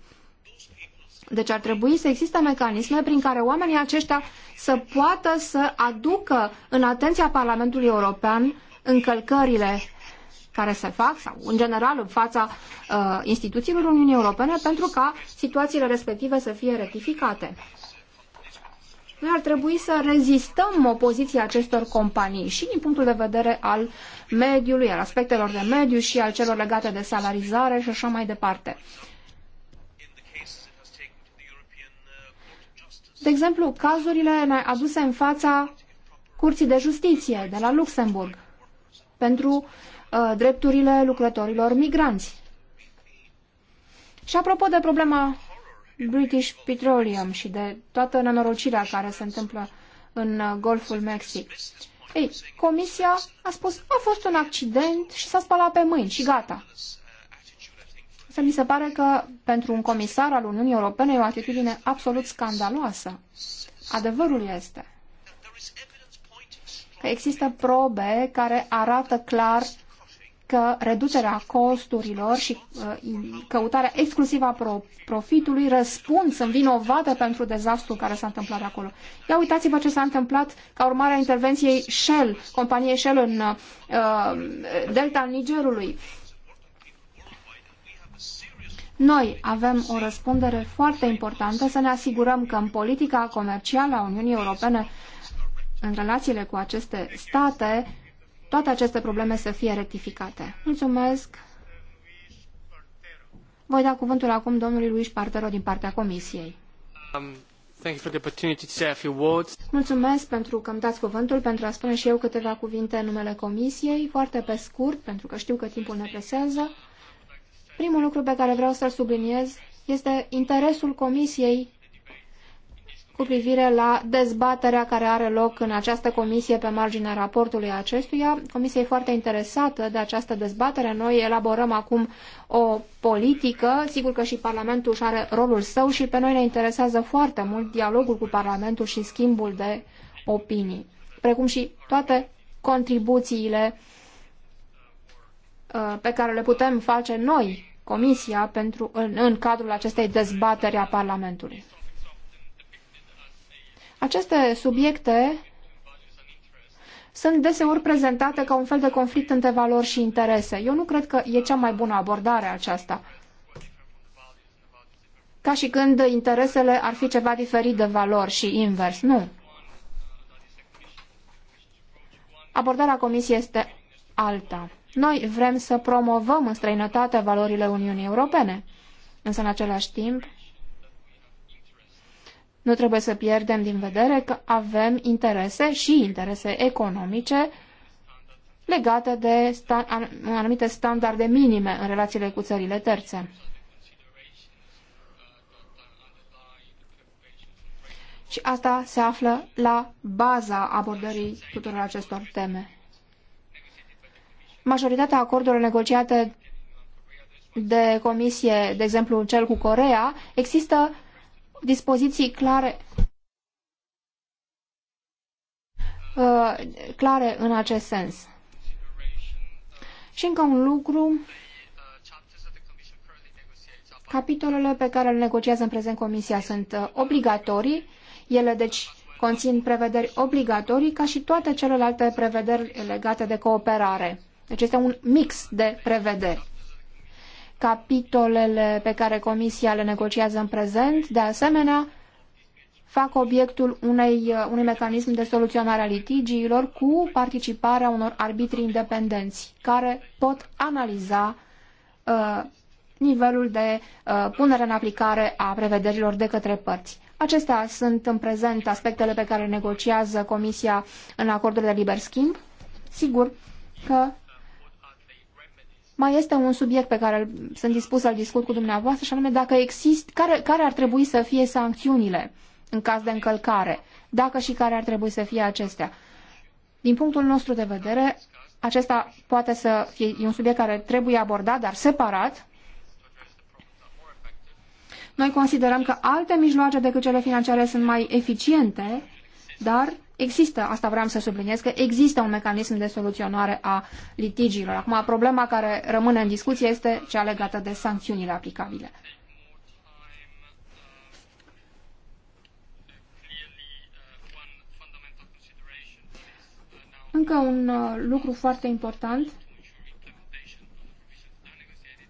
Deci ar trebui să existe mecanisme prin care oamenii aceștia să poată să aducă în atenția Parlamentului European încălcările care se fac sau în general în fața uh, instituțiilor Uniunii Europene pentru ca situațiile respective să fie rectificate. Noi ar trebui să rezistăm opoziția acestor companii și din punctul de vedere al mediului, al aspectelor de mediu și al celor legate de salarizare și așa mai departe. Uh, de exemplu, cazurile aduse în fața Curții de Justiție de la Luxemburg pentru uh, drepturile lucrătorilor migranți. Și apropo de problema British Petroleum și de toată nenorocirea care se întâmplă în uh, Golful Mexic. Ei, comisia a spus, a fost un accident și s-a spălat pe mâini și gata. Să mi se pare că pentru un comisar al Uniunii Europene e o atitudine absolut scandaloasă. Adevărul este că există probe care arată clar că reducerea costurilor și uh, căutarea exclusivă a profitului răspund, sunt vinovate pentru dezastrul care s-a întâmplat acolo. Ia uitați-vă ce s-a întâmplat ca urmare a intervenției Shell, companiei Shell în uh, delta Nigerului. Noi avem o răspundere foarte importantă să ne asigurăm că în politica comercială a Uniunii Europene, în relațiile cu aceste state, toate aceste probleme să fie rectificate. Mulțumesc! Voi da cuvântul acum domnului Luis Partero din partea Comisiei. Mulțumesc pentru că îmi dați cuvântul pentru a spune și eu câteva cuvinte în numele Comisiei, foarte pe scurt, pentru că știu că timpul ne presează. Primul lucru pe care vreau să-l subliniez este interesul Comisiei cu privire la dezbaterea care are loc în această comisie pe marginea raportului acestuia. Comisia e foarte interesată de această dezbatere. Noi elaborăm acum o politică. Sigur că și Parlamentul își are rolul său și pe noi ne interesează foarte mult dialogul cu Parlamentul și schimbul de opinii, precum și toate contribuțiile Uh, pe care le putem face noi, Comisia, pentru, în, în cadrul acestei dezbateri a Parlamentului. Aceste subiecte sunt deseori prezentate ca un fel de conflict între valori și interese. Eu nu cred că e cea mai bună abordare aceasta. Ca și când interesele ar fi ceva diferit de valori și invers. Nu. Abordarea comisiei este alta. Noi vrem să promovăm în străinătate valorile Uniunii Europene, însă în același timp nu trebuie să pierdem din vedere că avem interese și interese economice legate de sta anumite standarde minime în relațiile cu țările terțe. Și asta se află la baza abordării tuturor acestor teme. Majoritatea acordurilor negociate de comisie, de exemplu cel cu Corea, există dispoziții clare uh, clare în acest sens. Și încă un lucru, capitolele pe care le negociază în prezent Comisia sunt uh, obligatorii, ele deci conțin prevederi obligatorii ca și toate celelalte prevederi legate de cooperare. Deci este un mix de prevederi. Capitolele pe care Comisia le negociază în prezent, de asemenea, fac obiectul unei, uh, unui mecanism de soluționare a litigiilor cu participarea unor arbitri independenți care pot analiza uh, nivelul de uh, punere în aplicare a prevederilor de către părți. Acestea sunt în prezent aspectele pe care negociază Comisia în acordul de liber schimb. Sigur că mai este un subiect pe care sunt dispus să-l discut cu dumneavoastră și anume dacă există, care, care ar trebui să fie sancțiunile în caz de încălcare, dacă și care ar trebui să fie acestea. Din punctul nostru de vedere, acesta poate să fie un subiect care trebuie abordat, dar separat. Noi considerăm că alte mijloace decât cele financiare sunt mai eficiente, dar există, asta vreau să subliniez, că există un mecanism de soluționare a litigiilor. Acum, problema care rămâne în discuție este cea legată de sancțiunile aplicabile. Încă un uh, lucru foarte important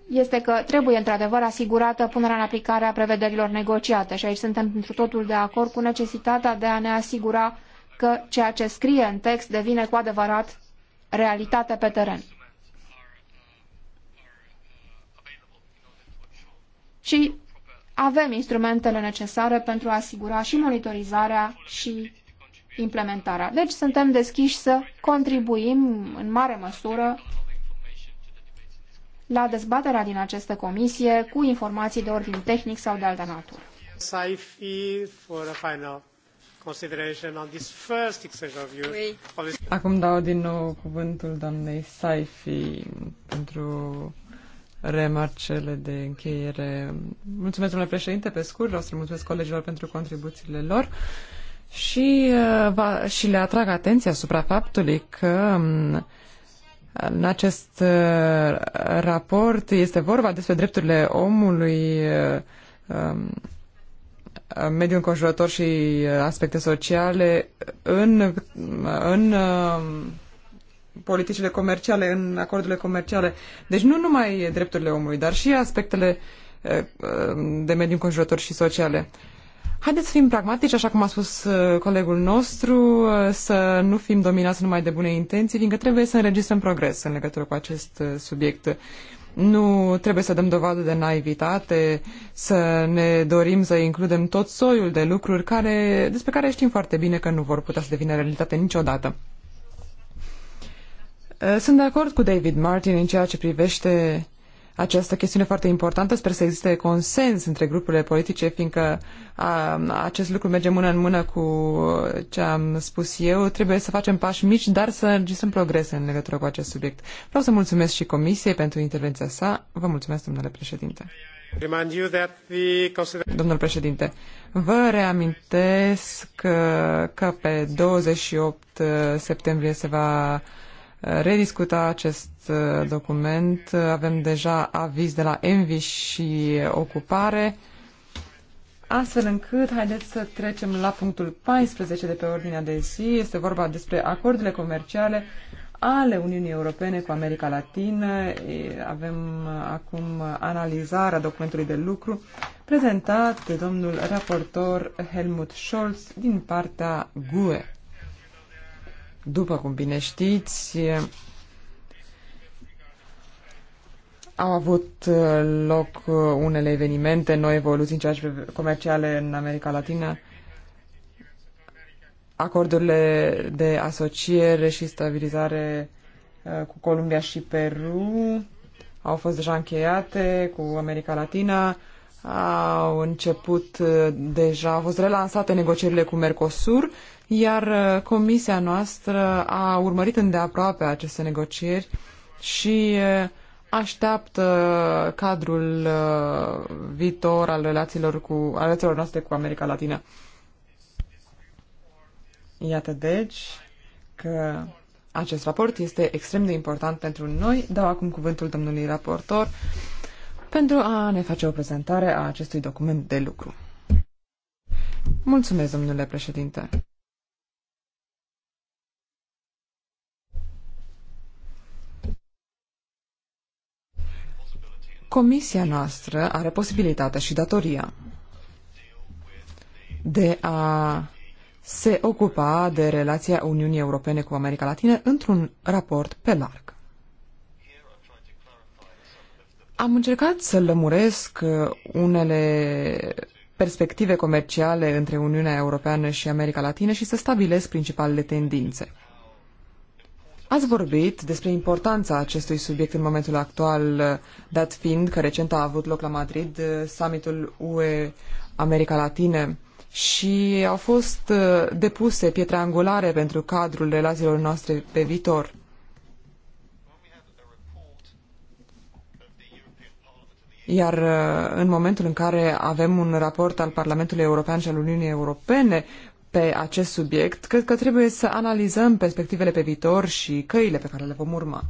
este că trebuie într-adevăr asigurată punerea în aplicare a prevederilor negociate și aici suntem într totul de acord cu necesitatea de a ne asigura că ceea ce scrie în text devine cu adevărat realitate pe teren. Și avem instrumentele necesare pentru a asigura și monitorizarea și implementarea. Deci suntem deschiși să contribuim în mare măsură la dezbaterea din această comisie cu informații de ordin tehnic sau de altă natură. Acum dau din nou cuvântul doamnei Saifi pentru remarcele de încheiere. Mulțumesc, domnule președinte, pe scurt, vreau să mulțumesc colegilor pentru contribuțiile lor și, uh, va, și le atrag atenția asupra faptului că um, în acest uh, raport este vorba despre drepturile omului uh, um, mediul înconjurător și uh, aspecte sociale în, în uh, politicile comerciale, în acordurile comerciale. Deci nu numai drepturile omului, dar și aspectele uh, de mediul înconjurător și sociale. Haideți să fim pragmatici, așa cum a spus colegul nostru, să nu fim dominați numai de bune intenții, fiindcă trebuie să înregistrăm progres în legătură cu acest subiect. Nu trebuie să dăm dovadă de naivitate, să ne dorim să includem tot soiul de lucruri care, despre care știm foarte bine că nu vor putea să devină realitate niciodată. Sunt de acord cu David Martin în ceea ce privește această chestiune foarte importantă. Sper să existe consens între grupurile politice, fiindcă a, acest lucru merge mână în mână cu ce am spus eu. Trebuie să facem pași mici, dar să înregistrăm progrese în legătură cu acest subiect. Vreau să mulțumesc și Comisiei pentru intervenția sa. Vă mulțumesc, domnule președinte. Domnul președinte, vă reamintesc că, că pe 28 septembrie se va rediscuta acest uh, document. Avem deja aviz de la Envi și Ocupare. Astfel încât, haideți să trecem la punctul 14 de pe ordinea de zi. Este vorba despre acordurile comerciale ale Uniunii Europene cu America Latină. Avem uh, acum analizarea documentului de lucru prezentat de domnul raportor Helmut Scholz din partea GUE. După cum bine știți, au avut loc unele evenimente, noi evoluții în ceea ce comerciale în America Latină, acordurile de asociere și stabilizare uh, cu Columbia și Peru au fost deja încheiate cu America Latina, au început uh, deja, au fost relansate negocierile cu Mercosur iar uh, comisia noastră a urmărit îndeaproape aceste negocieri și uh, așteaptă uh, cadrul viitor al relațiilor, cu, al relațiilor noastre cu America Latină. Iată deci că acest raport este extrem de important pentru noi. Dau acum cuvântul domnului raportor pentru a ne face o prezentare a acestui document de lucru. Mulțumesc, domnule președinte. Comisia noastră are posibilitatea și datoria de a se ocupa de relația Uniunii Europene cu America Latină într-un raport pe larg. Am încercat să lămuresc unele perspective comerciale între Uniunea Europeană și America Latină și să stabilesc principalele tendințe. Ați vorbit despre importanța acestui subiect în momentul actual, dat fiind că recent a avut loc la Madrid uh, summitul UE America Latine și au fost uh, depuse pietre angulare pentru cadrul relațiilor noastre pe viitor. Iar uh, în momentul în care avem un raport al Parlamentului European și al Uniunii Europene pe acest subiect, cred că trebuie să analizăm perspectivele pe viitor și căile pe care le vom urma.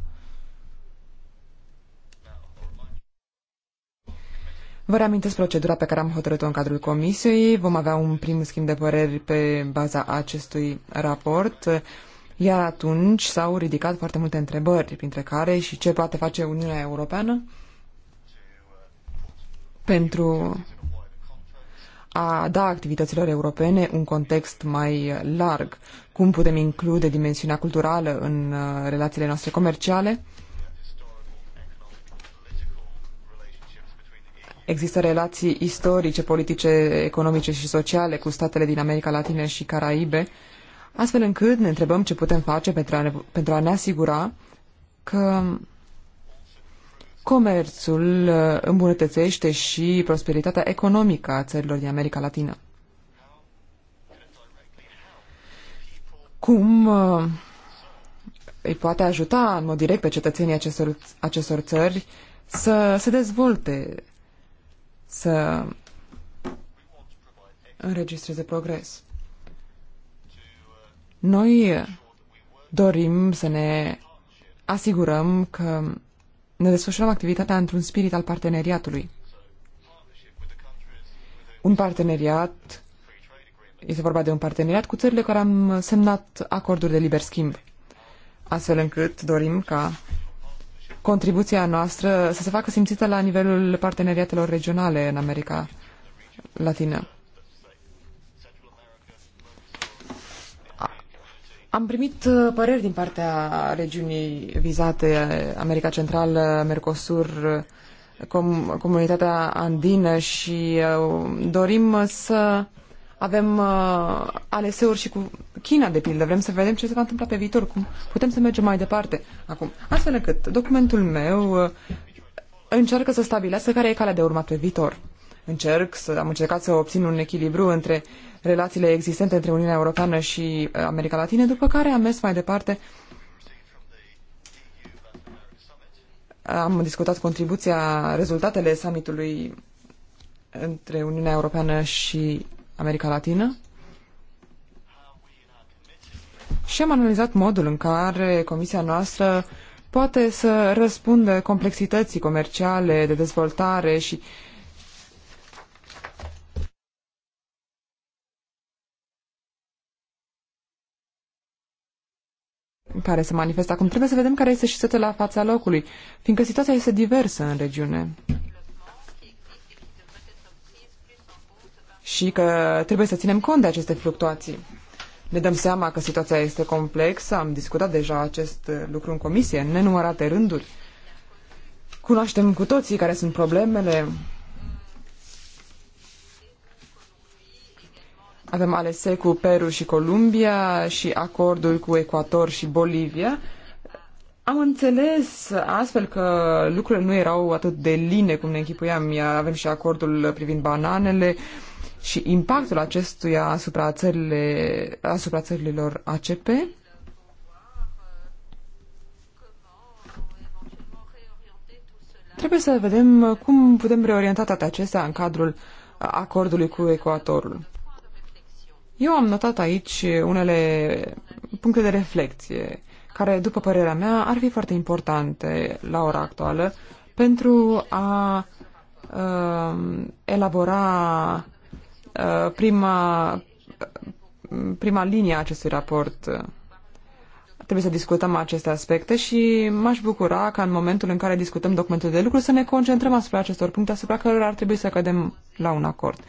Vă reamintesc procedura pe care am hotărât-o în cadrul comisiei. Vom avea un prim schimb de păreri pe baza acestui raport. Iar atunci s-au ridicat foarte multe întrebări, printre care și ce poate face Uniunea Europeană pentru a da activităților europene un context mai larg. Cum putem include dimensiunea culturală în uh, relațiile noastre comerciale? Există relații istorice, politice, economice și sociale cu statele din America Latină și Caraibe, astfel încât ne întrebăm ce putem face pentru a ne, pentru a ne asigura că Comerțul uh, îmbunătățește și prosperitatea economică a țărilor din America Latină. Cum uh, îi poate ajuta în mod direct pe cetățenii acestor, acestor țări să se dezvolte, să înregistreze progres. Noi dorim să ne asigurăm că ne desfășurăm activitatea într-un spirit al parteneriatului. Un parteneriat, este vorba de un parteneriat cu țările care am semnat acorduri de liber schimb, astfel încât dorim ca contribuția noastră să se facă simțită la nivelul parteneriatelor regionale în America Latină. Am primit uh, păreri din partea regiunii vizate, uh, America Centrală, Mercosur, uh, com- comunitatea andină și dorim să avem uh, aleseuri și cu China, de pildă. Vrem să vedem ce se va întâmpla pe viitor, cum putem să mergem mai departe acum. Astfel încât documentul meu uh, încearcă să stabilească care e calea de urmat pe viitor încerc să, am încercat să obțin un echilibru între relațiile existente între Uniunea Europeană și uh, America Latină, după care am mers mai departe. Am discutat contribuția, rezultatele summitului între Uniunea Europeană și America Latină. Și am analizat modul în care Comisia noastră poate să răspundă complexității comerciale, de dezvoltare și uh, care se manifestă acum. Trebuie să vedem care este și setul la fața locului, fiindcă situația este diversă în regiune. Și că trebuie să ținem cont de aceste fluctuații. Ne dăm seama că situația este complexă, am discutat deja acest lucru în comisie, în nenumărate rânduri. Cunoaștem cu toții care sunt problemele, Avem alese cu Peru și Columbia și acordul cu Ecuador și Bolivia. Am înțeles astfel că lucrurile nu erau atât de line cum ne închipuiam. Avem și acordul privind bananele și impactul acestuia asupra, țările, asupra țărilor ACP. Trebuie să vedem cum putem reorienta toate acestea în cadrul acordului cu Ecuatorul. Eu am notat aici unele puncte de reflexie care, după părerea mea, ar fi foarte importante la ora actuală pentru a uh, elabora uh, prima, prima linie a acestui raport. Trebuie să discutăm aceste aspecte și m-aș bucura ca în momentul în care discutăm documentul de lucru să ne concentrăm asupra acestor puncte asupra cărora ar trebui să cădem la un acord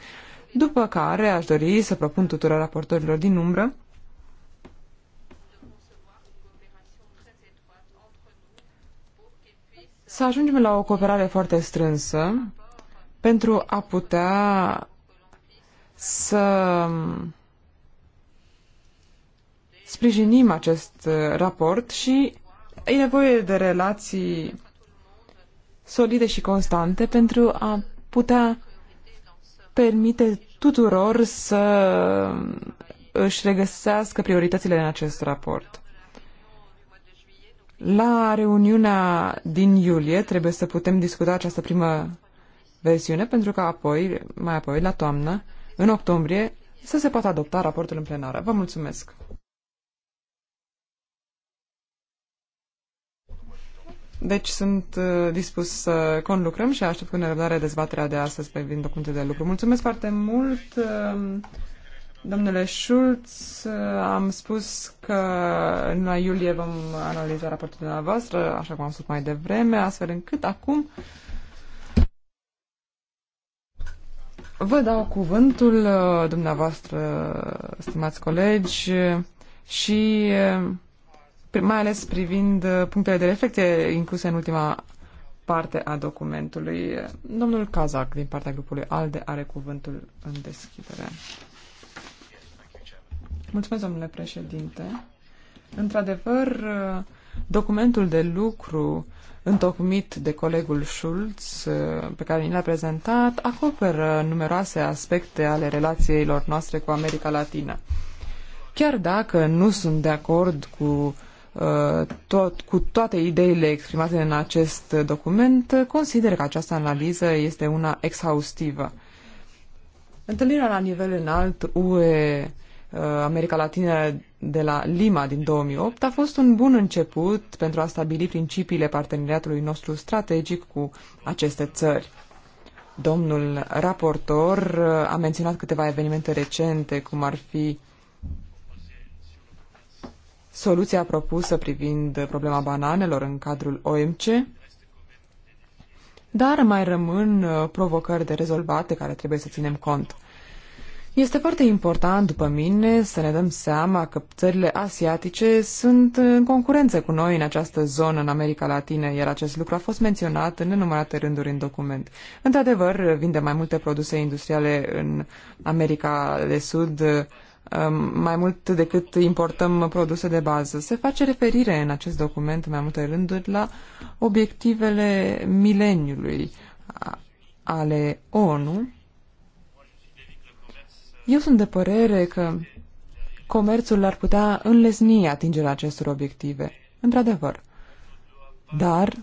după care aș dori să propun tuturor raportorilor din umbră să ajungem la o cooperare foarte strânsă pentru a putea să sprijinim acest raport și e nevoie de relații solide și constante pentru a putea permite tuturor să își regăsească prioritățile în acest raport. La reuniunea din iulie trebuie să putem discuta această primă versiune pentru că apoi, mai apoi, la toamnă, în octombrie, să se poată adopta raportul în plenară. Vă mulțumesc! Deci sunt uh, dispus să conlucrăm și aștept cu nerăbdare dezbaterea de astăzi vin documente de lucru. Mulțumesc foarte mult! Um, domnule Schulz, uh, am spus că în iulie vom analiza raportul dumneavoastră, așa cum am spus mai devreme, astfel încât acum vă dau cuvântul uh, dumneavoastră, stimați colegi, și mai ales privind uh, punctele de reflecție incluse în ultima parte a documentului. Domnul Kazak, din partea grupului ALDE, are cuvântul în deschidere. Mulțumesc, domnule președinte. Într-adevăr, uh, documentul de lucru întocmit de colegul Schulz, uh, pe care ni l-a prezentat, acoperă numeroase aspecte ale relațiilor noastre cu America Latină. Chiar dacă nu sunt de acord cu tot, cu toate ideile exprimate în acest document, consider că această analiză este una exhaustivă. Întâlnirea la nivel înalt UE uh, America Latină de la Lima din 2008 a fost un bun început pentru a stabili principiile parteneriatului nostru strategic cu aceste țări. Domnul raportor uh, a menționat câteva evenimente recente, cum ar fi uh, Soluția propusă privind problema bananelor în cadrul OMC, dar mai rămân uh, provocări de rezolvate care trebuie să ținem cont. Este foarte important, după mine, să ne dăm seama că țările asiatice sunt în concurență cu noi în această zonă în America Latină, iar acest lucru a fost menționat în nenumărate rânduri în document. Într-adevăr, vinde mai multe produse industriale în America de Sud, Um, mai mult decât importăm produse de bază. Se face referire în acest document, în mai multe rânduri, la obiectivele mileniului ale ONU. Eu sunt de părere că comerțul ar putea înlesni atingerea acestor obiective, într-adevăr. Dar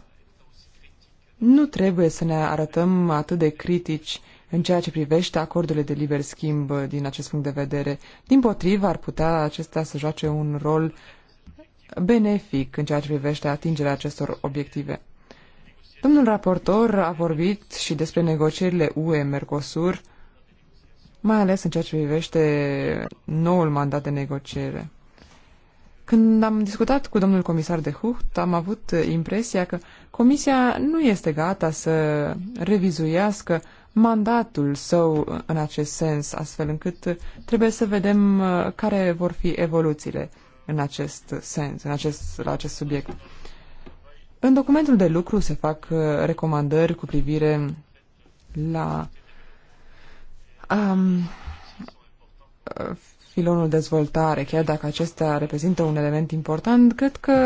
nu trebuie să ne arătăm atât de critici în ceea ce privește acordurile de liber schimb uh, din acest punct de vedere. Din potrivă, ar putea acestea să joace un rol benefic în ceea ce privește atingerea acestor obiective. Domnul raportor a vorbit și despre negocierile UE-Mercosur, mai ales în ceea ce privește noul mandat de negociere. Când am discutat cu domnul comisar de Hucht, am avut impresia că Comisia nu este gata să revizuiască mandatul său în acest sens, astfel încât trebuie să vedem uh, care vor fi evoluțiile în acest sens, în acest, la acest subiect. În documentul de lucru se fac uh, recomandări cu privire la um, uh, filonul dezvoltare, chiar dacă acesta reprezintă un element important, cred că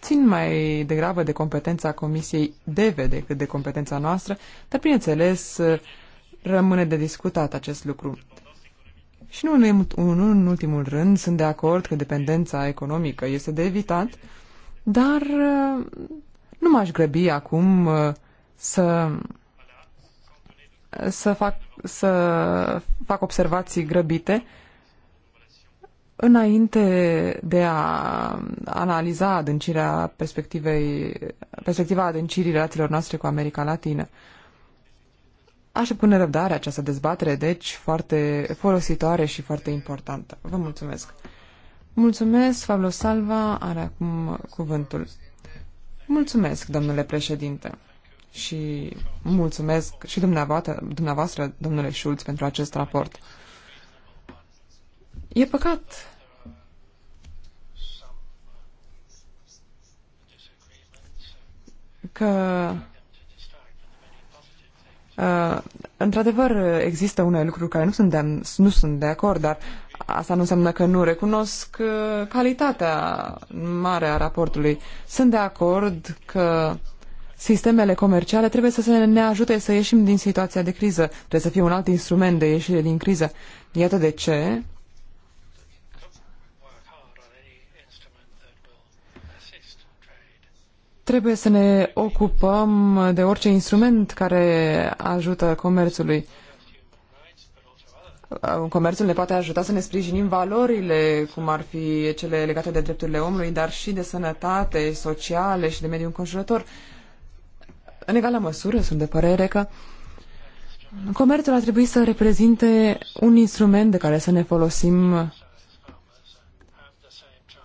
țin mai degrabă de competența Comisiei DEVE decât de competența noastră, dar bineînțeles rămâne de discutat acest lucru. Și nu în, ultimul rând, sunt de acord că dependența economică este de evitat, dar uh, nu m-aș grăbi acum uh, să să fac, să fac observații grăbite, Înainte de a analiza adâncirea perspectivei, perspectiva adâncirii relațiilor noastre cu America Latină, aș pune răbdare această dezbatere, deci foarte folositoare și foarte importantă. Vă mulțumesc! Mulțumesc, Pablo Salva are acum cuvântul. Mulțumesc, domnule președinte, și mulțumesc și dumneavoastră, dumneavoastră domnule Schulz, pentru acest raport. E păcat că Uh, într-adevăr, există unele lucruri care nu sunt, de, nu sunt de acord, dar asta nu înseamnă că nu recunosc uh, calitatea mare a raportului. Sunt de acord că sistemele comerciale trebuie să ne ajute să ieșim din situația de criză. Trebuie să fie un alt instrument de ieșire din criză. Iată de ce Trebuie să ne ocupăm de orice instrument care ajută comerțului. Comerțul ne poate ajuta să ne sprijinim valorile, cum ar fi cele legate de drepturile omului, dar și de sănătate, sociale și de mediul înconjurător. În egală măsură, sunt de părere că comerțul ar trebui să reprezinte un instrument de care să ne folosim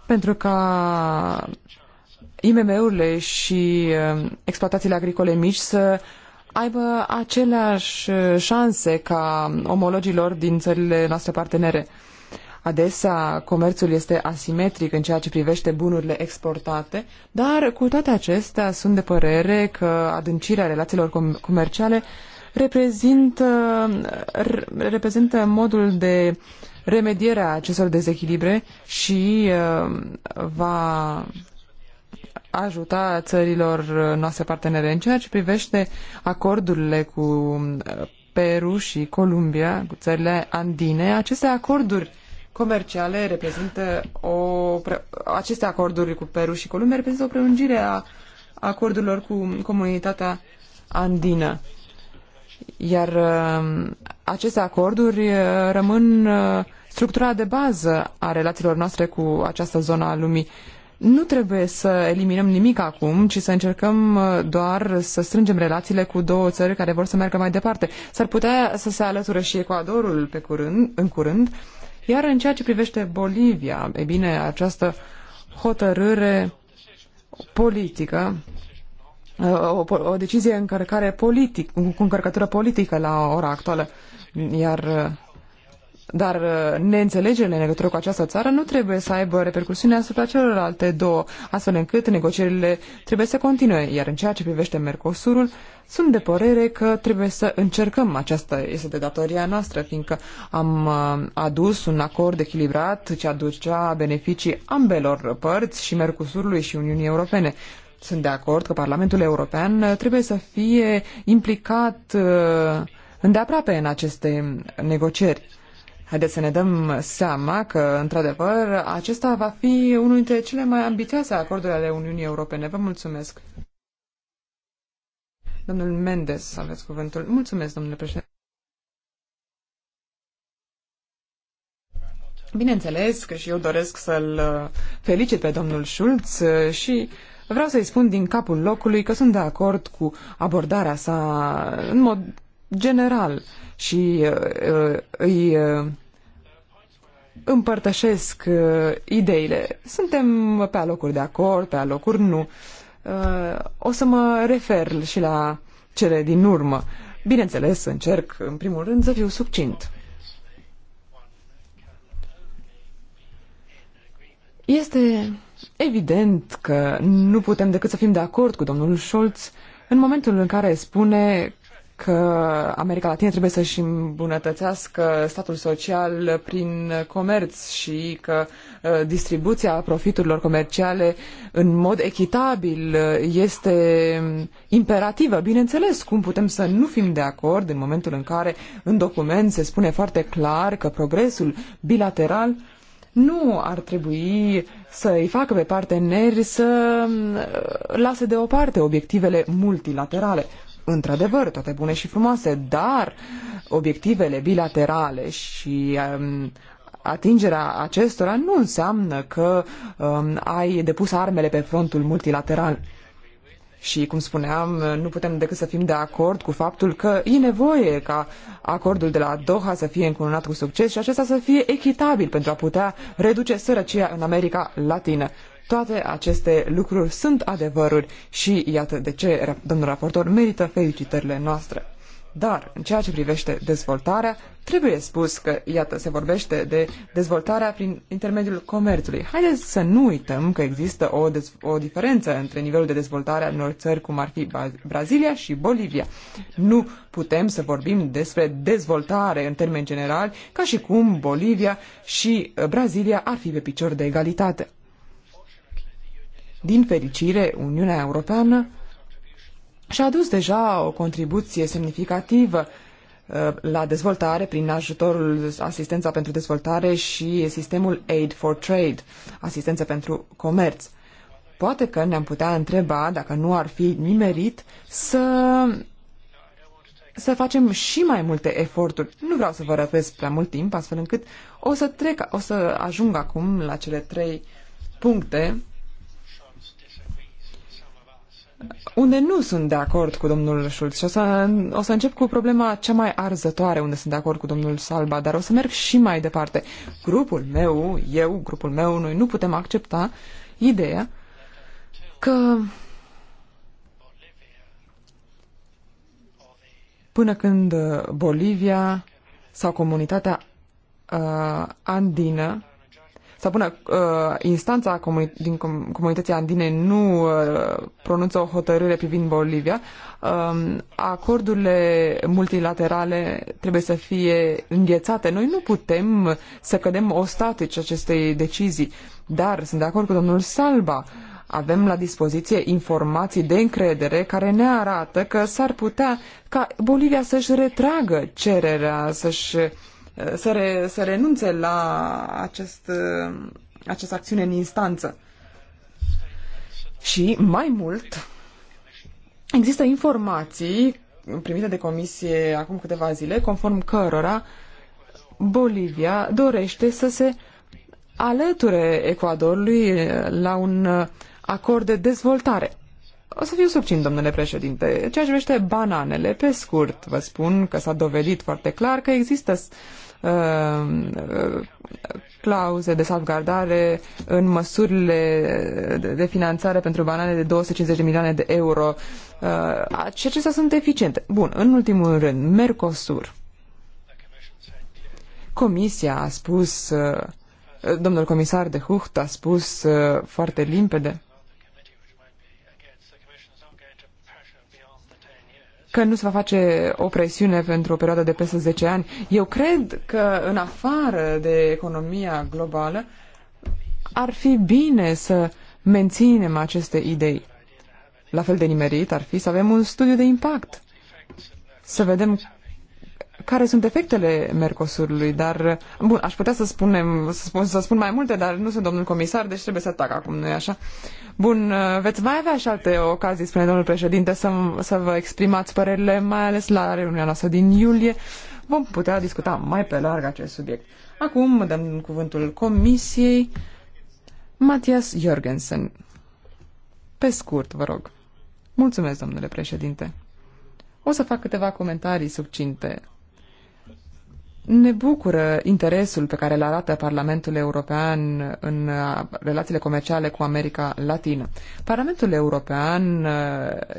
pentru ca IMM-urile și um, exploatațiile agricole mici să aibă aceleași uh, șanse ca omologilor din țările noastre partenere. Adesea, comerțul este asimetric în ceea ce privește bunurile exportate, dar cu toate acestea sunt de părere că adâncirea relațiilor com comerciale reprezintă, reprezintă modul de remediere a acestor dezechilibre și uh, va ajuta țărilor noastre partenere în ceea ce privește acordurile cu uh, Peru și Columbia, cu țările andine. Aceste acorduri comerciale reprezintă o... aceste acorduri cu Peru și Columbia reprezintă o prelungire a acordurilor cu comunitatea andină. Iar uh, aceste acorduri uh, rămân structura de bază a relațiilor noastre cu această zonă a lumii. Nu trebuie să eliminăm nimic acum, ci să încercăm uh, doar să strângem relațiile cu două țări care vor să meargă mai departe. S-ar putea să se alăture și Ecuadorul pe curând, în curând. Iar în ceea ce privește Bolivia, e bine, această hotărâre politică, uh, o, o decizie încărcare politic, cu încărcătură politică la ora actuală, iar uh, dar uh, neînțelegerile în legătură cu această țară nu trebuie să aibă repercusiune asupra celorlalte două, astfel încât negocierile trebuie să continue. Iar în ceea ce privește Mercosurul, sunt de părere că trebuie să încercăm. Aceasta este de datoria noastră, fiindcă am uh, adus un acord echilibrat ce aducea beneficii ambelor părți și Mercosurului și Uniunii Europene. Sunt de acord că Parlamentul European uh, trebuie să fie implicat îndeaproape în aceste negocieri. Haideți să ne dăm seama că, într-adevăr, acesta va fi unul dintre cele mai ambițioase acorduri ale Uniunii Europene. Vă mulțumesc. Domnul Mendes, aveți cuvântul. Mulțumesc, domnule președinte. Bineînțeles că și eu doresc să-l felicit pe domnul Schulz și vreau să-i spun din capul locului că sunt de acord cu abordarea sa în mod general și uh, uh, îi uh, împărtășesc ideile. Suntem pe alocuri de acord, pe alocuri nu. O să mă refer și la cele din urmă. Bineînțeles, încerc, în primul rând, să fiu succint. Este evident că nu putem decât să fim de acord cu domnul Scholz în momentul în care spune că America Latină trebuie să-și îmbunătățească statul social prin comerț și că uh, distribuția profiturilor comerciale în mod echitabil uh, este imperativă. Bineînțeles, cum putem să nu fim de acord în momentul în care în document se spune foarte clar că progresul bilateral nu ar trebui să îi facă pe parteneri să uh, lase deoparte obiectivele multilaterale într-adevăr, toate bune și frumoase, dar obiectivele bilaterale și um, atingerea acestora nu înseamnă că um, ai depus armele pe frontul multilateral. Și, cum spuneam, nu putem decât să fim de acord cu faptul că e nevoie ca acordul de la Doha să fie încununat cu succes și acesta să fie echitabil pentru a putea reduce sărăcia în America Latină. Toate aceste lucruri sunt adevăruri și iată de ce domnul raportor merită felicitările noastre. Dar, în ceea ce privește dezvoltarea, trebuie spus că, iată, se vorbește de dezvoltarea prin intermediul comerțului. Haideți să nu uităm că există o, o diferență între nivelul de dezvoltare al unor țări, cum ar fi Brazilia și Bolivia. Nu putem să vorbim despre dezvoltare în termeni generali, ca și cum Bolivia și uh, Brazilia ar fi pe picior de egalitate. Din fericire, Uniunea Europeană și-a adus deja o contribuție semnificativă uh, la dezvoltare prin ajutorul Asistența pentru Dezvoltare și sistemul Aid for Trade, Asistență pentru Comerț. Poate că ne-am putea întreba dacă nu ar fi nimerit să, să facem și mai multe eforturi. Nu vreau să vă răpesc prea mult timp, astfel încât o să trec, o să ajung acum la cele trei puncte unde nu sunt de acord cu domnul Schulz și o să, o să încep cu problema cea mai arzătoare unde sunt de acord cu domnul Salba, dar o să merg și mai departe. Grupul meu, eu, grupul meu, noi nu putem accepta ideea că până când Bolivia sau comunitatea uh, andină sau până uh, instanța comuni- din com- comunității andine nu uh, pronunță o hotărâre privind Bolivia, uh, acordurile multilaterale trebuie să fie înghețate. Noi nu putem să cădem ostatici acestei decizii, dar sunt de acord cu domnul Salba. Avem la dispoziție informații de încredere care ne arată că s-ar putea ca Bolivia să-și retragă cererea, să-și uh, să, re, să renunțe la acest, această acțiune în instanță. Și mai mult, există informații primite de comisie acum câteva zile, conform cărora Bolivia dorește să se alăture Ecuadorului la un acord de dezvoltare. O să fiu subțin, domnule președinte. Ceea ce vește bananele, pe scurt, vă spun că s-a dovedit foarte clar că există uh, uh, clauze de salvgardare în măsurile de finanțare pentru banane de 250 de milioane de euro. Uh, acestea sunt eficiente. Bun, în ultimul rând, Mercosur. Comisia a spus, domnul comisar de Hucht a spus foarte limpede că nu se va face o presiune pentru o perioadă de peste 10 ani. Eu cred că în afară de economia globală ar fi bine să menținem aceste idei. La fel de nimerit ar fi să avem un studiu de impact, să vedem care sunt efectele Mercosurului, dar bun, aș putea să spunem, să spun, să spun mai multe, dar nu sunt domnul comisar, deci trebuie să atac acum, nu-i așa? Bun, veți mai avea și alte ocazii, spune domnul președinte, să, să vă exprimați părerile, mai ales la reuniunea noastră din iulie. Vom putea discuta mai pe larg acest subiect. Acum dăm cuvântul comisiei. Matias Jorgensen. Pe scurt, vă rog. Mulțumesc, domnule președinte. O să fac câteva comentarii subcinte. Ne bucură interesul pe care îl arată Parlamentul European în uh, relațiile comerciale cu America Latină. Parlamentul European uh,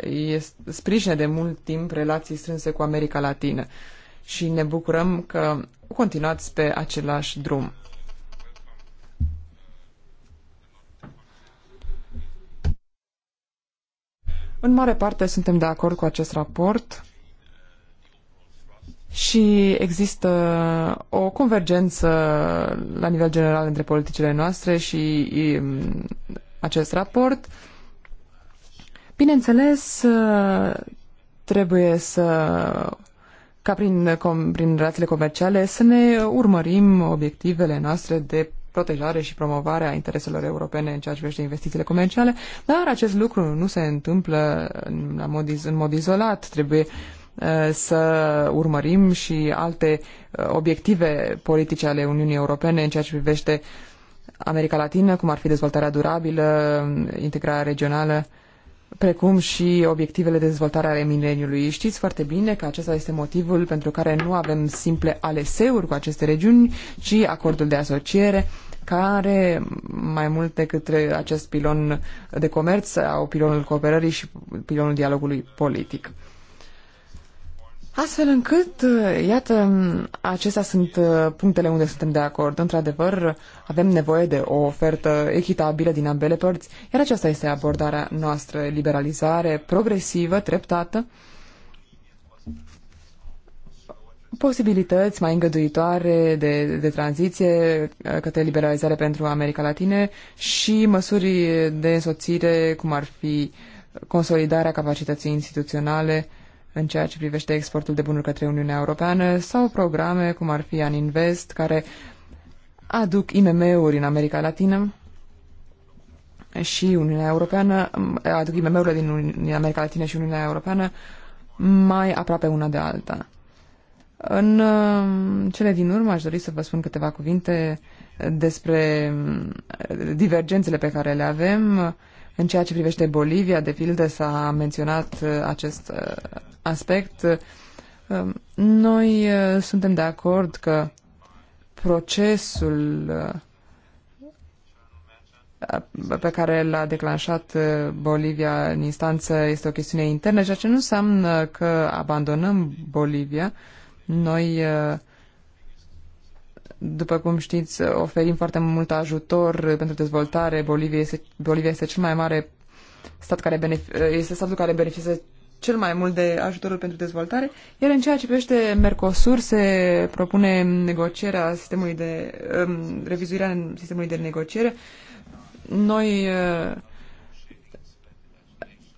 este, sprijină de mult timp relații strânse cu America Latină și ne bucurăm că continuați pe același drum. În mare parte suntem de acord cu acest raport și există o convergență la nivel general între politicile noastre și um, acest raport. Bineînțeles, uh, trebuie să ca prin, com, prin relațiile comerciale să ne urmărim obiectivele noastre de protejare și promovare a intereselor europene în ceea ce privește investițiile comerciale, dar acest lucru nu se întâmplă în, la mod, în mod izolat. Trebuie uh, Eh, să urmărim și alte eh, obiective politice ale Uniunii Europene în ceea ce privește America Latină, cum ar fi dezvoltarea durabilă, integrarea regională, precum și obiectivele de dezvoltare ale mileniului. Știți foarte bine că acesta este motivul pentru care nu avem simple aleseuri cu aceste regiuni, ci acordul de asociere, care, mai mult decât acest pilon de comerț, au pilonul cooperării și pilonul dialogului politic. Astfel încât, uh, iată, acestea sunt uh, punctele unde suntem de acord. Într-adevăr, avem nevoie de o ofertă echitabilă din ambele părți, iar aceasta este abordarea noastră, liberalizare progresivă, treptată, posibilități mai îngăduitoare de, de tranziție uh, către liberalizare pentru America Latine și măsuri de însoțire, cum ar fi consolidarea capacității instituționale, în ceea ce privește exportul de bunuri către Uniunea Europeană sau programe cum ar fi an invest care aduc IMM-uri în America Latină și Uniunea Europeană, aduc IMM-urile din, din America Latină și Uniunea Europeană mai aproape una de alta. În uh, cele din urmă aș dori să vă spun câteva cuvinte despre uh, divergențele pe care le avem în ceea ce privește Bolivia, de pildă, s-a menționat uh, acest uh, aspect. Um, noi uh, suntem de acord că procesul pe care l-a declanșat Bolivia în instanță este o chestiune internă, ceea ce nu înseamnă că abandonăm Bolivia. Noi după cum știți, oferim foarte mult ajutor pentru dezvoltare. Bolivia este, Bolivia este cel mai mare stat care este statul care beneficiază cel mai mult de ajutorul pentru dezvoltare, iar în ceea ce privește Mercosur se propune negocierea sistemului de um, revizuirea sistemului de negociere. Noi uh,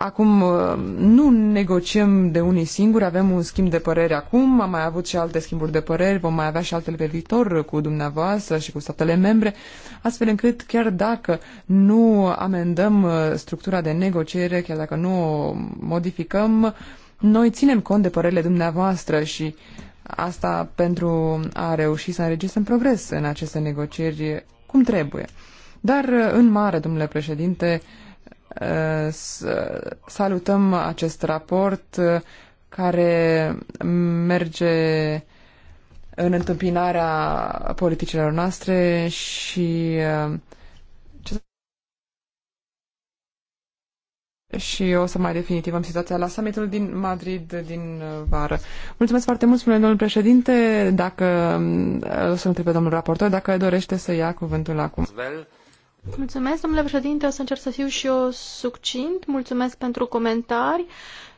Acum uh, nu negociem de unii singuri, avem un schimb de păreri acum, am mai avut și alte schimburi de păreri, vom mai avea și altele pe viitor cu dumneavoastră și cu statele membre, astfel încât chiar dacă nu amendăm uh, structura de negociere, chiar dacă nu o modificăm, noi ținem cont de părerile dumneavoastră și asta pentru a reuși să înregistrăm progres în aceste negocieri cum trebuie. Dar, uh, în mare, domnule președinte, uh, salutăm acest raport uh, care merge în întâmpinarea politicilor noastre și uh, și o să mai definitivăm situația la summitul din Madrid din vară. Mulțumesc foarte mult, spune domnul președinte, dacă o uh, să întrebe domnul raportor, dacă dorește să ia cuvântul acum. Well. Mulțumesc, domnule președinte, o să încerc să fiu și eu succint. Mulțumesc pentru comentarii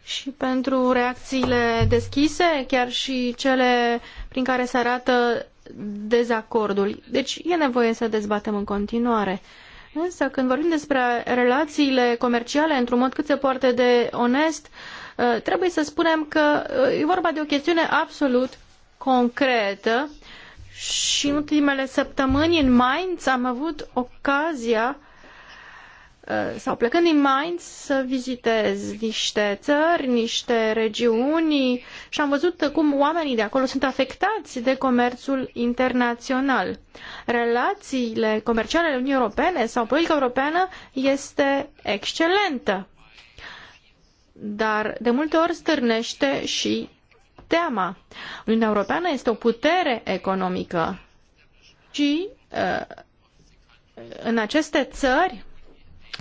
și pentru reacțiile deschise, chiar și cele prin care se arată dezacordul. Deci e nevoie să dezbatem în continuare. Însă când vorbim despre relațiile comerciale într-un mod cât se poate de onest, eh, trebuie să spunem că eh, e vorba de o chestiune absolut concretă și în ultimele săptămâni în Mainz am avut ocazia uh, sau plecând din Mainz să vizitez niște țări, niște regiuni și am văzut cum oamenii de acolo sunt afectați de comerțul internațional. Relațiile comerciale ale Uniunii Europene sau politica europeană este excelentă, dar de multe ori stârnește și teama. Uniunea Europeană este o putere economică și uh, în aceste țări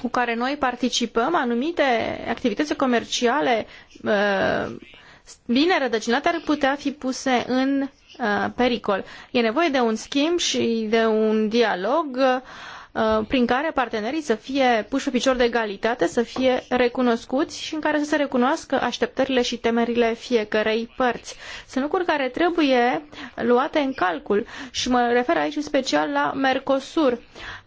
cu care noi participăm, anumite activități comerciale uh, bine rădăcinate ar putea fi puse în uh, pericol. E nevoie de un schimb și de un dialog uh, Uh, prin care partenerii să fie puși pe picior de egalitate, să fie recunoscuți și în care să se recunoască așteptările și temerile fiecărei părți. Sunt lucruri care trebuie luate în calcul și mă refer aici în special la Mercosur.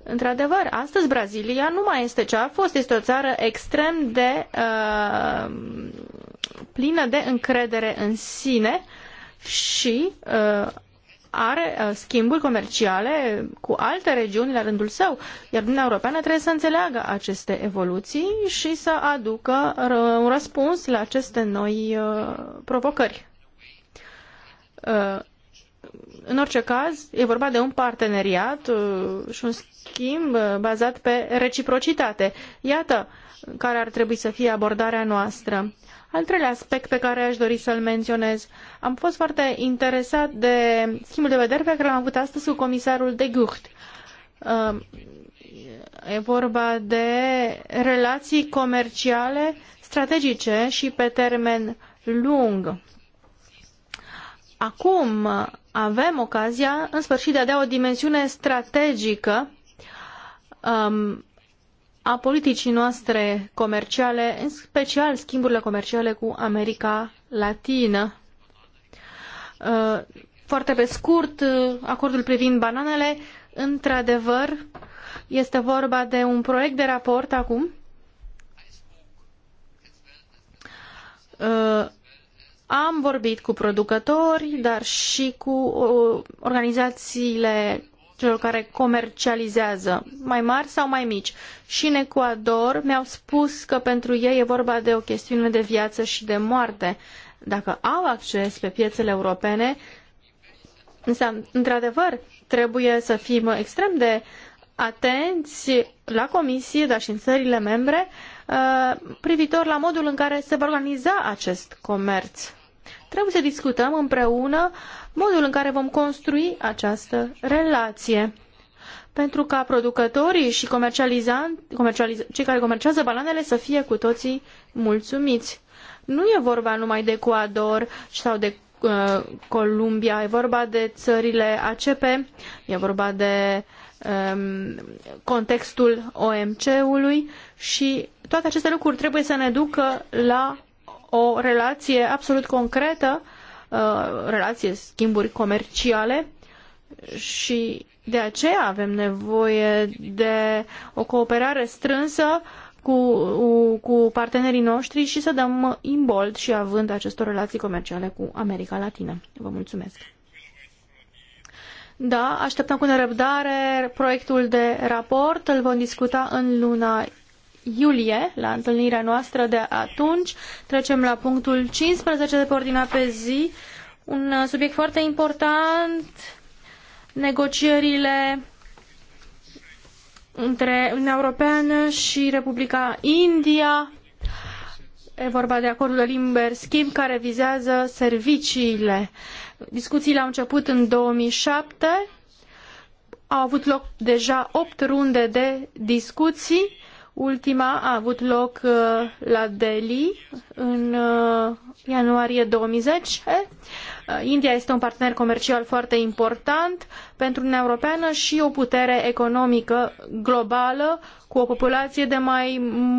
Într-adevăr, astăzi Brazilia nu mai este ce a fost, este o țară extrem de uh, plină de încredere în sine și uh, are uh, schimburi comerciale cu alte regiuni la rândul său, iar Uniunea Europeană trebuie să înțeleagă aceste evoluții și să aducă un răspuns la aceste noi uh, provocări. Uh, în orice caz, e vorba de un parteneriat și un schimb bazat pe reciprocitate. Iată care ar trebui să fie abordarea noastră. Al treilea aspect pe care aș dori să-l menționez. Am fost foarte interesat de schimbul de vedere pe care l-am avut astăzi cu comisarul de Gucht. Um, e vorba de relații comerciale strategice și pe termen lung. Acum avem ocazia, în sfârșit, de a da o dimensiune strategică um, a politicii noastre comerciale, în special schimburile comerciale cu America Latină. Uh, foarte pe scurt, uh, acordul privind bananele, într-adevăr, este vorba de un proiect de raport acum. Uh, am vorbit cu producători, dar și cu organizațiile celor care comercializează, mai mari sau mai mici. Și în Ecuador mi-au spus că pentru ei e vorba de o chestiune de viață și de moarte. Dacă au acces pe piețele europene, înseamnă, într-adevăr, trebuie să fim extrem de atenți la comisie, dar și în țările membre, uh, privitor la modul în care se va organiza acest comerț. Trebuie să discutăm împreună uh, modul în care vom construi această relație. Pentru ca producătorii și cei care comercializează bananele să fie cu toții mulțumiți. Nu e vorba numai de Ecuador sau de uh, Columbia, e vorba de țările ACP, e vorba de um, contextul OMC-ului și toate aceste lucruri trebuie să ne ducă la o relație absolut concretă uh, Uh, relație, schimburi comerciale și de aceea avem nevoie de o cooperare strânsă cu, cu partenerii noștri și să dăm imbold și având acestor relații comerciale cu America Latină. Vă mulțumesc! Da, așteptăm cu nerăbdare proiectul de raport, îl vom discuta în luna iulie, la întâlnirea noastră de atunci. Trecem la punctul 15 de pe ordinea pe zi, un uh, subiect foarte important, negocierile între Uniunea Europeană și Republica India. E vorba de acordul de liber schimb care vizează serviciile. Discuțiile au început în 2007, au avut loc deja opt runde de discuții Ultima a avut loc uh, la Delhi în uh, ianuarie 2010. Uh, India este un partener comercial foarte important pentru Uniunea Europeană și o putere economică globală cu o populație de mai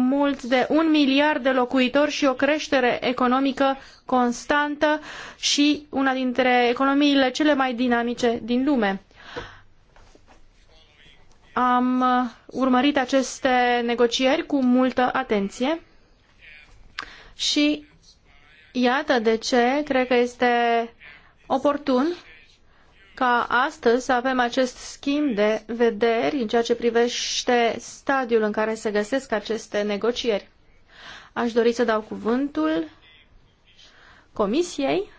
mult de un miliard de locuitori și o creștere economică constantă și una dintre economiile cele mai dinamice din lume. Am uh, urmărit aceste negocieri cu multă atenție și iată de ce cred că este oportun ca astăzi să avem acest schimb de vederi în ceea ce privește stadiul în care se găsesc aceste negocieri. Aș dori să dau cuvântul Comisiei,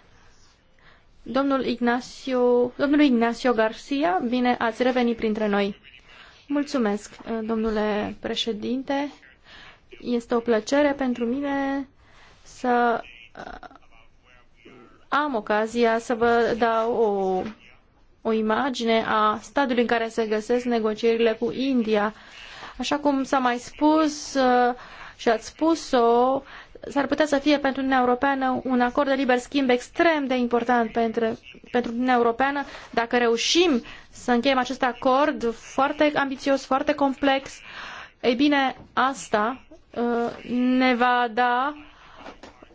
domnul Ignacio, domnul Ignacio Garcia, bine ați revenit printre noi. Mulțumesc, domnule președinte. Este o plăcere pentru mine să uh, am ocazia să vă dau o, o imagine a stadiului în care se găsesc negocierile cu India. Așa cum s-a mai spus uh, și ați spus-o, s-ar putea să fie pentru Uniunea Europeană un acord de liber schimb extrem de important pentru, pentru Uniunea Europeană. Dacă reușim să încheiem acest acord foarte ambițios, foarte complex, ei bine, asta uh, ne va da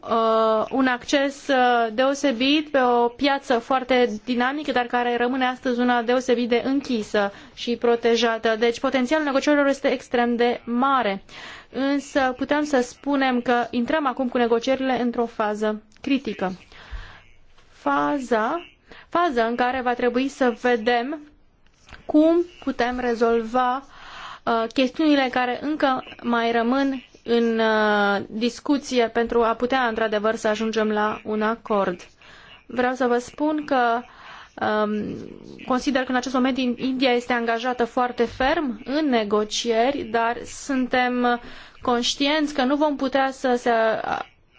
uh, un acces uh, deosebit pe o piață foarte dinamică, dar care rămâne astăzi una deosebit de închisă și protejată. Deci potențialul negocierilor este extrem de mare. Însă putem să spunem că intrăm acum cu negocierile într-o fază critică. Faza, faza în care va trebui să vedem cum putem rezolva uh, chestiunile care încă mai rămân în uh, discuție pentru a putea, într-adevăr, să ajungem la un acord. Vreau să vă spun că um, consider că în acest moment India este angajată foarte ferm în negocieri, dar suntem conștienți că nu vom putea să se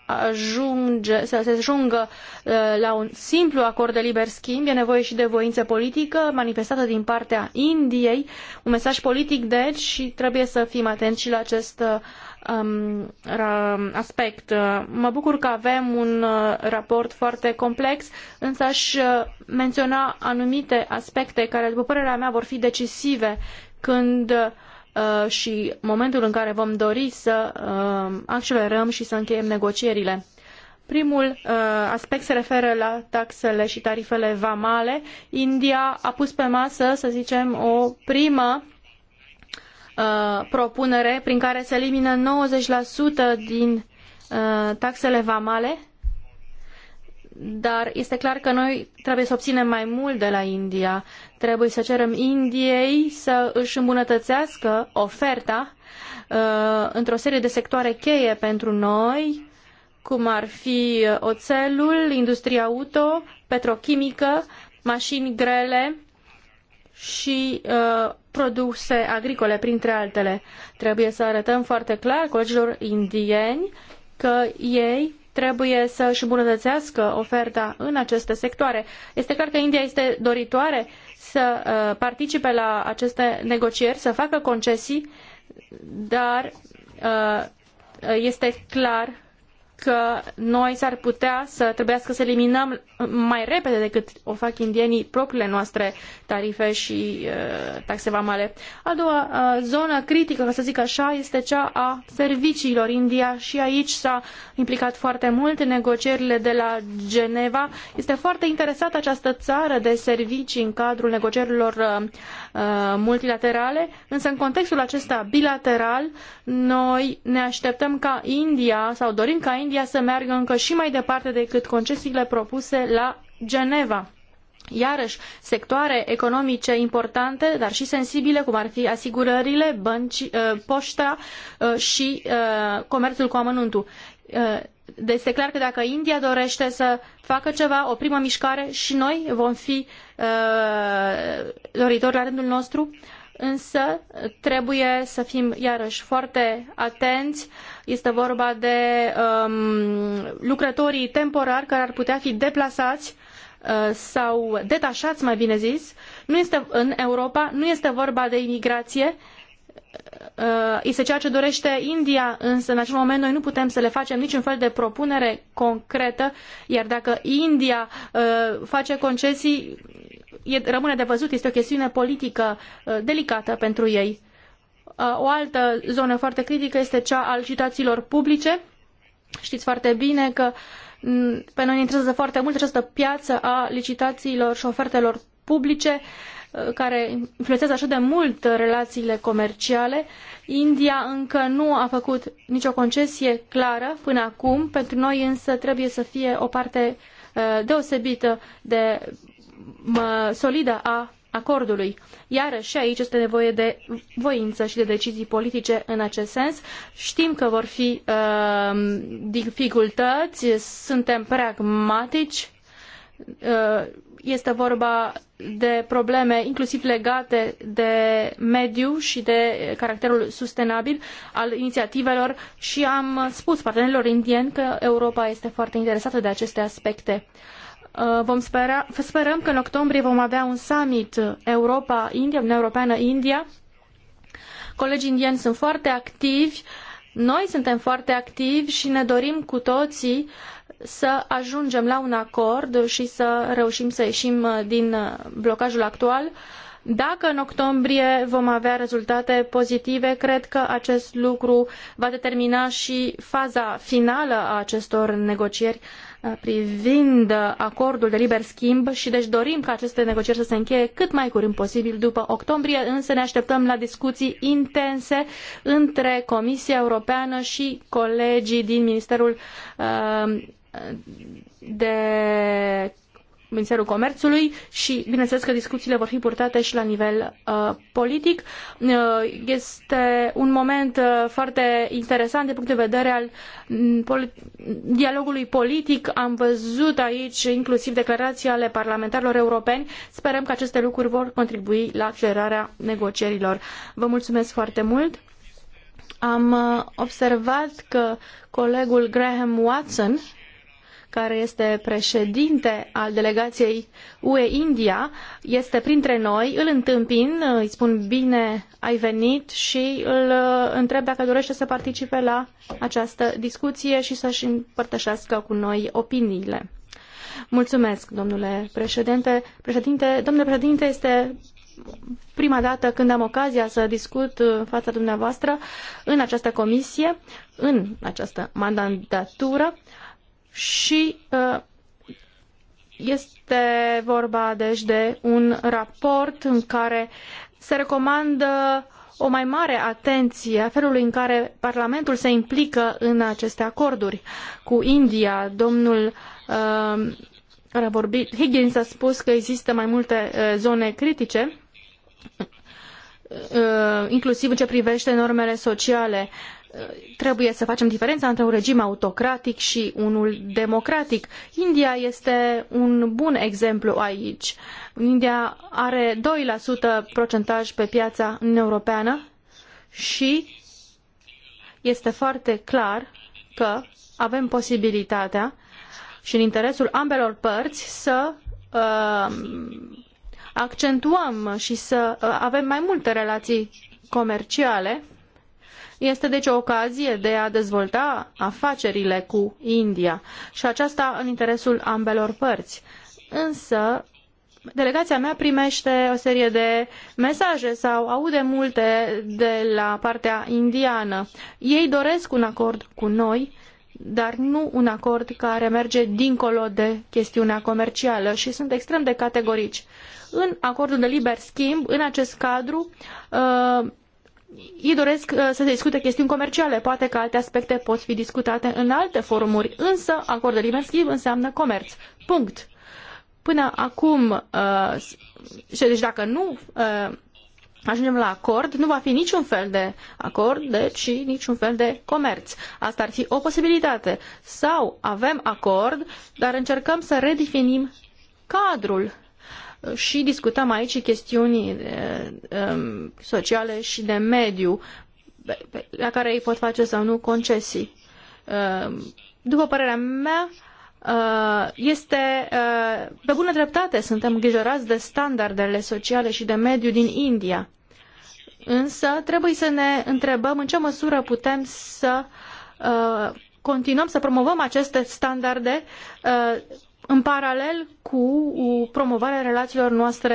ajunge, să se ajungă uh, la un simplu acord de liber schimb, e nevoie și de voință politică manifestată din partea Indiei, un mesaj politic deci și trebuie să fim atenți și la acest uh, Um, aspect. Mă bucur că avem un uh, raport foarte complex, însă aș uh, menționa anumite aspecte care, după părerea mea, vor fi decisive când uh, și momentul în care vom dori să accelerăm și să încheiem negocierile. Primul aspect se referă la taxele și tarifele vamale. India a pus pe masă, să zicem, o primă Uh, propunere prin care se elimină 90% din uh, taxele vamale, dar este clar că noi trebuie să obținem mai mult de la India. Trebuie să cerem Indiei să își îmbunătățească oferta uh, într-o serie de sectoare cheie pentru noi, cum ar fi oțelul, industria auto, petrochimică, mașini grele și uh, produse agricole, printre altele. Trebuie să arătăm foarte clar colegilor indieni că ei trebuie să își îmbunătățească oferta în aceste sectoare. Este clar că India este doritoare să uh, participe la aceste negocieri, să facă concesii, dar uh, este clar că noi s-ar putea să trebuiască să eliminăm mai repede decât o fac indienii propriile noastre tarife și uh, taxe vamale. A doua uh, zonă critică, ca să zic așa, este cea a serviciilor. India și aici s-a implicat foarte mult în negocierile de la Geneva. Este foarte interesată această țară de servicii în cadrul negocierilor uh, Uh, multilaterale, însă în contextul acesta bilateral, noi ne așteptăm ca India sau dorim ca India să meargă încă și mai departe decât concesiile propuse la Geneva. Iarăși, sectoare economice importante, dar și sensibile, cum ar fi asigurările, bănci, uh, poșta uh, și comerțul cu amănuntul. Deci este clar că dacă India dorește să facă ceva, o primă mișcare și noi vom fi Uh, doritori la rândul nostru, însă trebuie să fim iarăși foarte atenți. Este vorba de um, lucrătorii temporari care ar putea fi deplasați uh, sau detașați, mai bine zis, nu este în Europa, nu este vorba de imigrație, Uh, este ceea ce dorește India, însă în acel moment noi nu putem să le facem niciun fel de propunere concretă, iar dacă India uh, face concesii, rămâne de văzut, este o chestiune politică uh, delicată pentru ei. O altă zonă foarte critică este cea al citațiilor publice. Știți foarte bine că mm, pe noi ne interesează foarte mult această piață a licitațiilor și ofertelor publice. Uh, Uh, care influențează așa de mult relațiile comerciale. India încă nu a făcut nicio concesie clară până acum, pentru noi însă trebuie să fie o parte uh, deosebită de solidă a acordului. Iar și aici este nevoie de voință și de decizii politice în acest sens. Știm că vor fi uh, dificultăți, suntem pragmatici, uh, este vorba de probleme inclusiv legate de mediu și de caracterul sustenabil al inițiativelor și am spus partenerilor indieni că Europa este foarte interesată de aceste aspecte. Uh, vom spera, sperăm că în octombrie vom avea un summit Europa-India, Uniunea Europeană-India. Colegii indieni sunt foarte activi, noi suntem foarte activi și ne dorim cu toții să ajungem la un acord și să reușim să ieșim uh, din uh, blocajul actual. Dacă în octombrie vom avea rezultate pozitive, cred că acest lucru va determina și faza finală a acestor negocieri uh, privind acordul de liber schimb și deci dorim ca aceste negocieri să se încheie cât mai curând posibil după octombrie, însă ne așteptăm la discuții intense între Comisia Europeană și colegii din Ministerul uh, de Ministerul Comerțului și, bineînțeles, că discuțiile vor fi purtate și la nivel uh, politic. Uh, este un moment uh, foarte interesant din punct de vedere al mm, poli dialogului politic. Am văzut aici inclusiv declarații ale parlamentarilor europeni. Sperăm că aceste lucruri vor contribui la accelerarea negocierilor. Vă mulțumesc foarte mult. Am uh, observat că colegul Graham Watson care este președinte al delegației UE India, este printre noi. Îl întâmpin, îi spun bine ai venit și îl uh, întreb dacă dorește să participe la această discuție și să-și împărtășească cu noi opiniile. Mulțumesc, domnule președinte. președinte. Domnule președinte, este prima dată când am ocazia să discut uh, în fața dumneavoastră în această comisie, în această mandatură și ă, este vorba deci de un raport în care se recomandă o mai mare atenție a felului în care Parlamentul se implică în aceste acorduri cu India. Domnul uh, ă, vorbit, Higgins a spus că există mai multe uh, zone critice, uh, inclusiv în ceea ce privește normele sociale trebuie să facem diferența între un regim autocratic și unul democratic. India este un bun exemplu aici. India are 2% procentaj pe piața europeană și este foarte clar că avem posibilitatea și în interesul ambelor părți să uh, accentuăm și să uh, avem mai multe relații comerciale este deci o ocazie de a dezvolta afacerile cu India și aceasta în interesul ambelor părți. Însă, delegația mea primește o serie de mesaje sau aude multe de la partea indiană. Ei doresc un acord cu noi, dar nu un acord care merge dincolo de chestiunea comercială și sunt extrem de categorici. În acordul de liber schimb, în acest cadru, uh, ei doresc uh, să se discute chestiuni comerciale, poate că alte aspecte pot fi discutate în alte forumuri, însă acord de liber schimb înseamnă comerț. Punct. Până acum, uh, și deci dacă nu uh, ajungem la acord, nu va fi niciun fel de acord, deci niciun fel de comerț. Asta ar fi o posibilitate. Sau avem acord, dar încercăm să redefinim cadrul și discutăm aici chestiuni eh, eh, sociale și de mediu la care ei pot face sau nu concesii. Eh, după părerea mea, este pe bună dreptate suntem îngrijorați de standardele sociale și de mediu din India. Însă trebuie să ne întrebăm în ce măsură putem să continuăm să promovăm aceste standarde în paralel cu uh, promovarea relațiilor noastre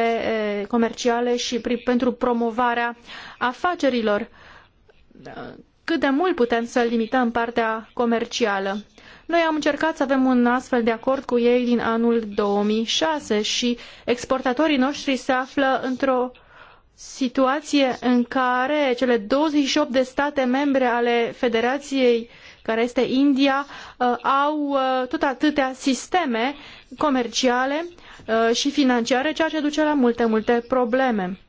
uh, comerciale și pentru promovarea afacerilor. Uh, cât de mult putem să limităm partea comercială? Noi am încercat să avem un astfel de acord cu ei din anul 2006 și exportatorii noștri se află într-o situație în care cele 28 de state membre ale Federației care este India, uh, au uh, tot atâtea sisteme comerciale uh, și financiare, ceea ce duce la multe, multe probleme.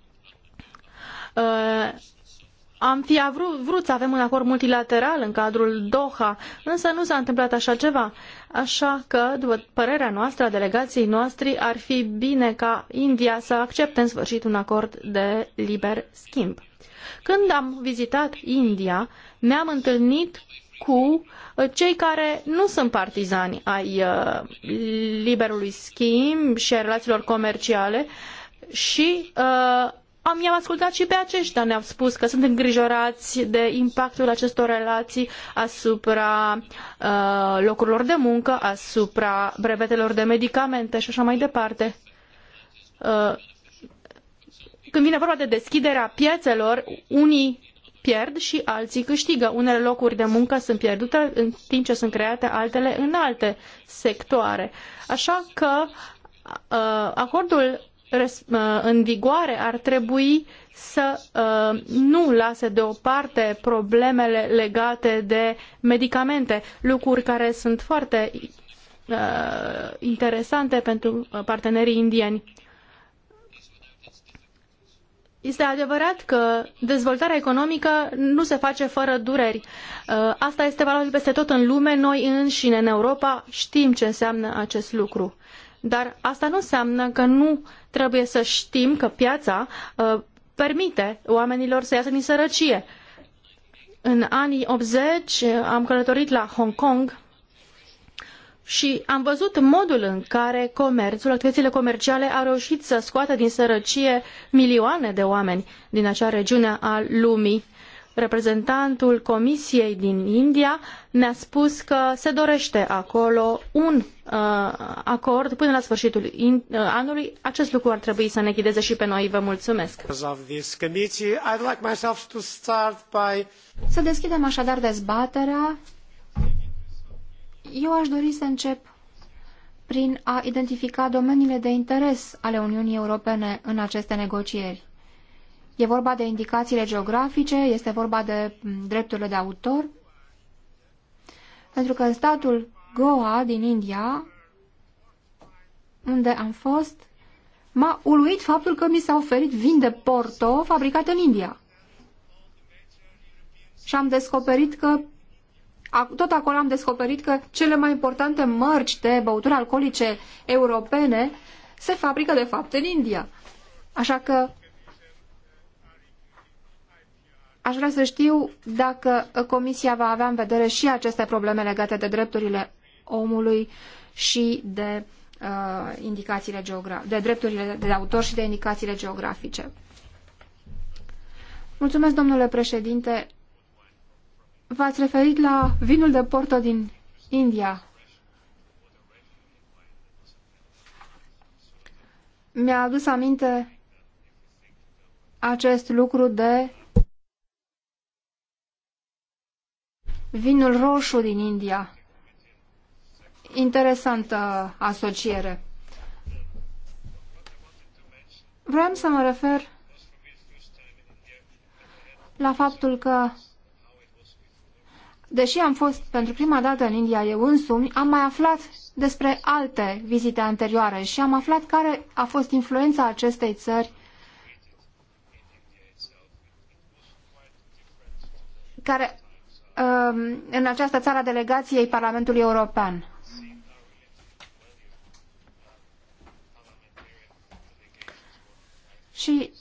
Am fi vrut, vrut să avem un acord multilateral în cadrul Doha, însă nu s-a întâmplat așa ceva. Așa că, după părerea noastră, a delegației noastre, ar fi bine ca India să accepte în sfârșit un acord de liber schimb. Când am vizitat India, ne-am întâlnit cu uh, cei care nu sunt partizani ai uh, liberului schimb și ai relațiilor comerciale și uh, am, i-am ascultat și pe aceștia, ne-au spus că sunt îngrijorați de impactul acestor relații asupra uh, locurilor de muncă, asupra brevetelor de medicamente și așa mai departe. Uh, când vine vorba de deschiderea piețelor, unii pierd și alții câștigă. Unele locuri de muncă sunt pierdute în timp ce sunt create altele în alte sectoare. Așa că uh, acordul uh, în vigoare ar trebui să uh, nu lase deoparte problemele legate de medicamente, lucruri care sunt foarte interesante pentru partenerii indieni. Este adevărat că dezvoltarea economică nu se face fără dureri. Uh, asta este valabil peste tot în lume, noi înșine în Europa știm ce înseamnă acest lucru. Dar asta nu înseamnă că nu trebuie să știm că piața uh, permite oamenilor să iasă din sărăcie. În anii 80 uh, am călătorit la Hong Kong și am văzut modul în care comerțul, activitățile comerciale au reușit să scoată din sărăcie milioane de oameni din acea regiune a lumii. Reprezentantul Comisiei din India ne-a spus că se dorește acolo un uh, acord până la sfârșitul in, uh, anului. Acest lucru ar trebui să ne ghideze și pe noi. Vă mulțumesc! Să deschidem așadar dezbaterea eu aș dori să încep prin a identifica domeniile de interes ale Uniunii Europene în aceste negocieri. E vorba de indicațiile geografice, este vorba de drepturile de autor, pentru că în statul Goa din India, unde am fost, m-a uluit faptul că mi s-a oferit vin de Porto fabricat în India. Și am descoperit că tot acolo am descoperit că cele mai importante mărci de băuturi alcoolice europene se fabrică de fapt în India. Așa că aș vrea să știu dacă Comisia va avea în vedere și aceste probleme legate de drepturile omului și de uh, indicațiile geografice, de drepturile de autor și de indicațiile geografice. Mulțumesc, domnule președinte. V-ați referit la vinul de porto din India. Mi-a adus aminte acest lucru de vinul roșu din India. Interesantă asociere. Vreau să mă refer la faptul că Deși am fost pentru prima dată în India eu însumi, am mai aflat despre alte vizite anterioare și am aflat care a fost influența acestei țări care um, în această țară a delegației Parlamentului European. Și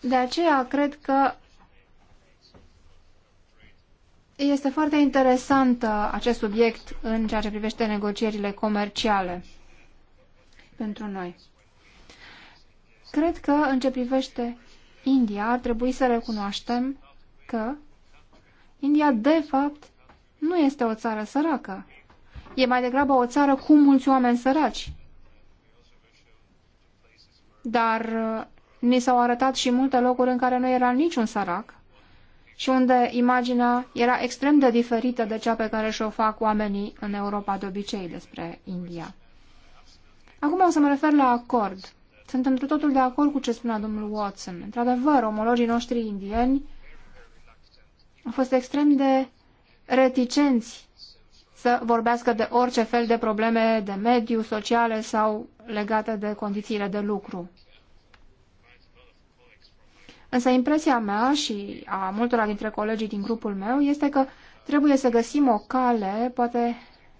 de aceea cred că este foarte interesant uh, acest subiect în ceea ce privește negocierile comerciale pentru noi. Cred că în ce privește India ar trebui să recunoaștem că India de fapt nu este o țară săracă. E mai degrabă o țară cu mulți oameni săraci. Dar uh, ni s-au arătat și multe locuri în care nu era niciun sărac și unde imaginea era extrem de diferită de cea pe care și-o fac oamenii în Europa de obicei despre India. Acum o să mă refer la acord. Sunt într totul de acord cu ce spunea domnul Watson. Într-adevăr, omologii noștri indieni au fost extrem de reticenți să vorbească de orice fel de probleme de mediu, sociale sau legate de condițiile de lucru. Însă impresia mea și a multora dintre colegii din grupul meu este că trebuie să găsim o cale, poate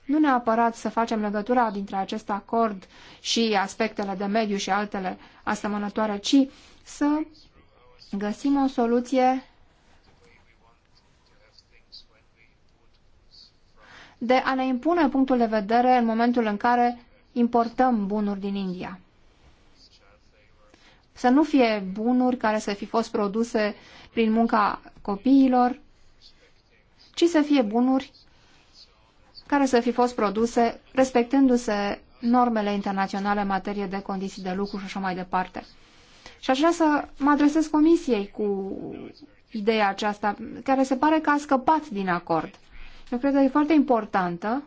nu neapărat să facem legătura dintre acest acord și aspectele de mediu și altele asemănătoare, ci să găsim o soluție de a ne impune punctul de vedere în momentul în care importăm bunuri din India să nu fie bunuri care să fi fost produse prin munca copiilor, ci să fie bunuri care să fi fost produse respectându-se normele internaționale în materie de condiții de lucru și așa mai departe. Și aș vrea să mă adresez comisiei cu ideea aceasta, care se pare că a scăpat din acord. Eu cred că e foarte importantă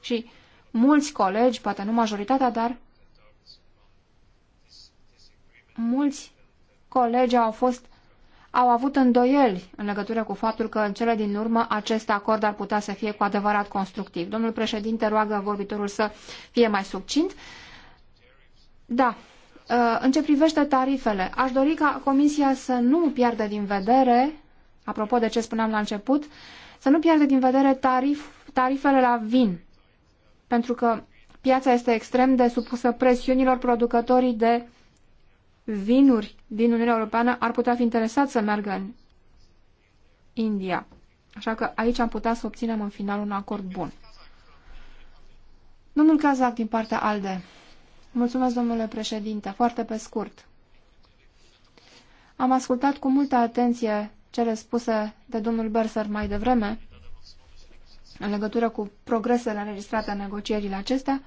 și mulți colegi, poate nu majoritatea, dar mulți colegi au fost au avut îndoieli în legătură cu faptul că în cele din urmă acest acord ar putea să fie cu adevărat constructiv. Domnul președinte roagă vorbitorul să fie mai succint. Da, uh, în ce privește tarifele, aș dori ca Comisia să nu piardă din vedere, apropo de ce spuneam la început, să nu piardă din vedere tarif, tarifele la vin, pentru că piața este extrem de supusă presiunilor producătorii de vinuri din Uniunea Europeană ar putea fi interesat să meargă în India. Așa că aici am putea să obținem în final un acord bun. Domnul Cazac din partea ALDE. Mulțumesc, domnule președinte. Foarte pe scurt. Am ascultat cu multă atenție cele spuse de domnul Berser mai devreme în legătură cu progresele înregistrate în negocierile acestea.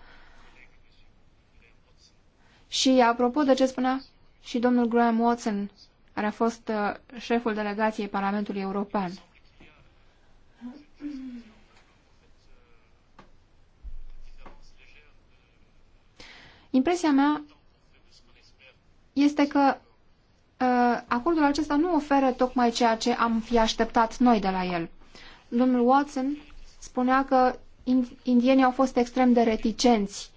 Și apropo de ce spunea și domnul Graham Watson, care a fost uh, șeful delegației Parlamentului European. Impresia mea este că uh, acordul acesta nu oferă tocmai ceea ce am fi așteptat noi de la el. Domnul Watson spunea că indienii au fost extrem de reticenți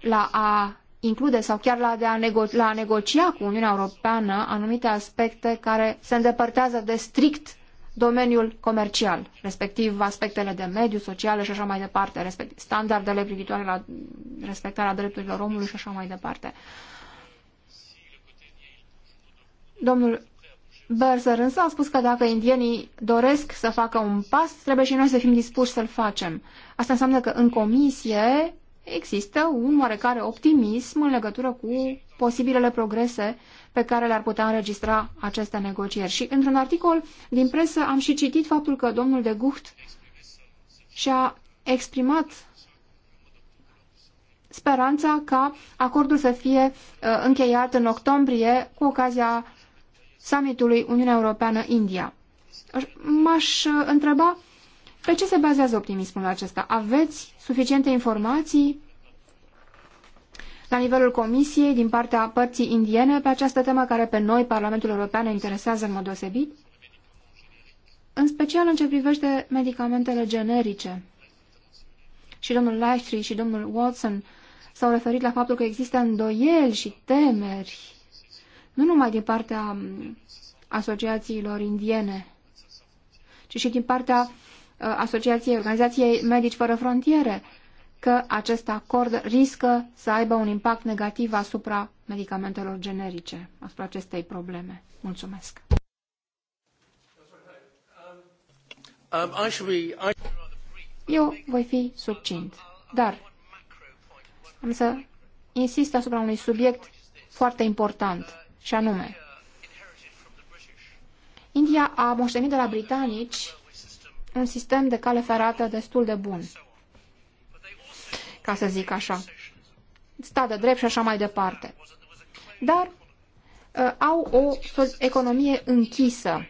la a include sau chiar la, de a, nego la a negocia cu Uniunea Europeană anumite aspecte care se îndepărtează de strict domeniul comercial, respectiv aspectele de mediu, sociale și așa mai departe, respectiv standardele privitoare la respectarea drepturilor omului și așa mai departe. Domnul Berser însă a spus că dacă indienii doresc să facă un pas, trebuie și noi să fim dispuși să-l facem. Asta înseamnă că în comisie există un oarecare optimism în legătură cu posibilele progrese pe care le-ar putea înregistra aceste negocieri. Și într-un articol din presă am și citit faptul că domnul de Gucht și-a exprimat speranța ca acordul să fie uh, încheiat în octombrie cu ocazia summitului Uniunea Europeană-India. M-aș uh, întreba pe ce se bazează optimismul acesta? Aveți suficiente informații la nivelul Comisiei din partea părții indiene pe această temă care pe noi, Parlamentul European, ne interesează în mod deosebit? În special în ce privește medicamentele generice. Și domnul Leichtry și domnul Watson s-au referit la faptul că există îndoieli și temeri, nu numai din partea asociațiilor indiene, ci și din partea Uh, Asociației Organizației Medici Fără Frontiere că acest acord riscă să aibă un impact negativ asupra medicamentelor generice, asupra acestei probleme. Mulțumesc. Um, Eu voi fi subcint, dar am să insist asupra unui subiect foarte important, și anume, India a moștenit de la britanici un sistem de cale ferată destul de bun, ca să zic așa. Stat de drept și așa mai departe. Dar uh, au o economie închisă.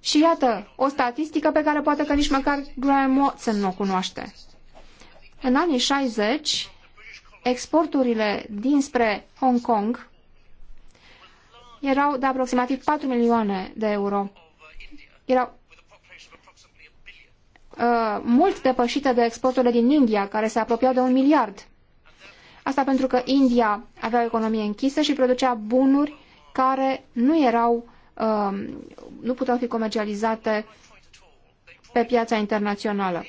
Și iată, o statistică pe care poate că nici măcar Graham Watson nu o cunoaște. În anii 60, exporturile dinspre Hong Kong erau de aproximativ 4 milioane de euro. Erau Uh, mult depășită de exporturile din India, care se apropiau de un miliard. Asta pentru că India avea o economie închisă și producea bunuri care nu erau, uh, nu puteau fi comercializate pe piața internațională.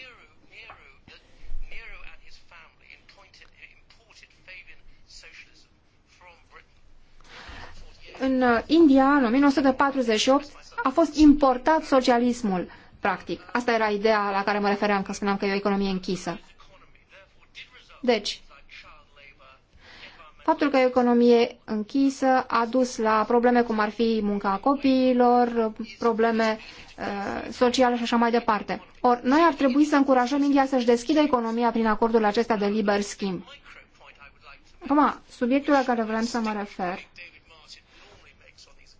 În uh, India, în 1948, a fost importat socialismul practic. Asta era ideea la care mă refeream când spuneam că e o economie închisă. Deci, faptul că e o economie închisă a dus la probleme cum ar fi munca copiilor, probleme uh, sociale și așa mai departe. Or, noi ar trebui să încurajăm India să-și deschidă economia prin acordul acesta de liber schimb. Acum, subiectul la care vreau să mă refer,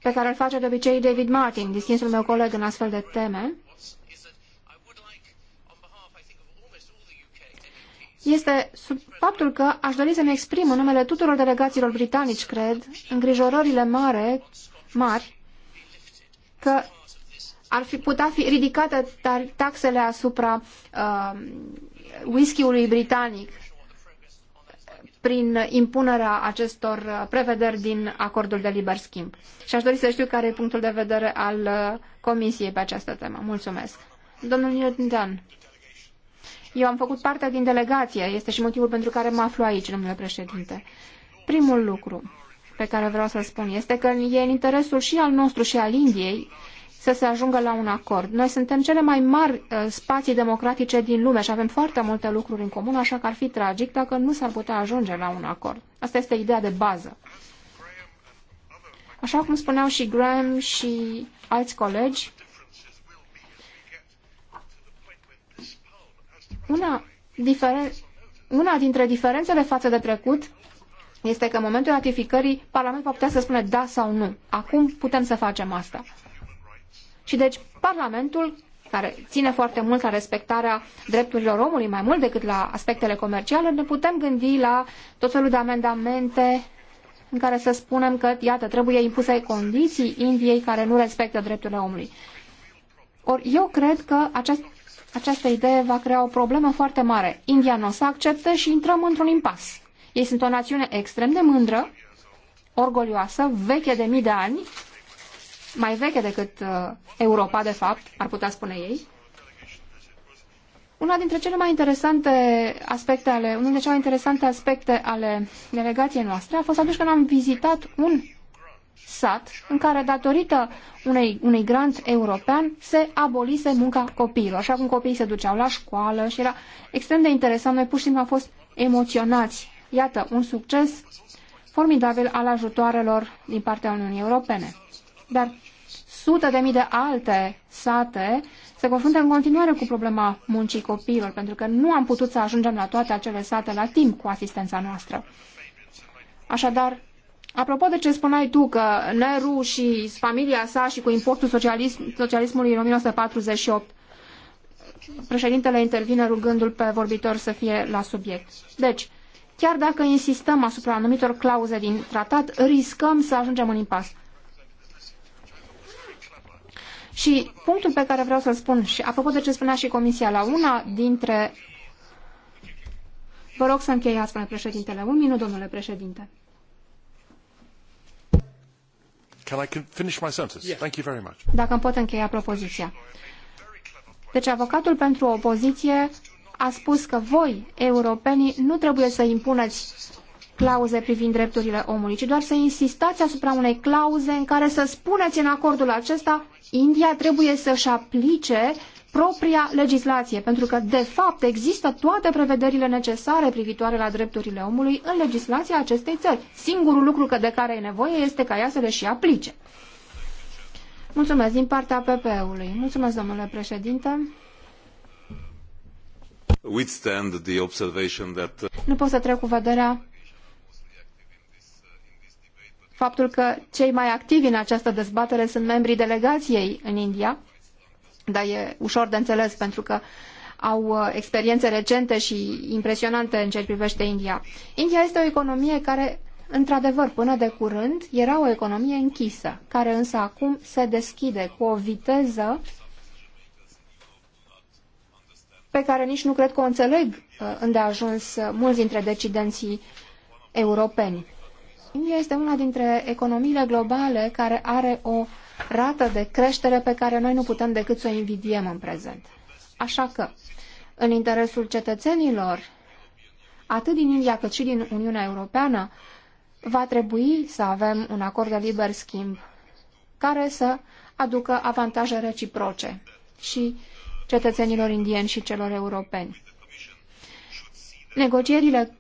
pe care îl face de obicei David Martin, distinsul meu coleg în astfel de teme, este sub faptul că aș dori să-mi exprim în numele tuturor delegațiilor britanici, cred, îngrijorările mare, mari că ar fi putea fi ridicate taxele asupra uh, whisky-ului britanic prin impunerea acestor prevederi din acordul de liber schimb. Și aș dori să știu care e punctul de vedere al uh, Comisiei pe această temă. Mulțumesc. Domnul Newton eu am făcut parte din delegație, este și motivul pentru care mă aflu aici, domnule președinte. Primul lucru pe care vreau să-l spun este că e în interesul și al nostru și al Indiei să se ajungă la un acord. Noi suntem cele mai mari uh, spații democratice din lume și avem foarte multe lucruri în comun, așa că ar fi tragic dacă nu s-ar putea ajunge la un acord. Asta este ideea de bază. Așa cum spuneau și Graham și alți colegi, Una, diferen... una dintre diferențele față de trecut este că în momentul ratificării Parlamentul va putea să spună da sau nu. Acum putem să facem asta. Și deci Parlamentul, care ține foarte mult la respectarea drepturilor omului, mai mult decât la aspectele comerciale, ne putem gândi la tot felul de amendamente în care să spunem că, iată, trebuie impuse condiții Indiei care nu respectă drepturile omului. Or, eu cred că acest această idee va crea o problemă foarte mare. India nu o să accepte și intrăm într-un impas. Ei sunt o națiune extrem de mândră, orgolioasă, veche de mii de ani, mai veche decât uh, Europa, de fapt, ar putea spune ei. Una dintre cele mai interesante aspecte ale, unul dintre cele mai interesante aspecte ale delegației noastre a fost atunci când am vizitat un sat în care, datorită unei, unui grant european, se abolise munca copiilor. Așa cum copiii se duceau la școală și era extrem de interesant. Noi pur și simplu am fost emoționați. Iată, un succes formidabil al ajutoarelor din partea Uniunii Europene. Dar sute de mii de alte sate se confruntă în continuare cu problema muncii copiilor, pentru că nu am putut să ajungem la toate acele sate la timp cu asistența noastră. Așadar, Apropo de ce spuneai tu că Nehru și familia sa și cu importul socialism, socialismului în 1948, președintele intervine rugându-l pe vorbitor să fie la subiect. Deci, chiar dacă insistăm asupra anumitor clauze din tratat, riscăm să ajungem în impas. Și punctul pe care vreau să-l spun, și apropo de ce spunea și Comisia, la una dintre... Vă rog să încheiați, spune președintele. Un minut, domnule președinte. Can I finish my sentence? Thank you very much. Dacă îmi pot încheia propoziția. Deci avocatul pentru opoziție a spus că voi, europenii, nu trebuie să impuneți clauze privind drepturile omului, ci doar să insistați asupra unei clauze în care să spuneți în acordul acesta India trebuie să-și aplice propria legislație, pentru că, de fapt, există toate prevederile necesare privitoare la drepturile omului în legislația acestei țări. Singurul lucru că de care e nevoie este ca ea să le și aplice. Mulțumesc din partea PP-ului. Mulțumesc, domnule președinte. Withstand the observation that... Uh, nu pot să trec cu vederea faptul că cei mai activi în această dezbatere sunt membrii delegației în India, dar e ușor de înțeles pentru că au uh, experiențe recente și impresionante în ce privește India. India este o economie care, într-adevăr, până de curând era o economie închisă, care însă acum se deschide cu o viteză pe care nici nu cred că o înțeleg uh, îndeajuns uh, mulți dintre decidenții europeni. India este una dintre economiile globale care are o rată de creștere pe care noi nu putem decât să o invidiem în prezent. Așa că, în interesul cetățenilor, atât din India cât și din Uniunea Europeană, va trebui să avem un acord de liber schimb care să aducă avantaje reciproce și cetățenilor indieni și celor europeni. Negocierile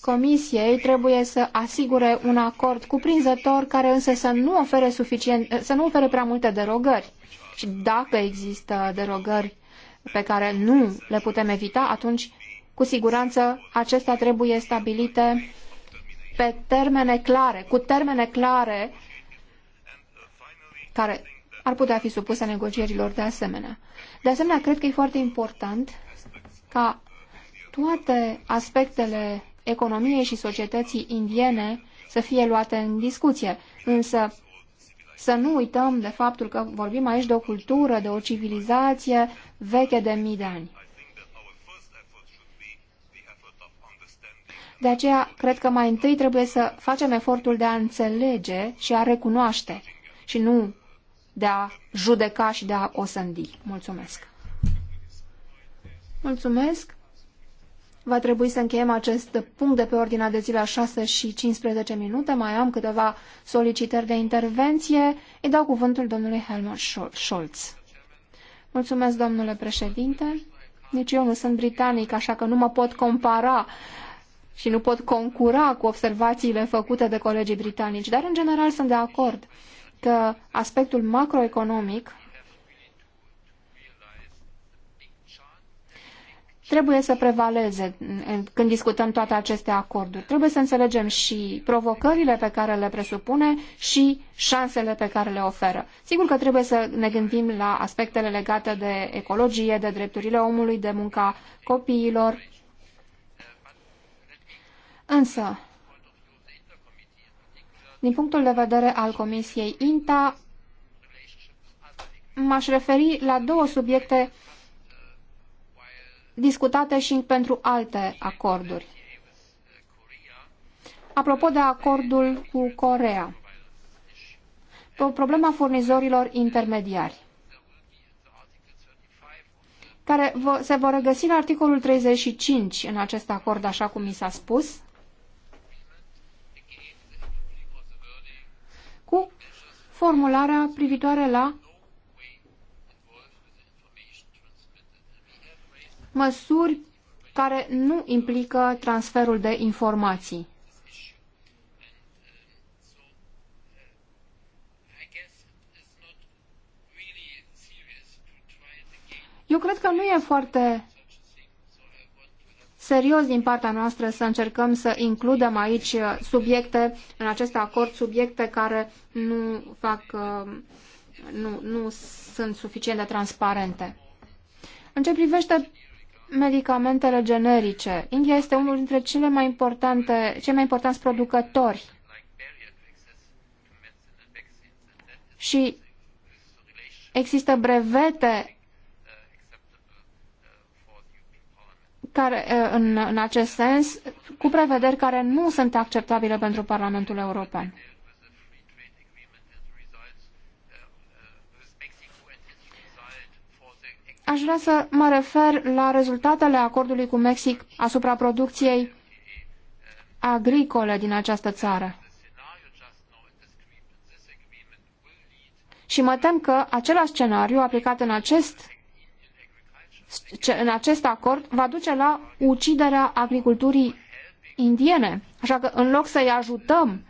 Comisiei trebuie să asigure un acord cuprinzător care însă să nu ofere, suficient, să nu ofere prea multe derogări. Și dacă există derogări pe care nu le putem evita, atunci cu siguranță acestea trebuie stabilite pe termene clare, cu termene clare care ar putea fi supuse negocierilor de asemenea. De asemenea, cred că e foarte important ca toate aspectele economiei și societății indiene să fie luate în discuție. Însă să nu uităm de faptul că vorbim aici de o cultură, de o civilizație veche de mii de ani. De aceea, cred că mai întâi trebuie să facem efortul de a înțelege și a recunoaște și nu de a judeca și de a osândi. Mulțumesc! Mulțumesc! Va trebui să încheiem acest punct de pe ordinea de zi la 6 și 15 minute. Mai am câteva solicitări de intervenție. Îi dau cuvântul domnului Helmut Scholz. Mulțumesc, domnule președinte. Nici eu nu sunt britanic, așa că nu mă pot compara și nu pot concura cu observațiile făcute de colegii britanici, dar în general sunt de acord că aspectul macroeconomic trebuie să prevaleze când discutăm toate aceste acorduri. Trebuie să înțelegem și provocările pe care le presupune și șansele pe care le oferă. Sigur că trebuie să ne gândim la aspectele legate de ecologie, de drepturile omului, de munca copiilor. Însă, din punctul de vedere al Comisiei INTA, m-aș referi la două subiecte discutate și pentru alte acorduri. Apropo de acordul cu Corea, problema furnizorilor intermediari, care se vor regăsi în articolul 35 în acest acord, așa cum mi s-a spus, cu formularea privitoare la măsuri care nu implică transferul de informații. Eu cred că nu e foarte serios din partea noastră să încercăm să includem aici subiecte, în acest acord, subiecte care nu fac, uh, nu, nu sunt suficient de transparente. În ce privește medicamentele generice. India este unul dintre cele mai importante, cei mai importanți producători. Și există brevete care, eh, în, în acest sens, cu prevederi care nu sunt acceptabile pentru Parlamentul European. Aș vrea să mă refer la rezultatele acordului cu Mexic asupra producției agricole din această țară. Și mă tem că același scenariu aplicat în acest, în acest acord va duce la uciderea agriculturii indiene. Așa că în loc să-i ajutăm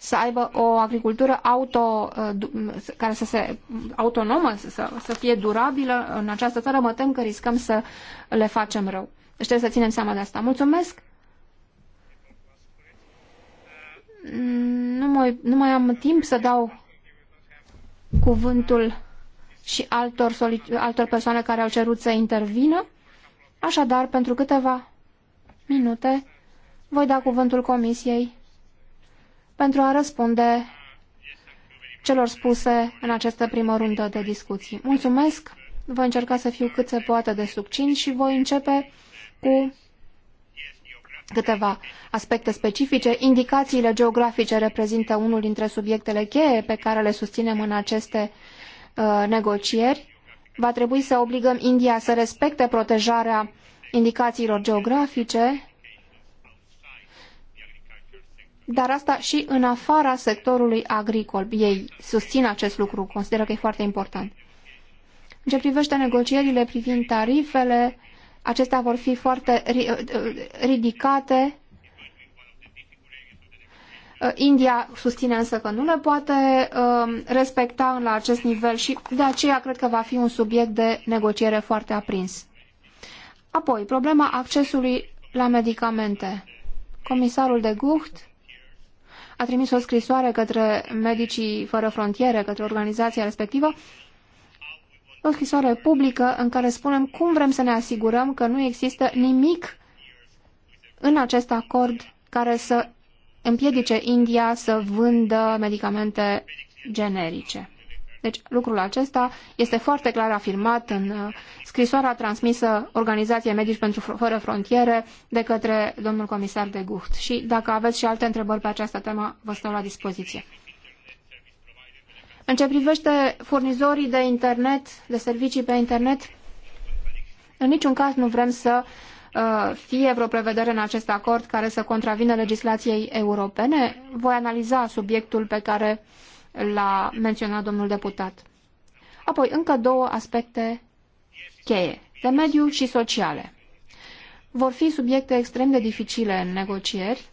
să aibă o agricultură auto, uh, care să se autonomă, să, să fie durabilă în această țară, mă tem că riscăm să le facem rău. Deci trebuie să ținem seama de asta. Mulțumesc! Nu mai, nu mai am timp să dau cuvântul și altor, altor persoane care au cerut să intervină. Așadar, pentru câteva minute, voi da cuvântul Comisiei pentru a răspunde celor spuse în această primă rundă de discuții. Mulțumesc, voi încerca să fiu cât se poate de succint și voi începe cu câteva aspecte specifice. Indicațiile geografice reprezintă unul dintre subiectele cheie pe care le susținem în aceste uh, negocieri. Va trebui să obligăm India să respecte protejarea indicațiilor geografice dar asta și în afara sectorului agricol. Ei susțin acest lucru, consideră că e foarte important. În ce privește negocierile privind tarifele, acestea vor fi foarte uh, ridicate. Uh, India susține însă că nu le poate uh, respecta la acest nivel și de aceea cred că va fi un subiect de negociere foarte aprins. Apoi, problema accesului la medicamente. Comisarul de Gucht a trimis o scrisoare către Medicii Fără Frontiere, către organizația respectivă, o scrisoare publică în care spunem cum vrem să ne asigurăm că nu există nimic în acest acord care să împiedice India să vândă medicamente generice. Deci lucrul acesta este foarte clar afirmat în uh, scrisoarea transmisă Organizației Medici pentru Fără Frontiere de către domnul comisar de Gucht. Și dacă aveți și alte întrebări pe această temă, vă stau la dispoziție. În ce privește furnizorii de internet, de servicii pe internet, în niciun caz nu vrem să uh, fie vreo prevedere în acest acord care să contravină legislației europene. Voi analiza subiectul pe care uh, l-a menționat domnul deputat. Apoi, încă două aspecte cheie, de mediu și sociale. Vor fi subiecte extrem de dificile în negocieri.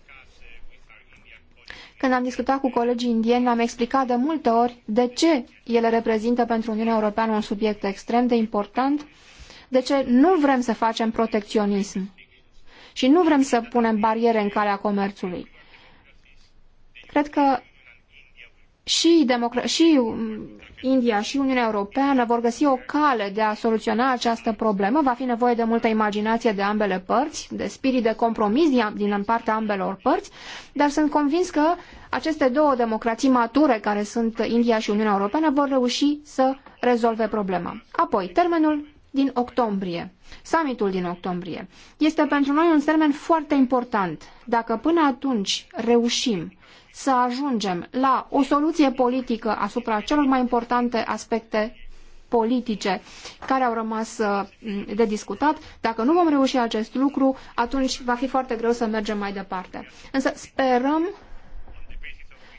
Când am discutat cu colegii indieni, am explicat de multe ori de ce ele reprezintă pentru Uniunea Europeană un subiect extrem de important, de ce nu vrem să facem protecționism și nu vrem să punem bariere în calea comerțului. Cred că și, democra- și um, India și Uniunea Europeană vor găsi o cale de a soluționa această problemă. Va fi nevoie de multă imaginație de ambele părți, de spirit de compromis din partea ambelor părți, dar sunt convins că aceste două democrații mature, care sunt India și Uniunea Europeană, vor reuși să rezolve problema. Apoi, termenul din octombrie, summitul din octombrie, este pentru noi un termen foarte important. Dacă până atunci reușim să ajungem la o soluție politică asupra celor mai importante aspecte politice care au rămas uh, de discutat. Dacă nu vom reuși acest lucru, atunci va fi foarte greu să mergem mai departe. Însă sperăm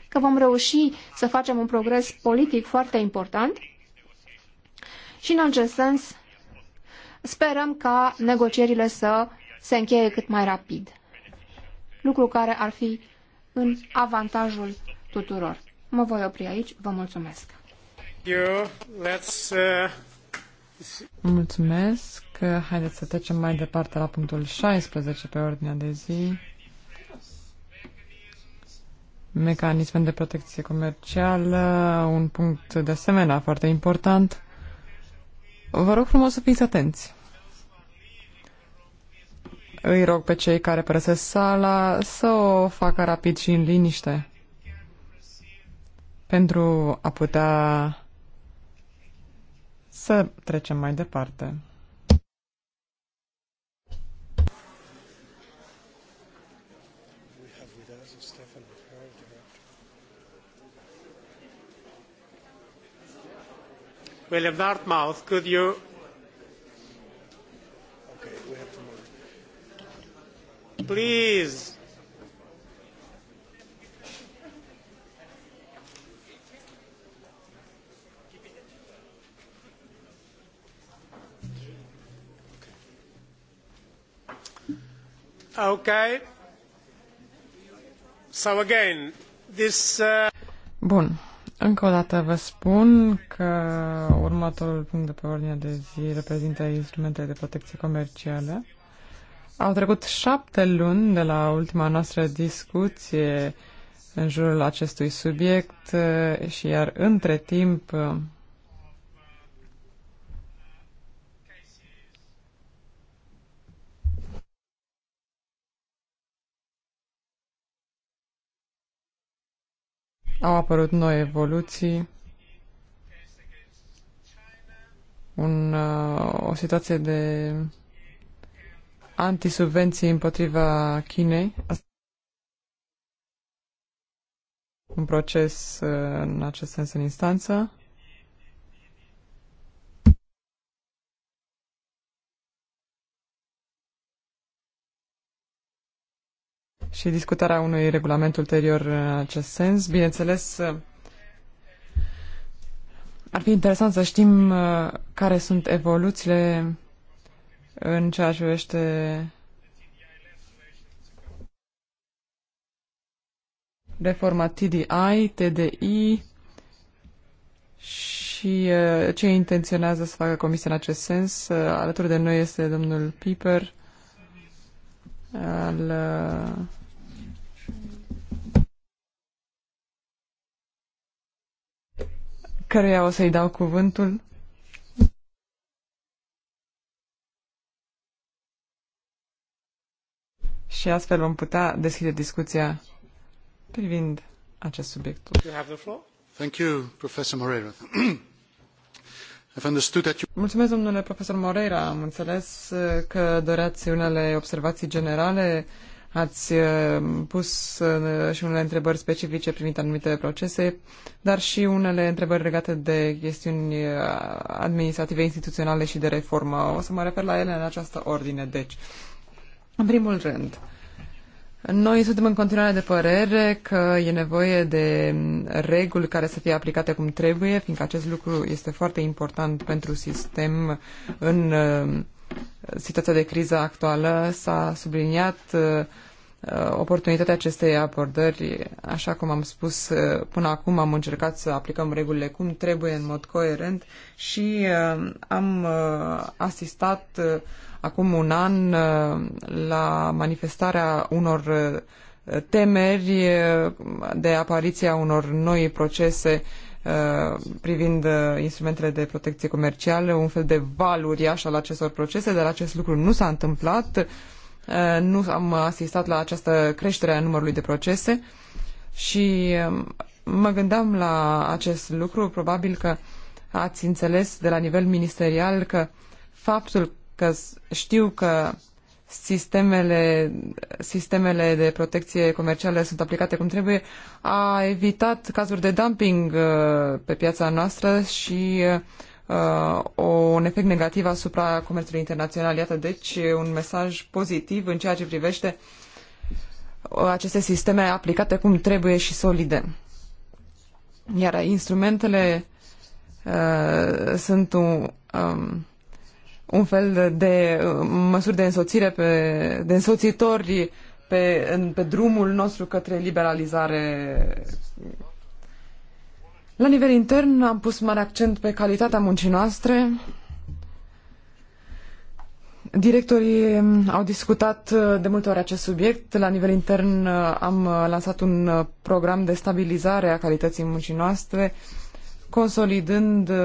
că vom reuși să facem un progres politic foarte important și în acest sens sperăm ca negocierile să se încheie cât mai rapid. Lucru care ar fi în avantajul tuturor. Mă voi opri aici. Vă mulțumesc. Uh, mulțumesc. Haideți să trecem mai departe la punctul 16 pe ordinea de zi. Mecanisme de protecție comercială, un punct de asemenea foarte important. Vă rog frumos să fiți atenți. Îi rog pe cei care părăsesc sala să o facă rapid și în liniște pentru a putea să trecem mai departe. William Dartmouth, could you Please. Okay. So again, this, uh... Bun. Încă o dată vă spun că următorul punct de pe ordinea de zi reprezintă instrumentele de protecție comercială. Au trecut șapte luni de la ultima noastră discuție în jurul acestui subiect eh, și iar între timp eh, au apărut noi evoluții, un, eh, o situație de antisubvenții împotriva Chinei. Un proces uh, în acest sens în instanță. și discutarea unui regulament ulterior în acest sens. Bineînțeles, uh, ar fi interesant să știm uh, care sunt evoluțiile în ceea ce vește reforma TDI, TDI și uh, ce intenționează să facă Comisia în acest sens. Uh, alături de noi este domnul Piper al uh, căreia o să-i dau cuvântul și astfel vom putea deschide discuția privind acest subiect. Mulțumesc, domnule profesor Moreira. Am înțeles uh, că doreați unele observații generale. Ați uh, pus uh, și unele întrebări specifice privind anumite procese, dar și unele întrebări legate de chestiuni administrative, instituționale și de reformă. O să mă refer la ele în această ordine. Deci, în primul rând, noi suntem în continuare de părere că e nevoie de reguli care să fie aplicate cum trebuie, fiindcă acest lucru este foarte important pentru sistem în uh, situația de criză actuală. S-a subliniat uh, uh, oportunitatea acestei abordări, așa cum am spus până acum, am încercat să aplicăm regulile cum trebuie, în mod coerent și am asistat acum un an uh, la manifestarea unor uh, temeri uh, de apariția unor noi procese privind instrumentele de protecție comercială, un fel de val uriaș al acestor procese, dar acest lucru nu s-a întâmplat. Nu am asistat la această creștere a numărului de procese și um, mă gândeam la acest lucru. Probabil că ați înțeles de la nivel ministerial că faptul că știu că sistemele, sistemele de protecție comercială sunt aplicate cum trebuie, a evitat cazuri de dumping uh, pe piața noastră și uh, un efect negativ asupra comerțului internațional. Iată, deci, un mesaj pozitiv în ceea ce privește uh, aceste sisteme aplicate cum trebuie și solide. Iar instrumentele uh, sunt un, um, un fel de uh, măsuri de însoțire, pe, de însoțitori pe, în, pe drumul nostru către liberalizare. La nivel intern am pus mare accent pe calitatea muncii noastre. Directorii um, au discutat uh, de multe ori acest subiect. La nivel intern uh, am lansat un program de stabilizare a calității muncii noastre consolidând uh,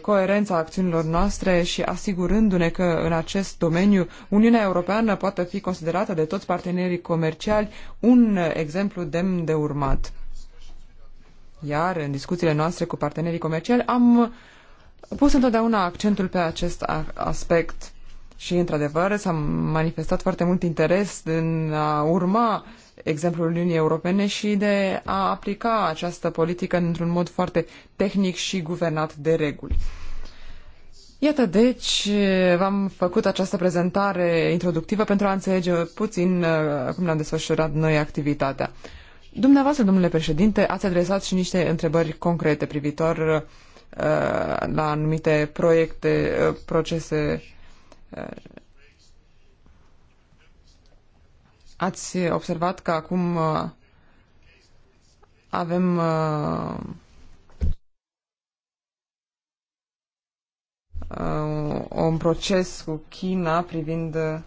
coerența acțiunilor noastre și asigurându-ne că în acest domeniu Uniunea Europeană poate fi considerată de toți partenerii comerciali un uh, exemplu demn de urmat. Iar în discuțiile noastre cu partenerii comerciali am uh, pus întotdeauna accentul pe acest aspect și, într-adevăr, s-a manifestat foarte mult interes în a urma uh, exemplul Uniunii Europene și de a aplica această politică într-un mod foarte tehnic și guvernat de reguli. Iată, deci, v-am făcut această prezentare introductivă pentru a înțelege puțin uh, cum ne-am desfășurat noi activitatea. Dumneavoastră, domnule președinte, ați adresat și niște întrebări concrete privitor uh, la anumite proiecte, uh, procese uh, Ați observat că acum uh, avem uh, un proces cu China privind uh,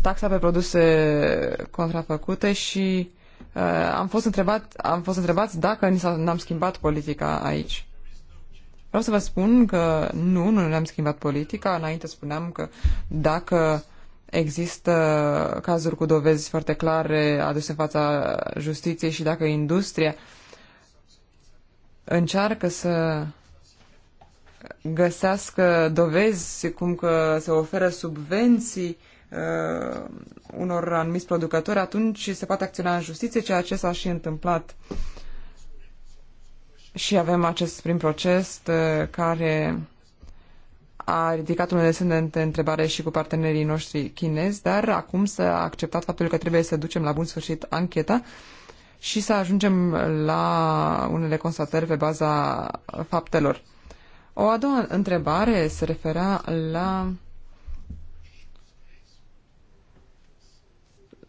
taxa pe produse contrafăcute și uh, am, fost întrebat, am fost întrebați dacă ne-am schimbat politica aici. Vreau să vă spun că nu, nu ne-am schimbat politica. Înainte spuneam că dacă există cazuri cu dovezi foarte clare aduse în fața justiției și dacă industria încearcă să găsească dovezi cum că se oferă subvenții uh, unor anumiți producători, atunci se poate acționa în justiție, ceea ce s-a și întâmplat. Și avem acest prim proces uh, care a ridicat unele semne de întrebare și cu partenerii noștri chinezi, dar acum s-a acceptat faptul că trebuie să ducem la bun sfârșit ancheta și să ajungem la unele constatări pe baza faptelor. O a doua întrebare se referea la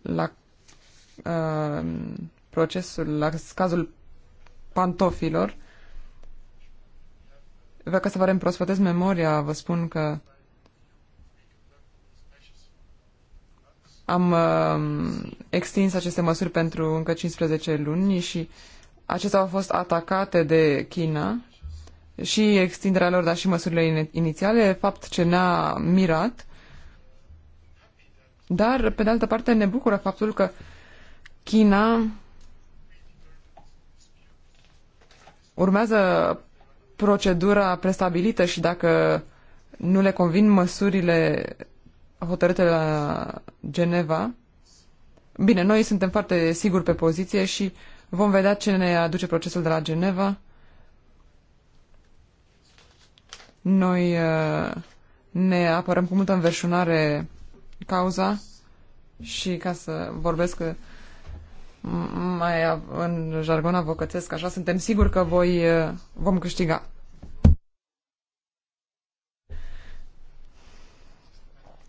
la uh, procesul, la cazul pantofilor ca să vă reîmprospătez memoria, vă spun că am uh, extins aceste măsuri pentru încă 15 luni și acestea au fost atacate de China și extinderea lor, dar și măsurile inițiale, fapt ce ne-a mirat. Dar, pe de altă parte, ne bucură faptul că China urmează procedura prestabilită și dacă nu le convin măsurile hotărâte la Geneva, bine, noi suntem foarte siguri pe poziție și vom vedea ce ne aduce procesul de la Geneva. Noi uh, ne apărăm cu multă înverșunare cauza și ca să vorbesc uh, mai în jargon avocățesc, așa, suntem siguri că voi, uh, vom câștiga.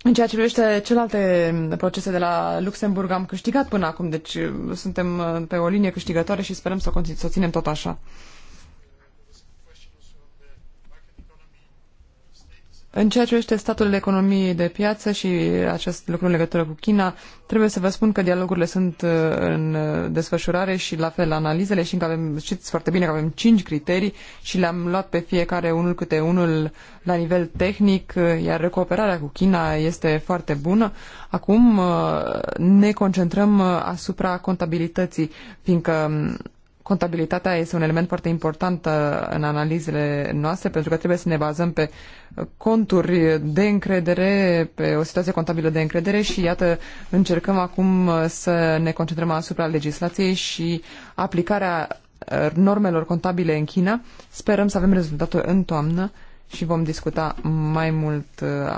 În ceea ce privește celelalte procese de la Luxemburg, am câștigat până acum, deci uh, suntem uh, pe o linie câștigătoare și sperăm să o ținem tot așa. În ceea ce este statul economiei de piață și acest lucru în legătură cu China, trebuie să vă spun că dialogurile sunt uh, în uh, desfășurare și la fel analizele și încă avem, știți foarte bine că avem cinci criterii și le-am luat pe fiecare unul câte unul la nivel tehnic, uh, iar recuperarea cu China este foarte bună. Acum ne concentrăm asupra contabilității, fiindcă um, contabilitatea este un element foarte important uh, în analizele noastre, pentru că trebuie să ne bazăm pe uh, conturi de încredere, pe o situație contabilă de încredere și iată, încercăm acum uh, să ne concentrăm asupra legislației și aplicarea normelor contabile în China. Sperăm să avem rezultatul în toamnă și vom discuta mai mult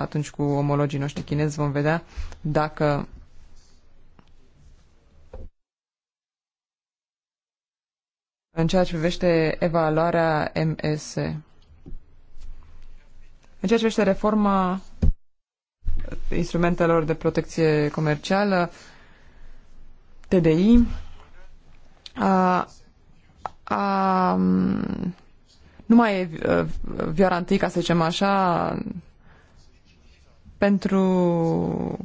atunci cu omologii noștri chinezi, vom vedea dacă în ceea ce privește evaluarea MS. În ceea ce privește reforma instrumentelor de protecție comercială, TDI, a, a, nu mai e viorantii, ca să zicem așa, pentru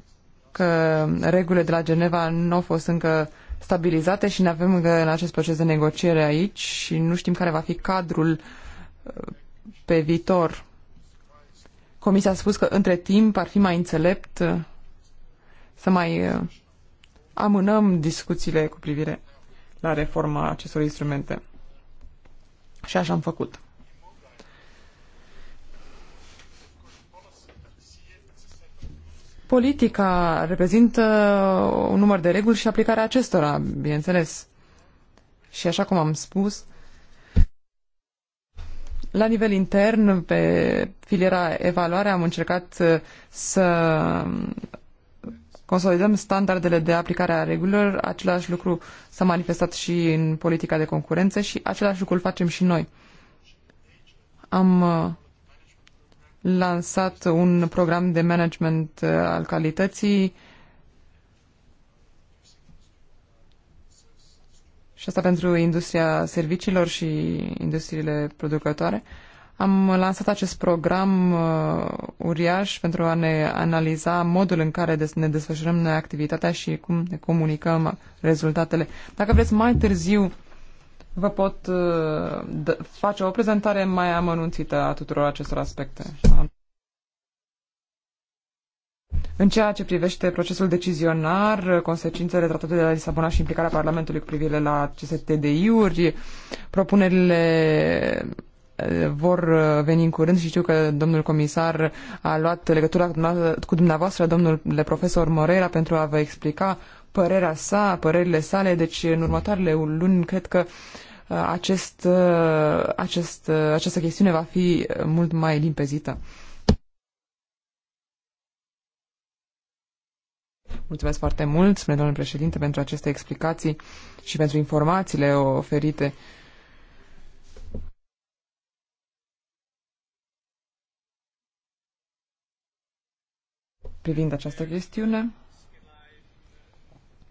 că regulile de la Geneva nu au fost încă uh, stabilizate și ne avem în acest proces de negociere aici și nu știm care va fi cadrul uh, pe viitor. Comisia a spus că între timp ar fi mai înțelept uh, să mai uh, amânăm discuțiile cu privire la reforma acestor instrumente. Și așa am făcut. Politica reprezintă un număr de reguli și aplicarea acestora, bineînțeles. Și așa cum am spus, la nivel intern, pe filiera evaluare, am încercat uh, să consolidăm standardele de aplicare a regulilor. Același lucru s-a manifestat și în politica de concurență și același lucru îl facem și noi. Am uh, lansat un program de management uh, al calității și asta pentru industria serviciilor și industriile producătoare. Am lansat acest program uh, uriaș pentru a ne analiza modul în care des- ne desfășurăm noi activitatea și cum ne comunicăm rezultatele. Dacă vreți mai târziu vă pot uh, face o prezentare mai amănunțită a tuturor acestor aspecte. În ceea ce privește procesul decizionar, consecințele tratatului de la Lisabona și implicarea Parlamentului cu privire la aceste TDI-uri, propunerile uh, vor uh, veni în curând și știu că domnul comisar a luat legătura cu dumneavoastră, domnule profesor Moreira, pentru a vă explica părerea sa, părerile sale, deci în următoarele luni cred că uh, acest, uh, acest, uh, această chestiune va fi mult mai limpezită. Mulțumesc foarte mult, spune domnul președinte, pentru aceste explicații și pentru informațiile oferite. privind această chestiune.